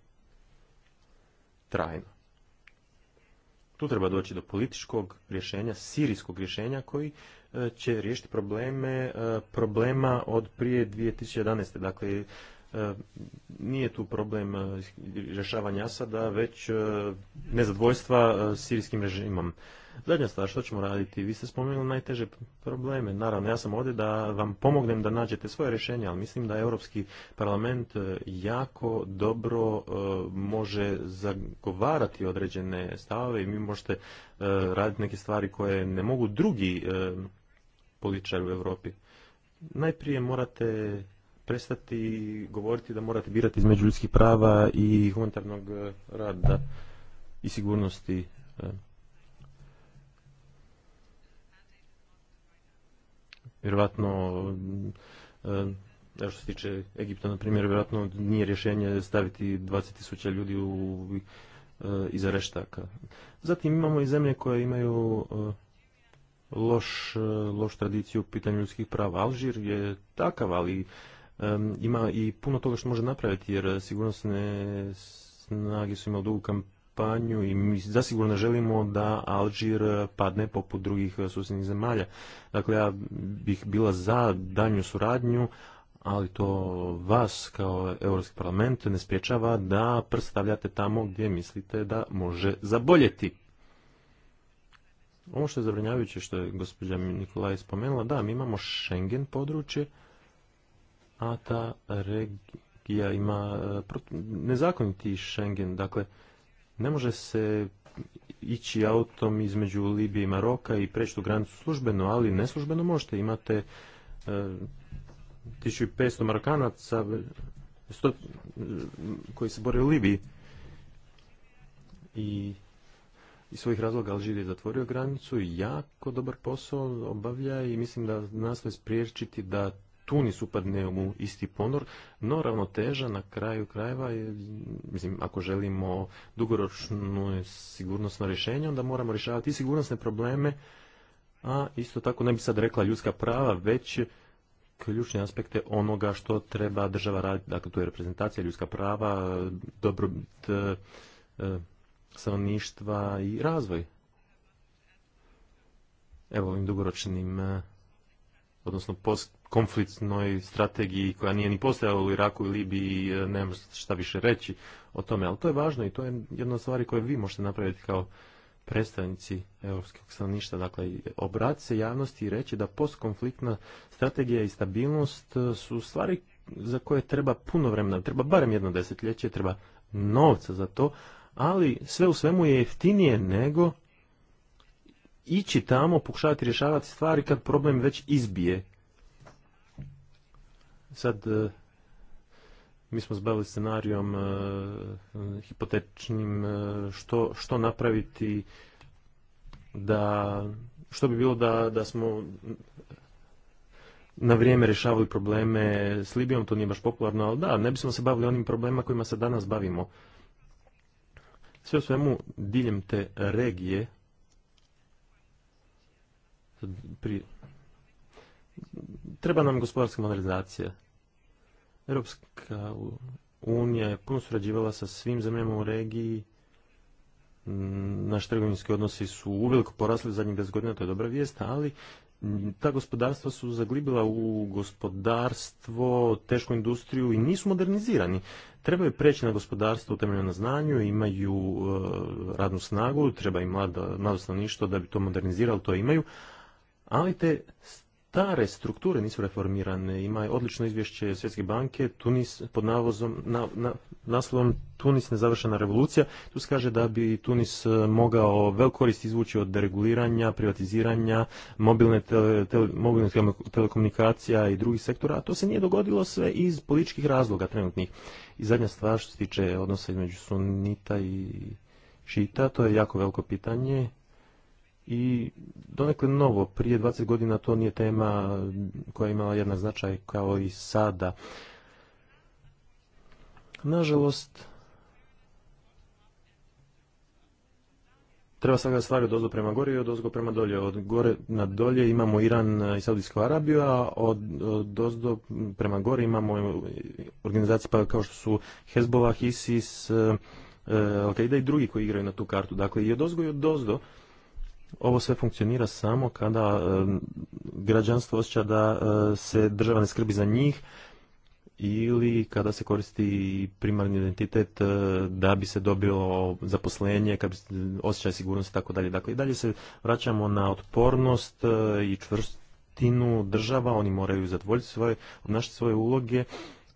Trajno tu treba doći do političkog rješenja, sirijskog rješenja koji e, će riješiti probleme, e, problema od prije 2011. Dakle, e, nije tu problem rješavanja Asada, već nezadvojstva sirijskim režimom. Zadnja stvar, što ćemo raditi? Vi ste spomenuli najteže probleme. Naravno, ja sam ovdje da vam pomognem da nađete svoje rješenje, ali mislim da Europski parlament e, jako dobro e, može zagovarati određene stave i mi možete e, raditi neke stvari koje ne mogu drugi političari u Europi. Najprije morate prestati govoriti da morate birati između ljudskih prava i humanitarnog rada i sigurnosti vjerojatno što se tiče Egipta, na primjer, vjerojatno nije rješenje staviti 20.000 ljudi u, eh, iza reštaka. Zatim imamo i zemlje koje imaju lošu eh, loš, eh, loš tradiciju u pitanju ljudskih prava. Alžir je takav, ali ima i puno toga što može napraviti, jer sigurnosne snage su imali dugu kampanju i mi zasigurno želimo da Alžir padne poput drugih susjednih zemalja. Dakle, ja bih bila za danju suradnju, ali to vas kao Europski parlament ne spječava da predstavljate tamo gdje mislite da može zaboljeti. Ono što je zabrinjavajuće što je gospođa Nikolaj spomenula, da, mi imamo Schengen područje, a ta regija ima e, nezakoniti Schengen, dakle, ne može se ići autom između Libije i Maroka i preći tu granicu službeno, ali neslužbeno možete. Imate 1500 e, Marokanaca koji se bore u Libiji i iz svojih razloga Alžir je zatvorio granicu i jako dobar posao obavlja i mislim da nastoje spriječiti da Tunis upadne u isti ponor, no ravnoteža na kraju krajeva je, mislim, ako želimo dugoročno sigurnosno rješenje, onda moramo rješavati i sigurnosne probleme, a isto tako ne bi sad rekla ljudska prava, već ključne aspekte onoga što treba država raditi, dakle tu je reprezentacija, ljudska prava, dobrobit e, e, stanovništva i razvoj. Evo ovim dugoročnim, e, odnosno post konfliktnoj strategiji koja nije ni postojala u Iraku i Libiji, e, nemam šta više reći o tome, ali to je važno i to je jedna od stvari koje vi možete napraviti kao predstavnici europskog stanovništva. Dakle, obrat se javnosti i reći da postkonfliktna strategija i stabilnost e, su stvari za koje treba puno vremena, treba barem jedno desetljeće, treba novca za to, ali sve u svemu je jeftinije nego ići tamo, pokušavati rješavati stvari kad problem već izbije Sad, e, mi smo zbavili scenarijom e, hipotečnim e, što, što napraviti da, što bi bilo da, da smo na vrijeme rješavali probleme s Libijom, to nije baš popularno, ali da, ne bismo se bavili onim problema kojima se danas bavimo. Sve u svemu, diljem te regije, treba nam gospodarska modernizacija. Europska unija je puno surađivala sa svim zemljama u regiji. Naši trgovinski odnosi su uveliko porasli u zadnjih 10 godina, to je dobra vijest, ali ta gospodarstva su zaglibila u gospodarstvo, tešku industriju i nisu modernizirani. Trebaju preći na gospodarstvo utemeljeno na znanju, imaju e, radnu snagu, treba i mlado stanovništvo da bi to modernizirali, to imaju, ali te stare strukture nisu reformirane. Ima odlično izvješće Svjetske banke Tunis pod navozom, na, naslovom Tunis nezavršena revolucija. Tu se kaže da bi Tunis e, mogao velkorist korist izvući od dereguliranja, privatiziranja, mobilne, tele, mobilne telekomunikacija i drugih sektora, a to se nije dogodilo sve iz političkih razloga trenutnih. I zadnja stvar što se tiče odnosa između sunita i šita, to je jako veliko pitanje i donekle novo. Prije 20 godina to nije tema koja je imala jednak značaj kao i sada. Nažalost, treba sagledati stvari od ozgo prema gori i od ozgo prema dolje. Od gore na dolje imamo Iran i Saudijsku Arabiju, a od, prema gori imamo organizacije pa kao što su Hezbollah, ISIS, eh, Al-Qaida i drugi koji igraju na tu kartu. Dakle, i od ozgo i od ovo sve funkcionira samo kada e, građanstvo osjeća da e, se država ne skrbi za njih ili kada se koristi primarni identitet e, da bi se dobilo zaposlenje, kad bi osjećaj sigurnosti i tako dalje. Dakle, i dalje se vraćamo na otpornost i čvrstinu država, oni moraju zadovoljiti svoje, obnašati svoje uloge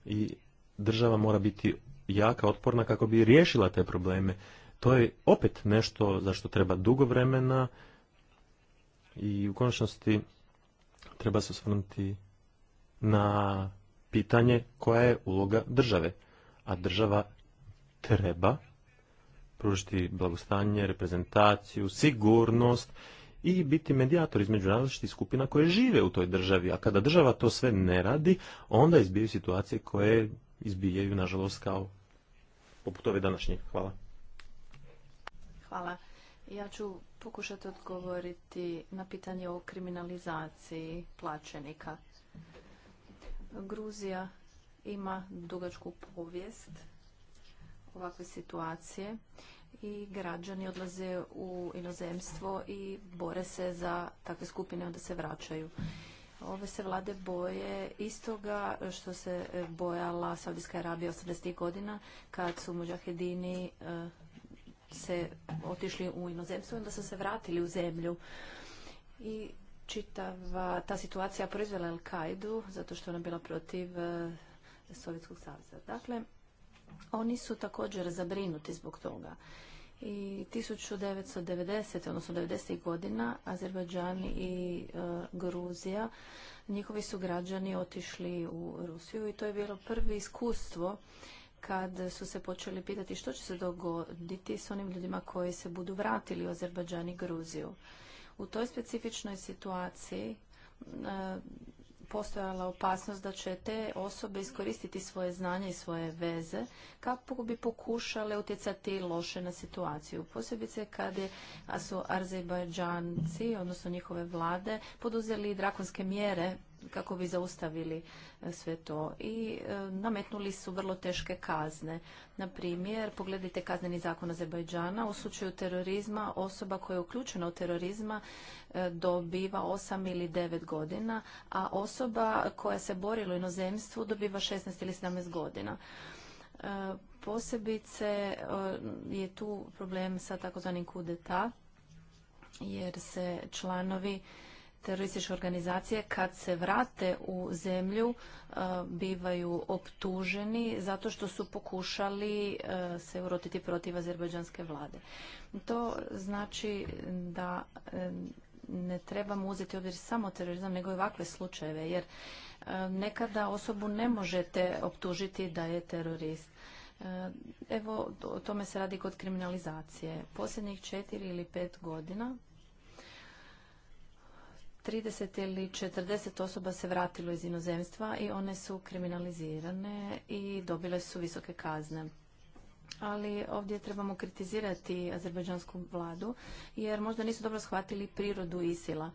i država mora biti jaka, otporna kako bi riješila te probleme. To je opet nešto za što treba dugo vremena i u konačnosti treba se osvrnuti na pitanje koja je uloga države. A država treba pružiti blagostanje, reprezentaciju, sigurnost i biti medijator između različitih skupina koje žive u toj državi. A kada država to sve ne radi, onda izbijaju situacije koje izbijaju, nažalost, kao poput ove današnje. Hvala. Hvala. Ja ću pokušati odgovoriti na pitanje o kriminalizaciji plaćenika. Gruzija ima dugačku povijest ovakve situacije i građani odlaze u inozemstvo i bore se za takve skupine, onda se vraćaju. Ove se vlade boje istoga što se bojala Saudijska Arabija 80. godina kad su muđahedini eh, se otišli u inozemstvo i onda su se vratili u zemlju. I čitava ta situacija proizvela Al-Kaidu zato što ona bila protiv e, Sovjetskog saveza. Dakle, oni su također zabrinuti zbog toga. I 1990. odnosno 90. godina Azerbajdžan i e, Gruzija, njihovi su građani otišli u Rusiju i to je bilo prvi iskustvo kad su se počeli pitati što će se dogoditi s onim ljudima koji se budu vratili u Azerbađan i Gruziju. U toj specifičnoj situaciji e, postojala opasnost da će te osobe iskoristiti svoje znanje i svoje veze kako bi pokušale utjecati loše na situaciju. Posebice kad su Azerbajdžanci, odnosno njihove vlade, poduzeli drakonske mjere kako bi zaustavili e, sve to i e, nametnuli su vrlo teške kazne. Na primjer, pogledajte kazneni zakon Azerbajdžana, u slučaju terorizma osoba koja je uključena u terorizma e, dobiva 8 ili 9 godina, a osoba koja se borila u inozemstvu dobiva 16 ili 17 godina. Posebice je tu problem sa takozvanim kudeta, jer se članovi terorističke organizacije kad se vrate u zemlju e, bivaju optuženi zato što su pokušali e, se urotiti protiv azerbajdžanske vlade. To znači da e, ne trebamo uzeti obzir samo terorizam nego i ovakve slučajeve jer nekada osobu ne možete optužiti da je terorist. Evo, o tome se radi kod kriminalizacije. Posljednjih četiri ili pet godina 30 ili 40 osoba se vratilo iz inozemstva i one su kriminalizirane i dobile su visoke kazne. Ali ovdje trebamo kritizirati azerbajdžansku vladu jer možda nisu dobro shvatili prirodu Isila.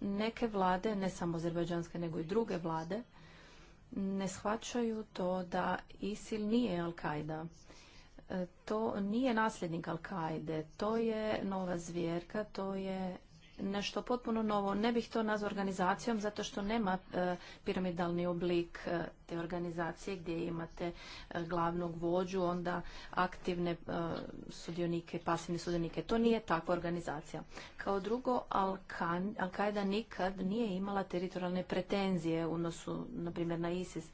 Neke vlade, ne samo azerbajdžanske nego i druge vlade, ne shvaćaju to da Isil nije Al-Qaida. E, to nije nasljednik al to je nova zvjerka, to je nešto potpuno novo. Ne bih to nazvao organizacijom zato što nema e, piramidalni oblik e, te organizacije gdje imate e, glavnog vođu, onda aktivne sudionike, pasivne sudionike. To nije takva organizacija. Kao drugo, Al-Qaeda nikad nije imala teritorijalne pretenzije u odnosu, na primjer, na ISIS.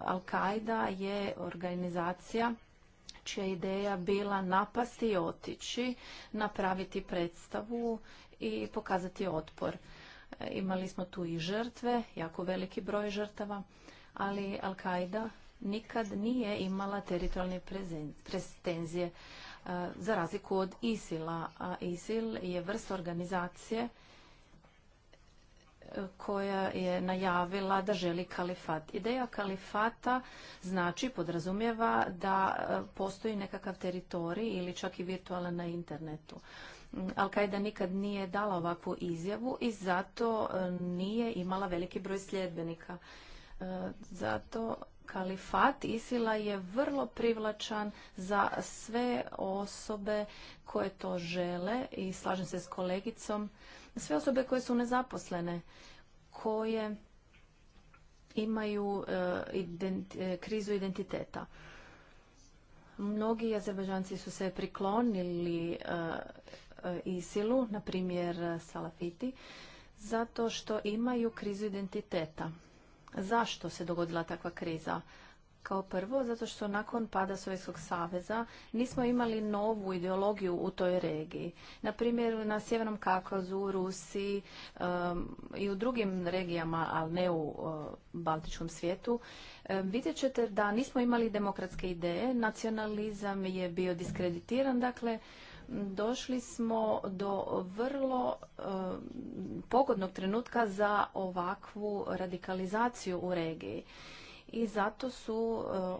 Al-Qaeda je organizacija čija ideja bila napasti i otići, napraviti predstavu i pokazati otpor. E, imali smo tu i žrtve, jako veliki broj žrtava, ali Al-Qaida nikad nije imala teritorijalne prestenzije e, za razliku od Isila. A Isil je vrsta organizacije e, koja je najavila da želi kalifat. Ideja kalifata znači podrazumijeva da postoji nekakav teritorij ili čak i virtualan na internetu. Al-Qaida nikad nije dala ovakvu izjavu i zato e, nije imala veliki broj sljedbenika. E, zato kalifat Isila je vrlo privlačan za sve osobe koje to žele i slažem se s kolegicom, sve osobe koje su nezaposlene, koje imaju e, krizu identiteta. Mnogi Azerbajdžanci su se priklonili E, silu na primjer e, Salafiti, zato što imaju krizu identiteta. Zašto se dogodila takva kriza? Kao prvo, zato što nakon pada Sovjetskog saveza nismo imali novu ideologiju u toj regiji. Na primjer, na Sjevernom Kakazu, Rusiji um, i u drugim regijama, ali ne u e, Baltičkom svijetu, vidjet ćete da nismo imali demokratske ideje, nacionalizam je bio diskreditiran, dakle, došli smo do vrlo eh, pogodnog trenutka za ovakvu radikalizaciju u regiji. I zato su eh,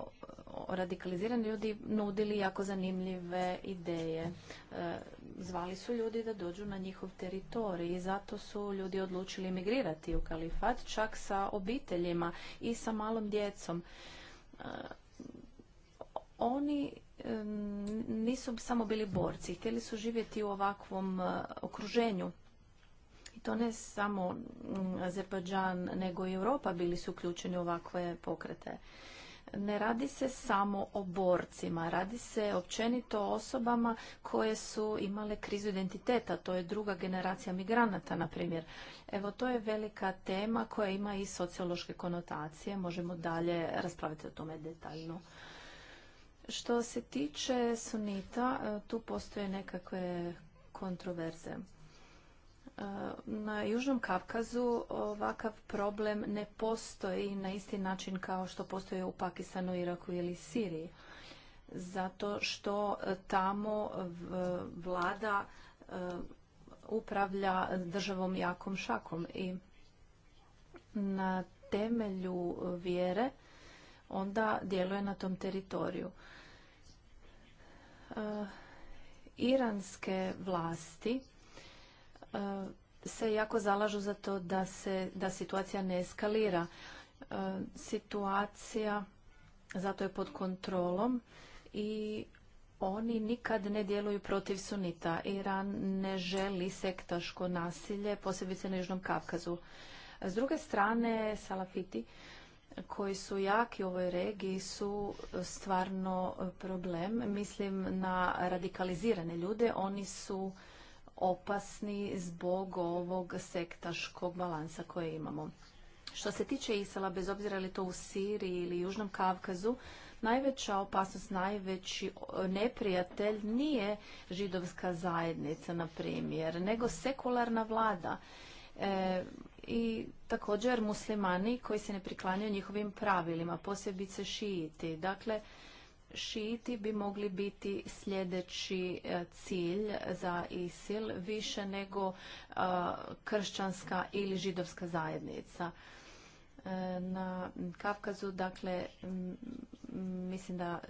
radikalizirani ljudi nudili jako zanimljive ideje. Eh, zvali su ljudi da dođu na njihov teritorij i zato su ljudi odlučili emigrirati u kalifat, čak sa obiteljima i sa malom djecom. Oni nisu samo bili borci, htjeli su živjeti u ovakvom e, okruženju. I to ne samo Azerbajdžan, nego i Europa bili su uključeni u ovakve pokrete. Ne radi se samo o borcima, radi se općenito o osobama koje su imale krizu identiteta, to je druga generacija migranata, na primjer. Evo, to je velika tema koja ima i sociološke konotacije, možemo dalje raspraviti o tome detaljno. Što se tiče sunita, e, tu postoje nekakve kontroverze. E, na Južnom Kavkazu ovakav problem ne postoji na isti način kao što postoje u Pakistanu, Iraku ili Siriji. Zato što tamo vlada e, upravlja državom jakom šakom i na temelju vjere onda djeluje na tom teritoriju. Eh, iranske vlasti eh, se jako zalažu za to da se da situacija ne eskalira. Eh, situacija zato je pod kontrolom i oni nikad ne djeluju protiv sunita. Iran ne želi sektaško nasilje, posebice na Južnom Kavkazu. S druge strane, salafiti koji su jaki u ovoj regiji su e, stvarno e, problem. Mislim na radikalizirane ljude. Oni su opasni zbog ovog sektaškog balansa koje imamo. Što se tiče Isala, bez obzira li to u Siriji ili Južnom Kavkazu, najveća opasnost, najveći neprijatelj nije židovska zajednica, na primjer, nego sekularna vlada. E, I također muslimani koji se ne priklanjaju njihovim pravilima, posebice šiiti. Dakle, šiiti bi mogli biti sljedeći e, cilj za ISIL više nego e, kršćanska ili židovska zajednica. E, na Kavkazu, dakle, mislim da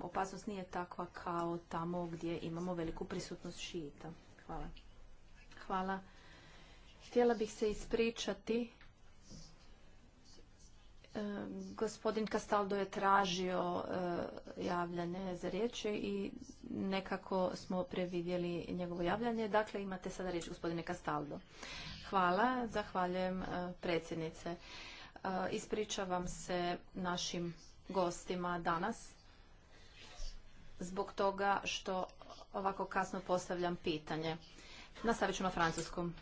opasnost nije takva kao tamo gdje imamo veliku prisutnost šiita. Hvala. Hvala. Htjela bih se ispričati Gospodin Kastaldo je tražio eh, javljanje za riječi i nekako smo previdjeli njegovo javljanje. Dakle, imate sada riječ gospodine Kastaldo. Hvala, zahvaljujem eh, predsjednice. Eh, ispričavam se našim gostima danas zbog toga što ovako kasno postavljam pitanje. Nastavit ću na francuskom.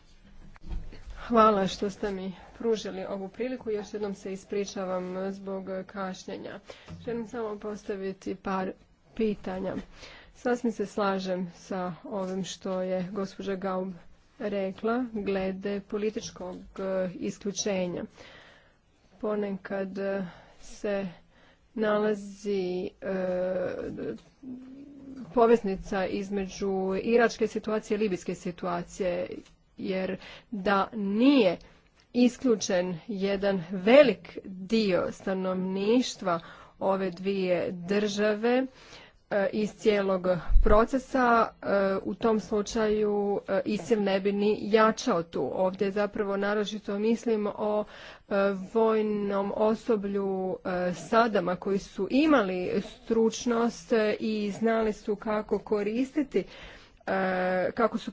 Hvala što ste mi pružili ovu priliku. Još jednom se ispričavam zbog kašnjenja. Želim samo postaviti par pitanja. Sasvim se slažem sa ovim što je gospođa Gaub rekla glede političkog eh, isključenja. Ponekad eh, se nalazi e, poveznica između iračke situacije i libijske situacije jer da nije isključen jedan velik dio stanovništva ove dvije države e, iz cijelog procesa e, u tom slučaju e, ISIL ne bi ni jačao tu. Ovdje zapravo naročito mislim o vojnom osoblju Sadama koji su imali stručnost i znali su kako koristiti E, kako, su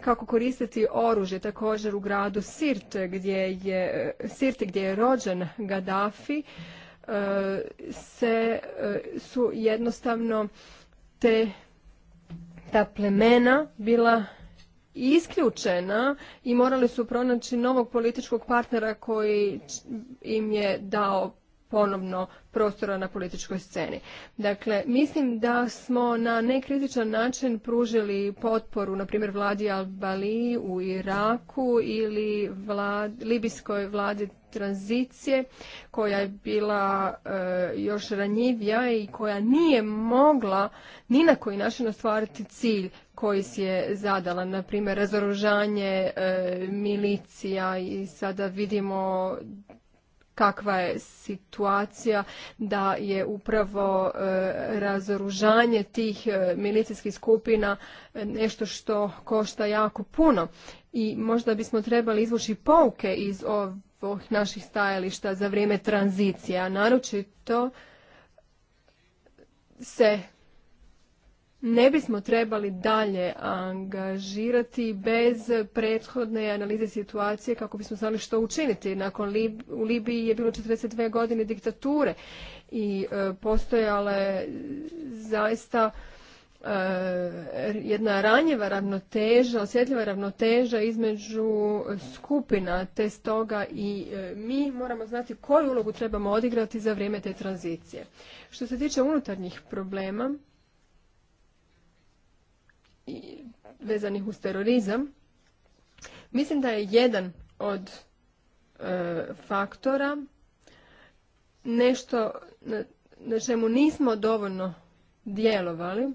kako koristiti oružje također u gradu Sirte gdje je, gdje je rođen Gaddafi e, se e, su jednostavno te ta plemena bila isključena i morali su pronaći novog političkog partnera koji im je dao ponovno prostora na političkoj sceni. Dakle, mislim da smo na nekritičan način pružili potporu, na primjer, vladi al u Iraku ili libijskoj vladi tranzicije koja je bila e, još ranjivija i koja nije mogla ni na koji način ostvariti cilj koji si je zadala, na primjer razoružanje e, milicija i sada vidimo kakva je situacija da je upravo e, razoružanje tih e, milicijskih skupina e, nešto što košta jako puno i možda bismo trebali izvući pouke iz ovih naših stajališta za vrijeme tranzicije, a naročito se ne bismo trebali dalje angažirati bez prethodne analize situacije kako bismo znali što učiniti. Nakon u Libiji je bilo 42 godine diktature i e, postojala je zaista e, jedna ranjiva ravnoteža, osjetljiva ravnoteža između skupina, te stoga i e, mi moramo znati koju ulogu trebamo odigrati za vrijeme te tranzicije. Što se tiče unutarnjih problema, vezanih uz terorizam, mislim da je jedan od e, faktora nešto na, čemu nismo dovoljno djelovali,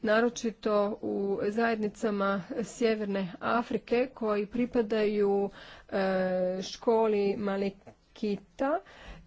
naročito u zajednicama Sjeverne Afrike koji pripadaju e, školi Malikita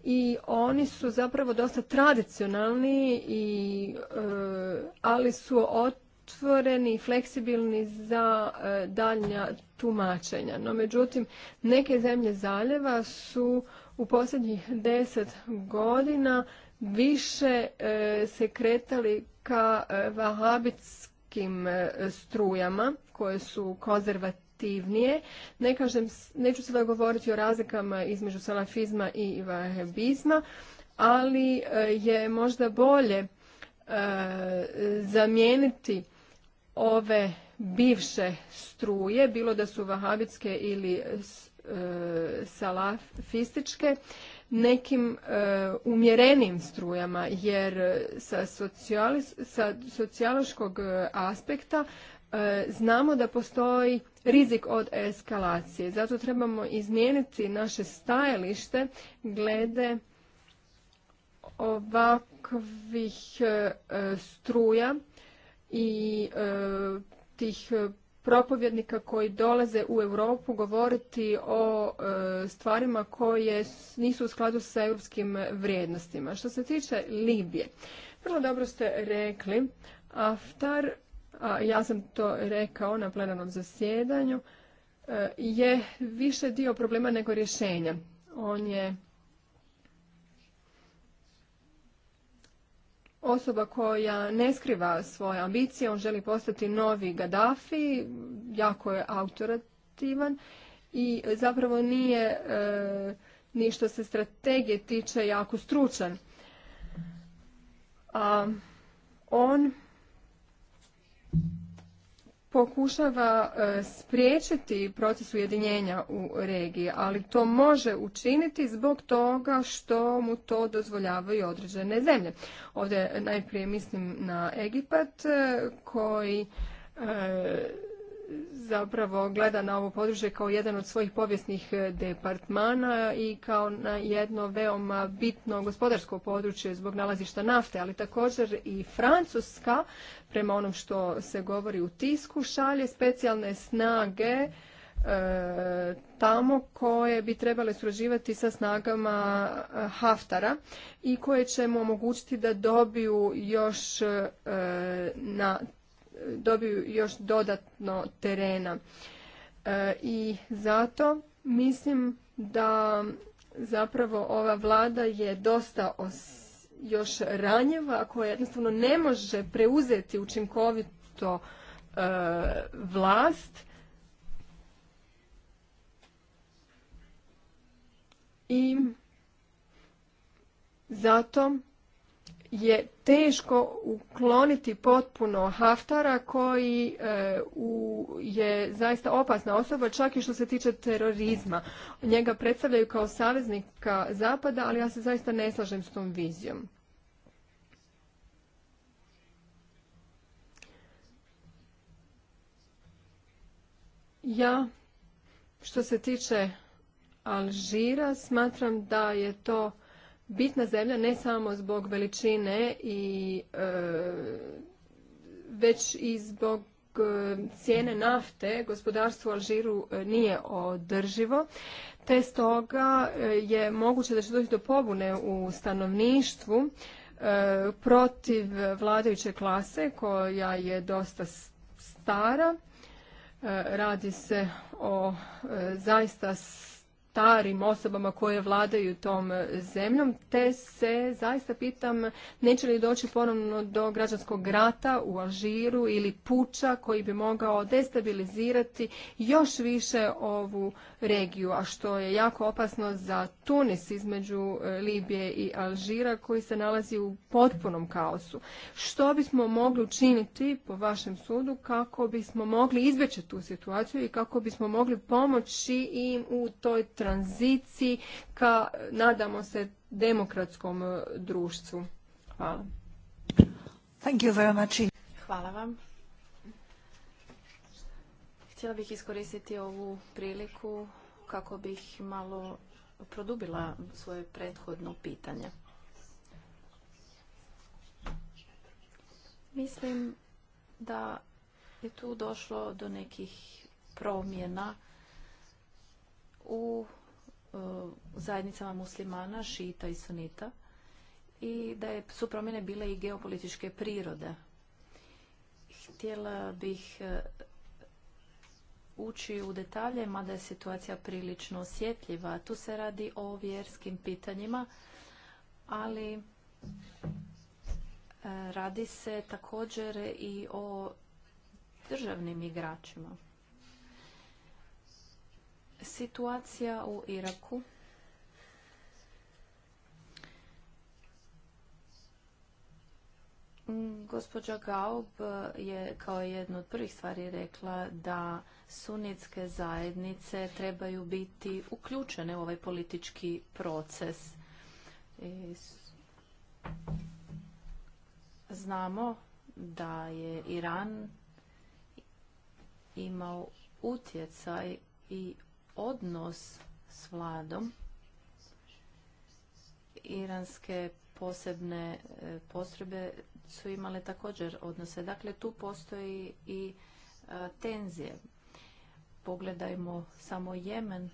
i oni su zapravo dosta tradicionalni i e, ali su od otvoreni i fleksibilni za e, daljnja tumačenja. No, međutim, neke zemlje zaljeva su u posljednjih deset godina više e, se kretali ka e, vahabitskim strujama koje su konzervativnije. Ne kažem, neću sada govoriti o razlikama između salafizma i vahabizma, ali je možda bolje zamijeniti ove bivše struje, bilo da su vahabitske ili e, e, salafističke, nekim e, umjerenim strujama, jer sa, sa aspekta znamo da postoji rizik od eskalacije. Zato trebamo izmijeniti naše stajalište glede ovakvih struja i e, tih e, propovjednika koji dolaze u Europu govoriti o e, stvarima koje nisu u skladu sa europskim vrijednostima. Što se tiče Libije, vrlo dobro ste rekli, Aftar, a ja sam to rekao na plenarnom zasjedanju, je više dio problema nego rješenja. On je osoba koja ne skriva svoje ambicije, on želi postati novi Gaddafi, jako je autorativan i zapravo nije e, ni što se strategije tiče jako stručan. A on pokušava e, spriječiti proces ujedinjenja u regiji, ali to može učiniti zbog toga što mu to dozvoljavaju određene zemlje. Ovdje najprije mislim na Egipat e, koji e, zapravo gleda na ovo područje kao jedan od svojih povijesnih e, departmana i kao na jedno veoma bitno gospodarsko područje zbog nalazišta nafte, ali također i Francuska, prema onom što se govori u tisku, šalje specijalne snage e, tamo koje bi trebale surađivati sa snagama e, Haftara i koje će mu omogućiti da dobiju još na dobiju još dodatno terena. E, I zato mislim da zapravo ova vlada je dosta još ranjeva. koja jednostavno ne može preuzeti učinkovito e, vlast i zato je teško ukloniti potpuno Haftara koji e, je zaista opasna osoba čak i što se tiče terorizma. Njega predstavljaju kao saveznika Zapada, ali ja se zaista ne slažem s tom vizijom. Ja što se tiče Alžira smatram da je to bitna zemlja ne samo zbog veličine i e, već i zbog e, cijene nafte gospodarstvo u Alžiru e, nije održivo, te stoga je moguće da će doći do pobune u stanovništvu protiv vladajuće klase koja je dosta stara. Radi se o zaista starim osobama koje vladaju tom e, zemljom, te se zaista pitam neće li doći ponovno do građanskog rata u Alžiru ili puča koji bi mogao destabilizirati još više ovu regiju, a što je jako opasno za Tunis između e, Libije i Alžira koji se nalazi u potpunom kaosu. Što bismo mogli učiniti po vašem sudu kako bismo mogli izbjeći tu situaciju i kako bismo mogli pomoći im u toj tranziciji ka, nadamo se, demokratskom e, društvu. Hvala. Thank you very much. Hvala vam. Htjela bih iskoristiti ovu priliku kako bih malo produbila svoje prethodno pitanje. Mislim da je tu došlo do nekih promjena u e, zajednicama muslimana, šita i sunita i da su promjene bile i geopolitičke prirode. Htjela bih e, ući u detalje, mada je situacija prilično osjetljiva. Tu se radi o vjerskim pitanjima, ali e, radi se također i o državnim igračima. Situacija u Iraku Gospođa Gaub je kao jednu od prvih stvari rekla da sunnitske zajednice trebaju biti uključene u ovaj politički proces. Znamo da je Iran imao utjecaj i odnos s vladom iranske posebne e, postrebe su imale također odnose. Dakle, tu postoji i e, tenzije. Pogledajmo samo Jemen.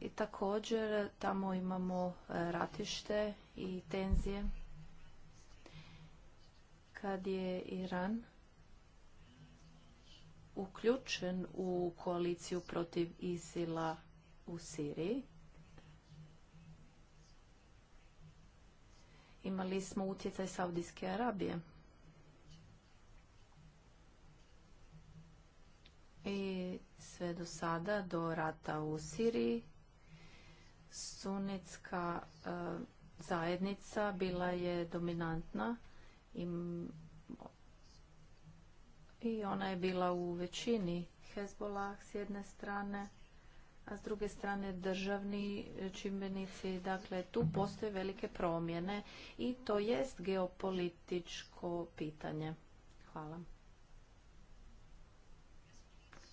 I također tamo imamo e, ratište i tenzije. Kad je Iran uključen u koaliciju protiv Isila u Siriji. Imali smo utjecaj Saudijske Arabije. I sve do sada, do rata u Siriji, sunetska e, zajednica bila je dominantna i i ona je bila u većini Hezbollah s jedne strane, a s druge strane državni čimbenici. Dakle, tu postoje velike promjene i to jest geopolitičko pitanje. Hvala.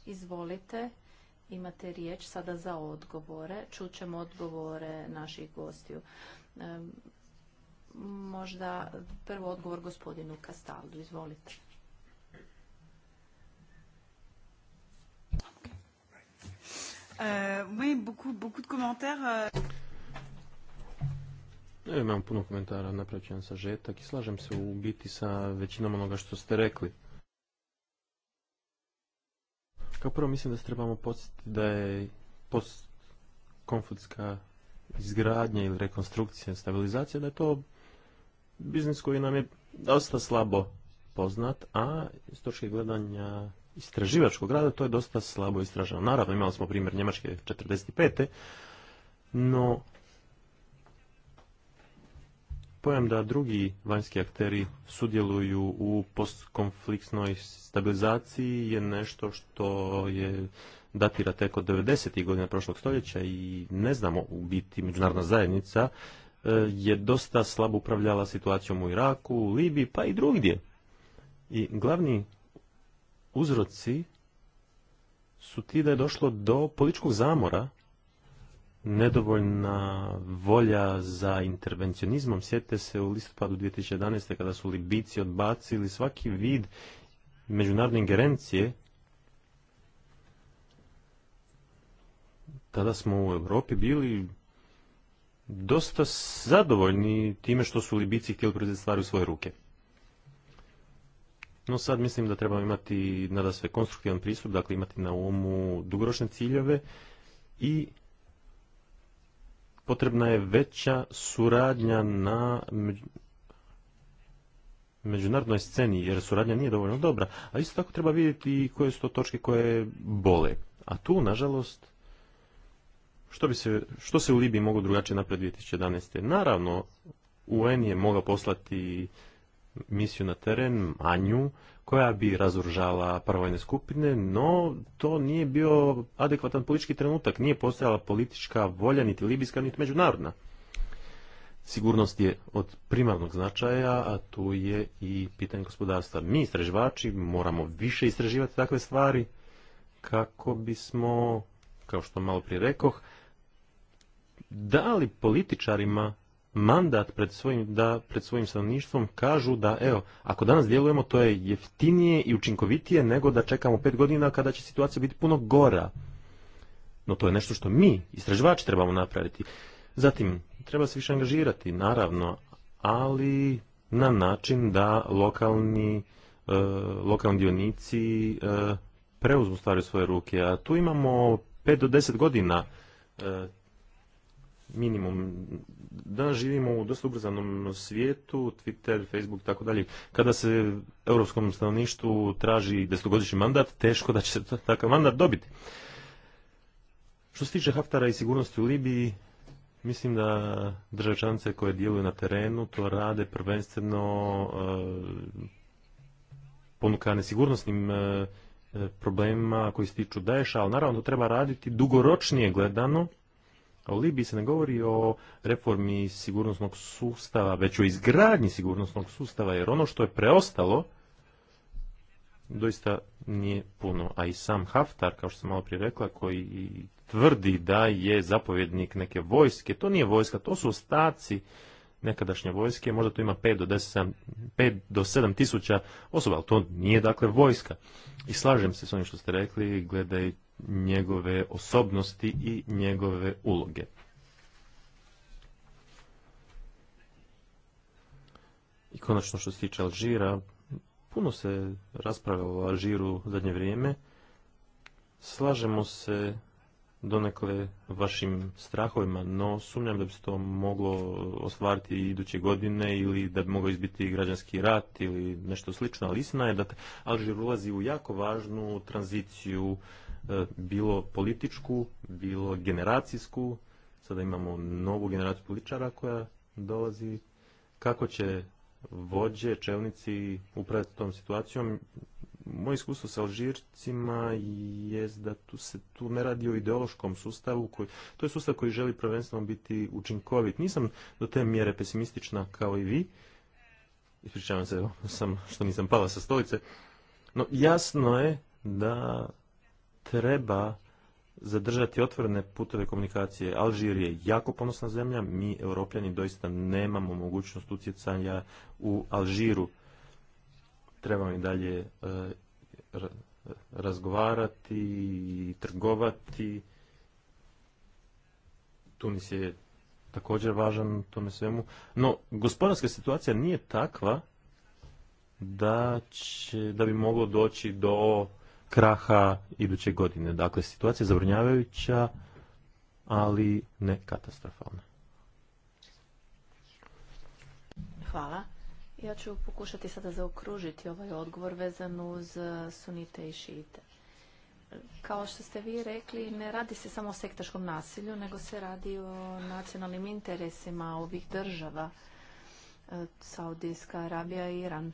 Izvolite, imate riječ sada za odgovore. Čućemo odgovore naših gostiju. Možda prvo odgovor gospodinu Kastaldu. Izvolite. Euh, oui, beaucoup, beaucoup de commentaires. Euh. imam puno komentara, napravit ću jedan sažetak i slažem se u biti sa većinom onoga što ste rekli. Kao prvo mislim da se trebamo podsjetiti da je postkonfliktska izgradnja ili rekonstrukcija, stabilizacija, da je to biznis koji nam je dosta slabo poznat, a iz točke gledanja istraživačkog grada, to je dosta slabo istraženo. Naravno, imali smo primjer Njemačke 45. No, pojam da drugi vanjski akteri sudjeluju u postkonfliktnoj stabilizaciji je nešto što je datira tek od 90. godina prošlog stoljeća i ne znamo u biti međunarodna zajednica e, je dosta slabo upravljala situacijom u Iraku, u Libiji pa i drugdje. I glavni uzroci su ti da je došlo do političkog zamora, nedovoljna volja za intervencionizmom. Sjetite se u listopadu 2011. kada su Libici odbacili svaki vid međunarodne ingerencije. Tada smo u Europi bili dosta zadovoljni time što su Libici htjeli preuzeti stvari u svoje ruke. No sad mislim da trebamo imati nada sve konstruktivan pristup, dakle imati na umu dugoročne ciljeve i potrebna je veća suradnja na međunarodnoj sceni, jer suradnja nije dovoljno dobra, a isto tako treba vidjeti koje su to točke koje bole. A tu, nažalost, što, bi se, što se u Libiji mogu drugačije napred 2011. Naravno, UN je mogao poslati misiju na teren, manju, koja bi razoružala prvojne skupine, no to nije bio adekvatan politički trenutak, nije postojala politička volja, niti libijska, niti međunarodna. Sigurnost je od primarnog značaja, a tu je i pitanje gospodarstva. Mi istraživači moramo više istraživati takve stvari kako bismo, kao što malo prije rekoh, dali političarima mandat pred svojim, da pred svojim stanovništvom kažu da evo, ako danas djelujemo to je jeftinije i učinkovitije nego da čekamo pet godina kada će situacija biti puno gora. No to je nešto što mi, istraživači, trebamo napraviti. Zatim, treba se više angažirati, naravno, ali na način da lokalni, e, lokalni dionici e, preuzmu stvari svoje ruke. A tu imamo pet do deset godina e, minimum. Danas živimo u dosta ubrzanom svijetu, Twitter, Facebook i tako dalje. Kada se europskom stanovništvu traži desetogodišnji mandat, teško da će se takav mandat dobiti. Što se tiče Haftara i sigurnosti u Libiji, mislim da države koje djeluju na terenu to rade prvenstveno e, ponukane sigurnosnim e, e, problemima koji se tiču Daesha, ali naravno to treba raditi dugoročnije gledano o Libiji se ne govori o reformi sigurnosnog sustava, već o izgradnji sigurnosnog sustava, jer ono što je preostalo doista nije puno. A i sam Haftar, kao što sam malo prije rekla, koji tvrdi da je zapovjednik neke vojske, to nije vojska, to su ostaci nekadašnje vojske, možda to ima 5 do, 10, 5 do 7 tisuća osoba, ali to nije dakle vojska. I slažem se s onim što ste rekli, gledaj njegove osobnosti i njegove uloge. I konačno što se tiče Alžira, puno se raspravljalo o Alžiru u zadnje vrijeme. Slažemo se donekle vašim strahovima, no sumnjam da bi se to moglo ostvariti iduće godine ili da bi mogao izbiti građanski rat ili nešto slično, ali istina je da Alžir ulazi u jako važnu tranziciju, e, bilo političku, bilo generacijsku, sada imamo novu generaciju političara koja dolazi, kako će vođe, čelnici upravljati tom situacijom, moje iskustvo sa Alžircima je da tu se tu ne radi o ideološkom sustavu. Koji, to je sustav koji želi prvenstveno biti učinkovit. Nisam do te mjere pesimistična kao i vi. Ispričavam se sam, što nisam pala sa stolice. No jasno je da treba zadržati otvorene putove komunikacije. Alžir je jako ponosna zemlja, mi europljani doista nemamo mogućnost utjecanja u Alžiru trebamo i dalje e, razgovarati i trgovati. Tunis je također važan tome svemu. No, gospodarska situacija nije takva da, će, da bi moglo doći do kraha iduće godine. Dakle, situacija je zabrinjavajuća, ali ne katastrofalna. Hvala. Ja ću pokušati sada zaokružiti ovaj odgovor vezan uz e, sunite i šite. Kao što ste vi rekli, ne radi se samo o sektaškom nasilju, nego se radi o nacionalnim interesima ovih država, e, Saudijska Arabija i Iran. E,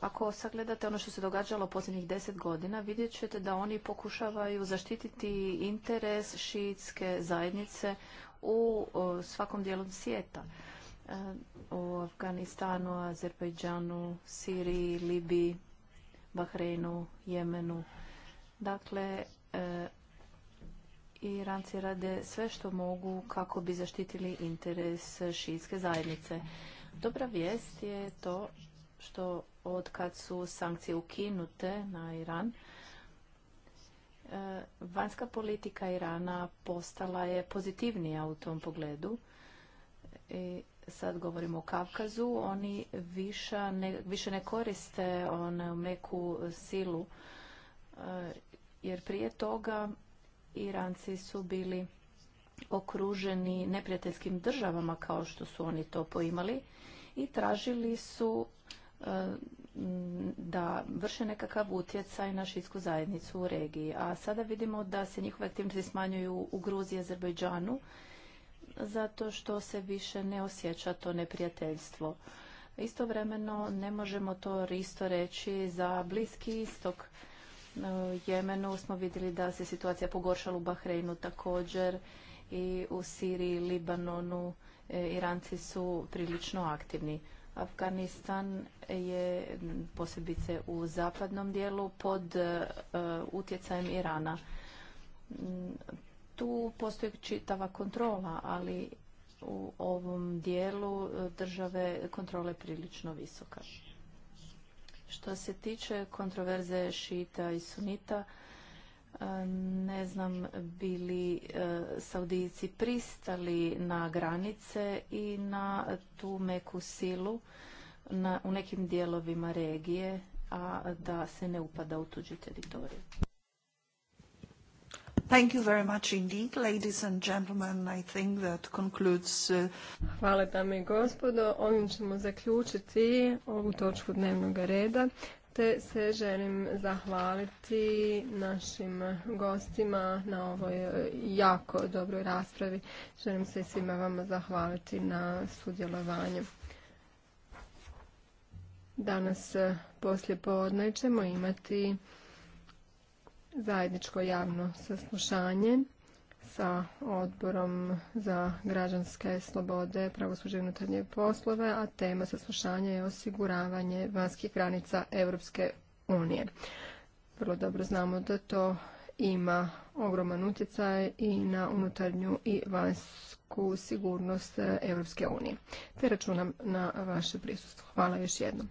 ako sagledate ono što se događalo posljednjih deset godina, vidjet ćete da oni pokušavaju zaštititi interes šiitske zajednice u svakom dijelu svijeta u Afganistanu, Azerbajdžanu, Siriji, Libiji, Bahreinu, Jemenu. Dakle, e, Iranci rade sve što mogu kako bi zaštitili interes šijske zajednice. Dobra vijest je to što od kad su sankcije ukinute na Iran, e, vanjska politika Irana postala je pozitivnija u tom pogledu. I e, sad govorimo o Kavkazu, oni ne, više ne koriste onu meku silu, eh, jer prije toga Iranci su bili okruženi neprijateljskim državama kao što su oni to poimali i tražili su eh, da vrše nekakav utjecaj na šitsku zajednicu u regiji. A sada vidimo da se njihove aktivnosti smanjuju u Gruziji i Azerbejdžanu zato što se više ne osjeća to neprijateljstvo. Istovremeno ne možemo to isto reći za Bliski istok. E, Jemenu smo vidjeli da se situacija pogoršala u Bahreinu također i u Siriji, Libanonu, e, Iranci su prilično aktivni. Afganistan je posebice u zapadnom dijelu pod e, utjecajem Irana tu postoji čitava kontrola, ali u ovom dijelu e, države kontrole prilično visoka. Što se tiče kontroverze šita i sunita, e, ne znam bili e, Saudijici pristali na granice i na tu meku silu na, u nekim dijelovima regije, a da se ne upada u tuđi teritoriju. Thank you very much indeed, ladies and gentlemen. I think that concludes... Uh, Hvala dame i gospodo. Ovim ćemo zaključiti ovu točku dnevnog reda te se želim zahvaliti našim gostima na ovoj e, jako dobroj raspravi. Želim se svima vama zahvaliti na sudjelovanju. Danas e, poslije podne ćemo imati zajedničko javno saslušanje sa odborom za građanske slobode, pravosuđe i unutarnje poslove, a tema saslušanja je osiguravanje vanjskih granica Europske unije. Vrlo dobro znamo da to ima ogroman utjecaj i na unutarnju i vanjsku sigurnost Europske unije. Te računam na vaše prisustvo. Hvala još jednom.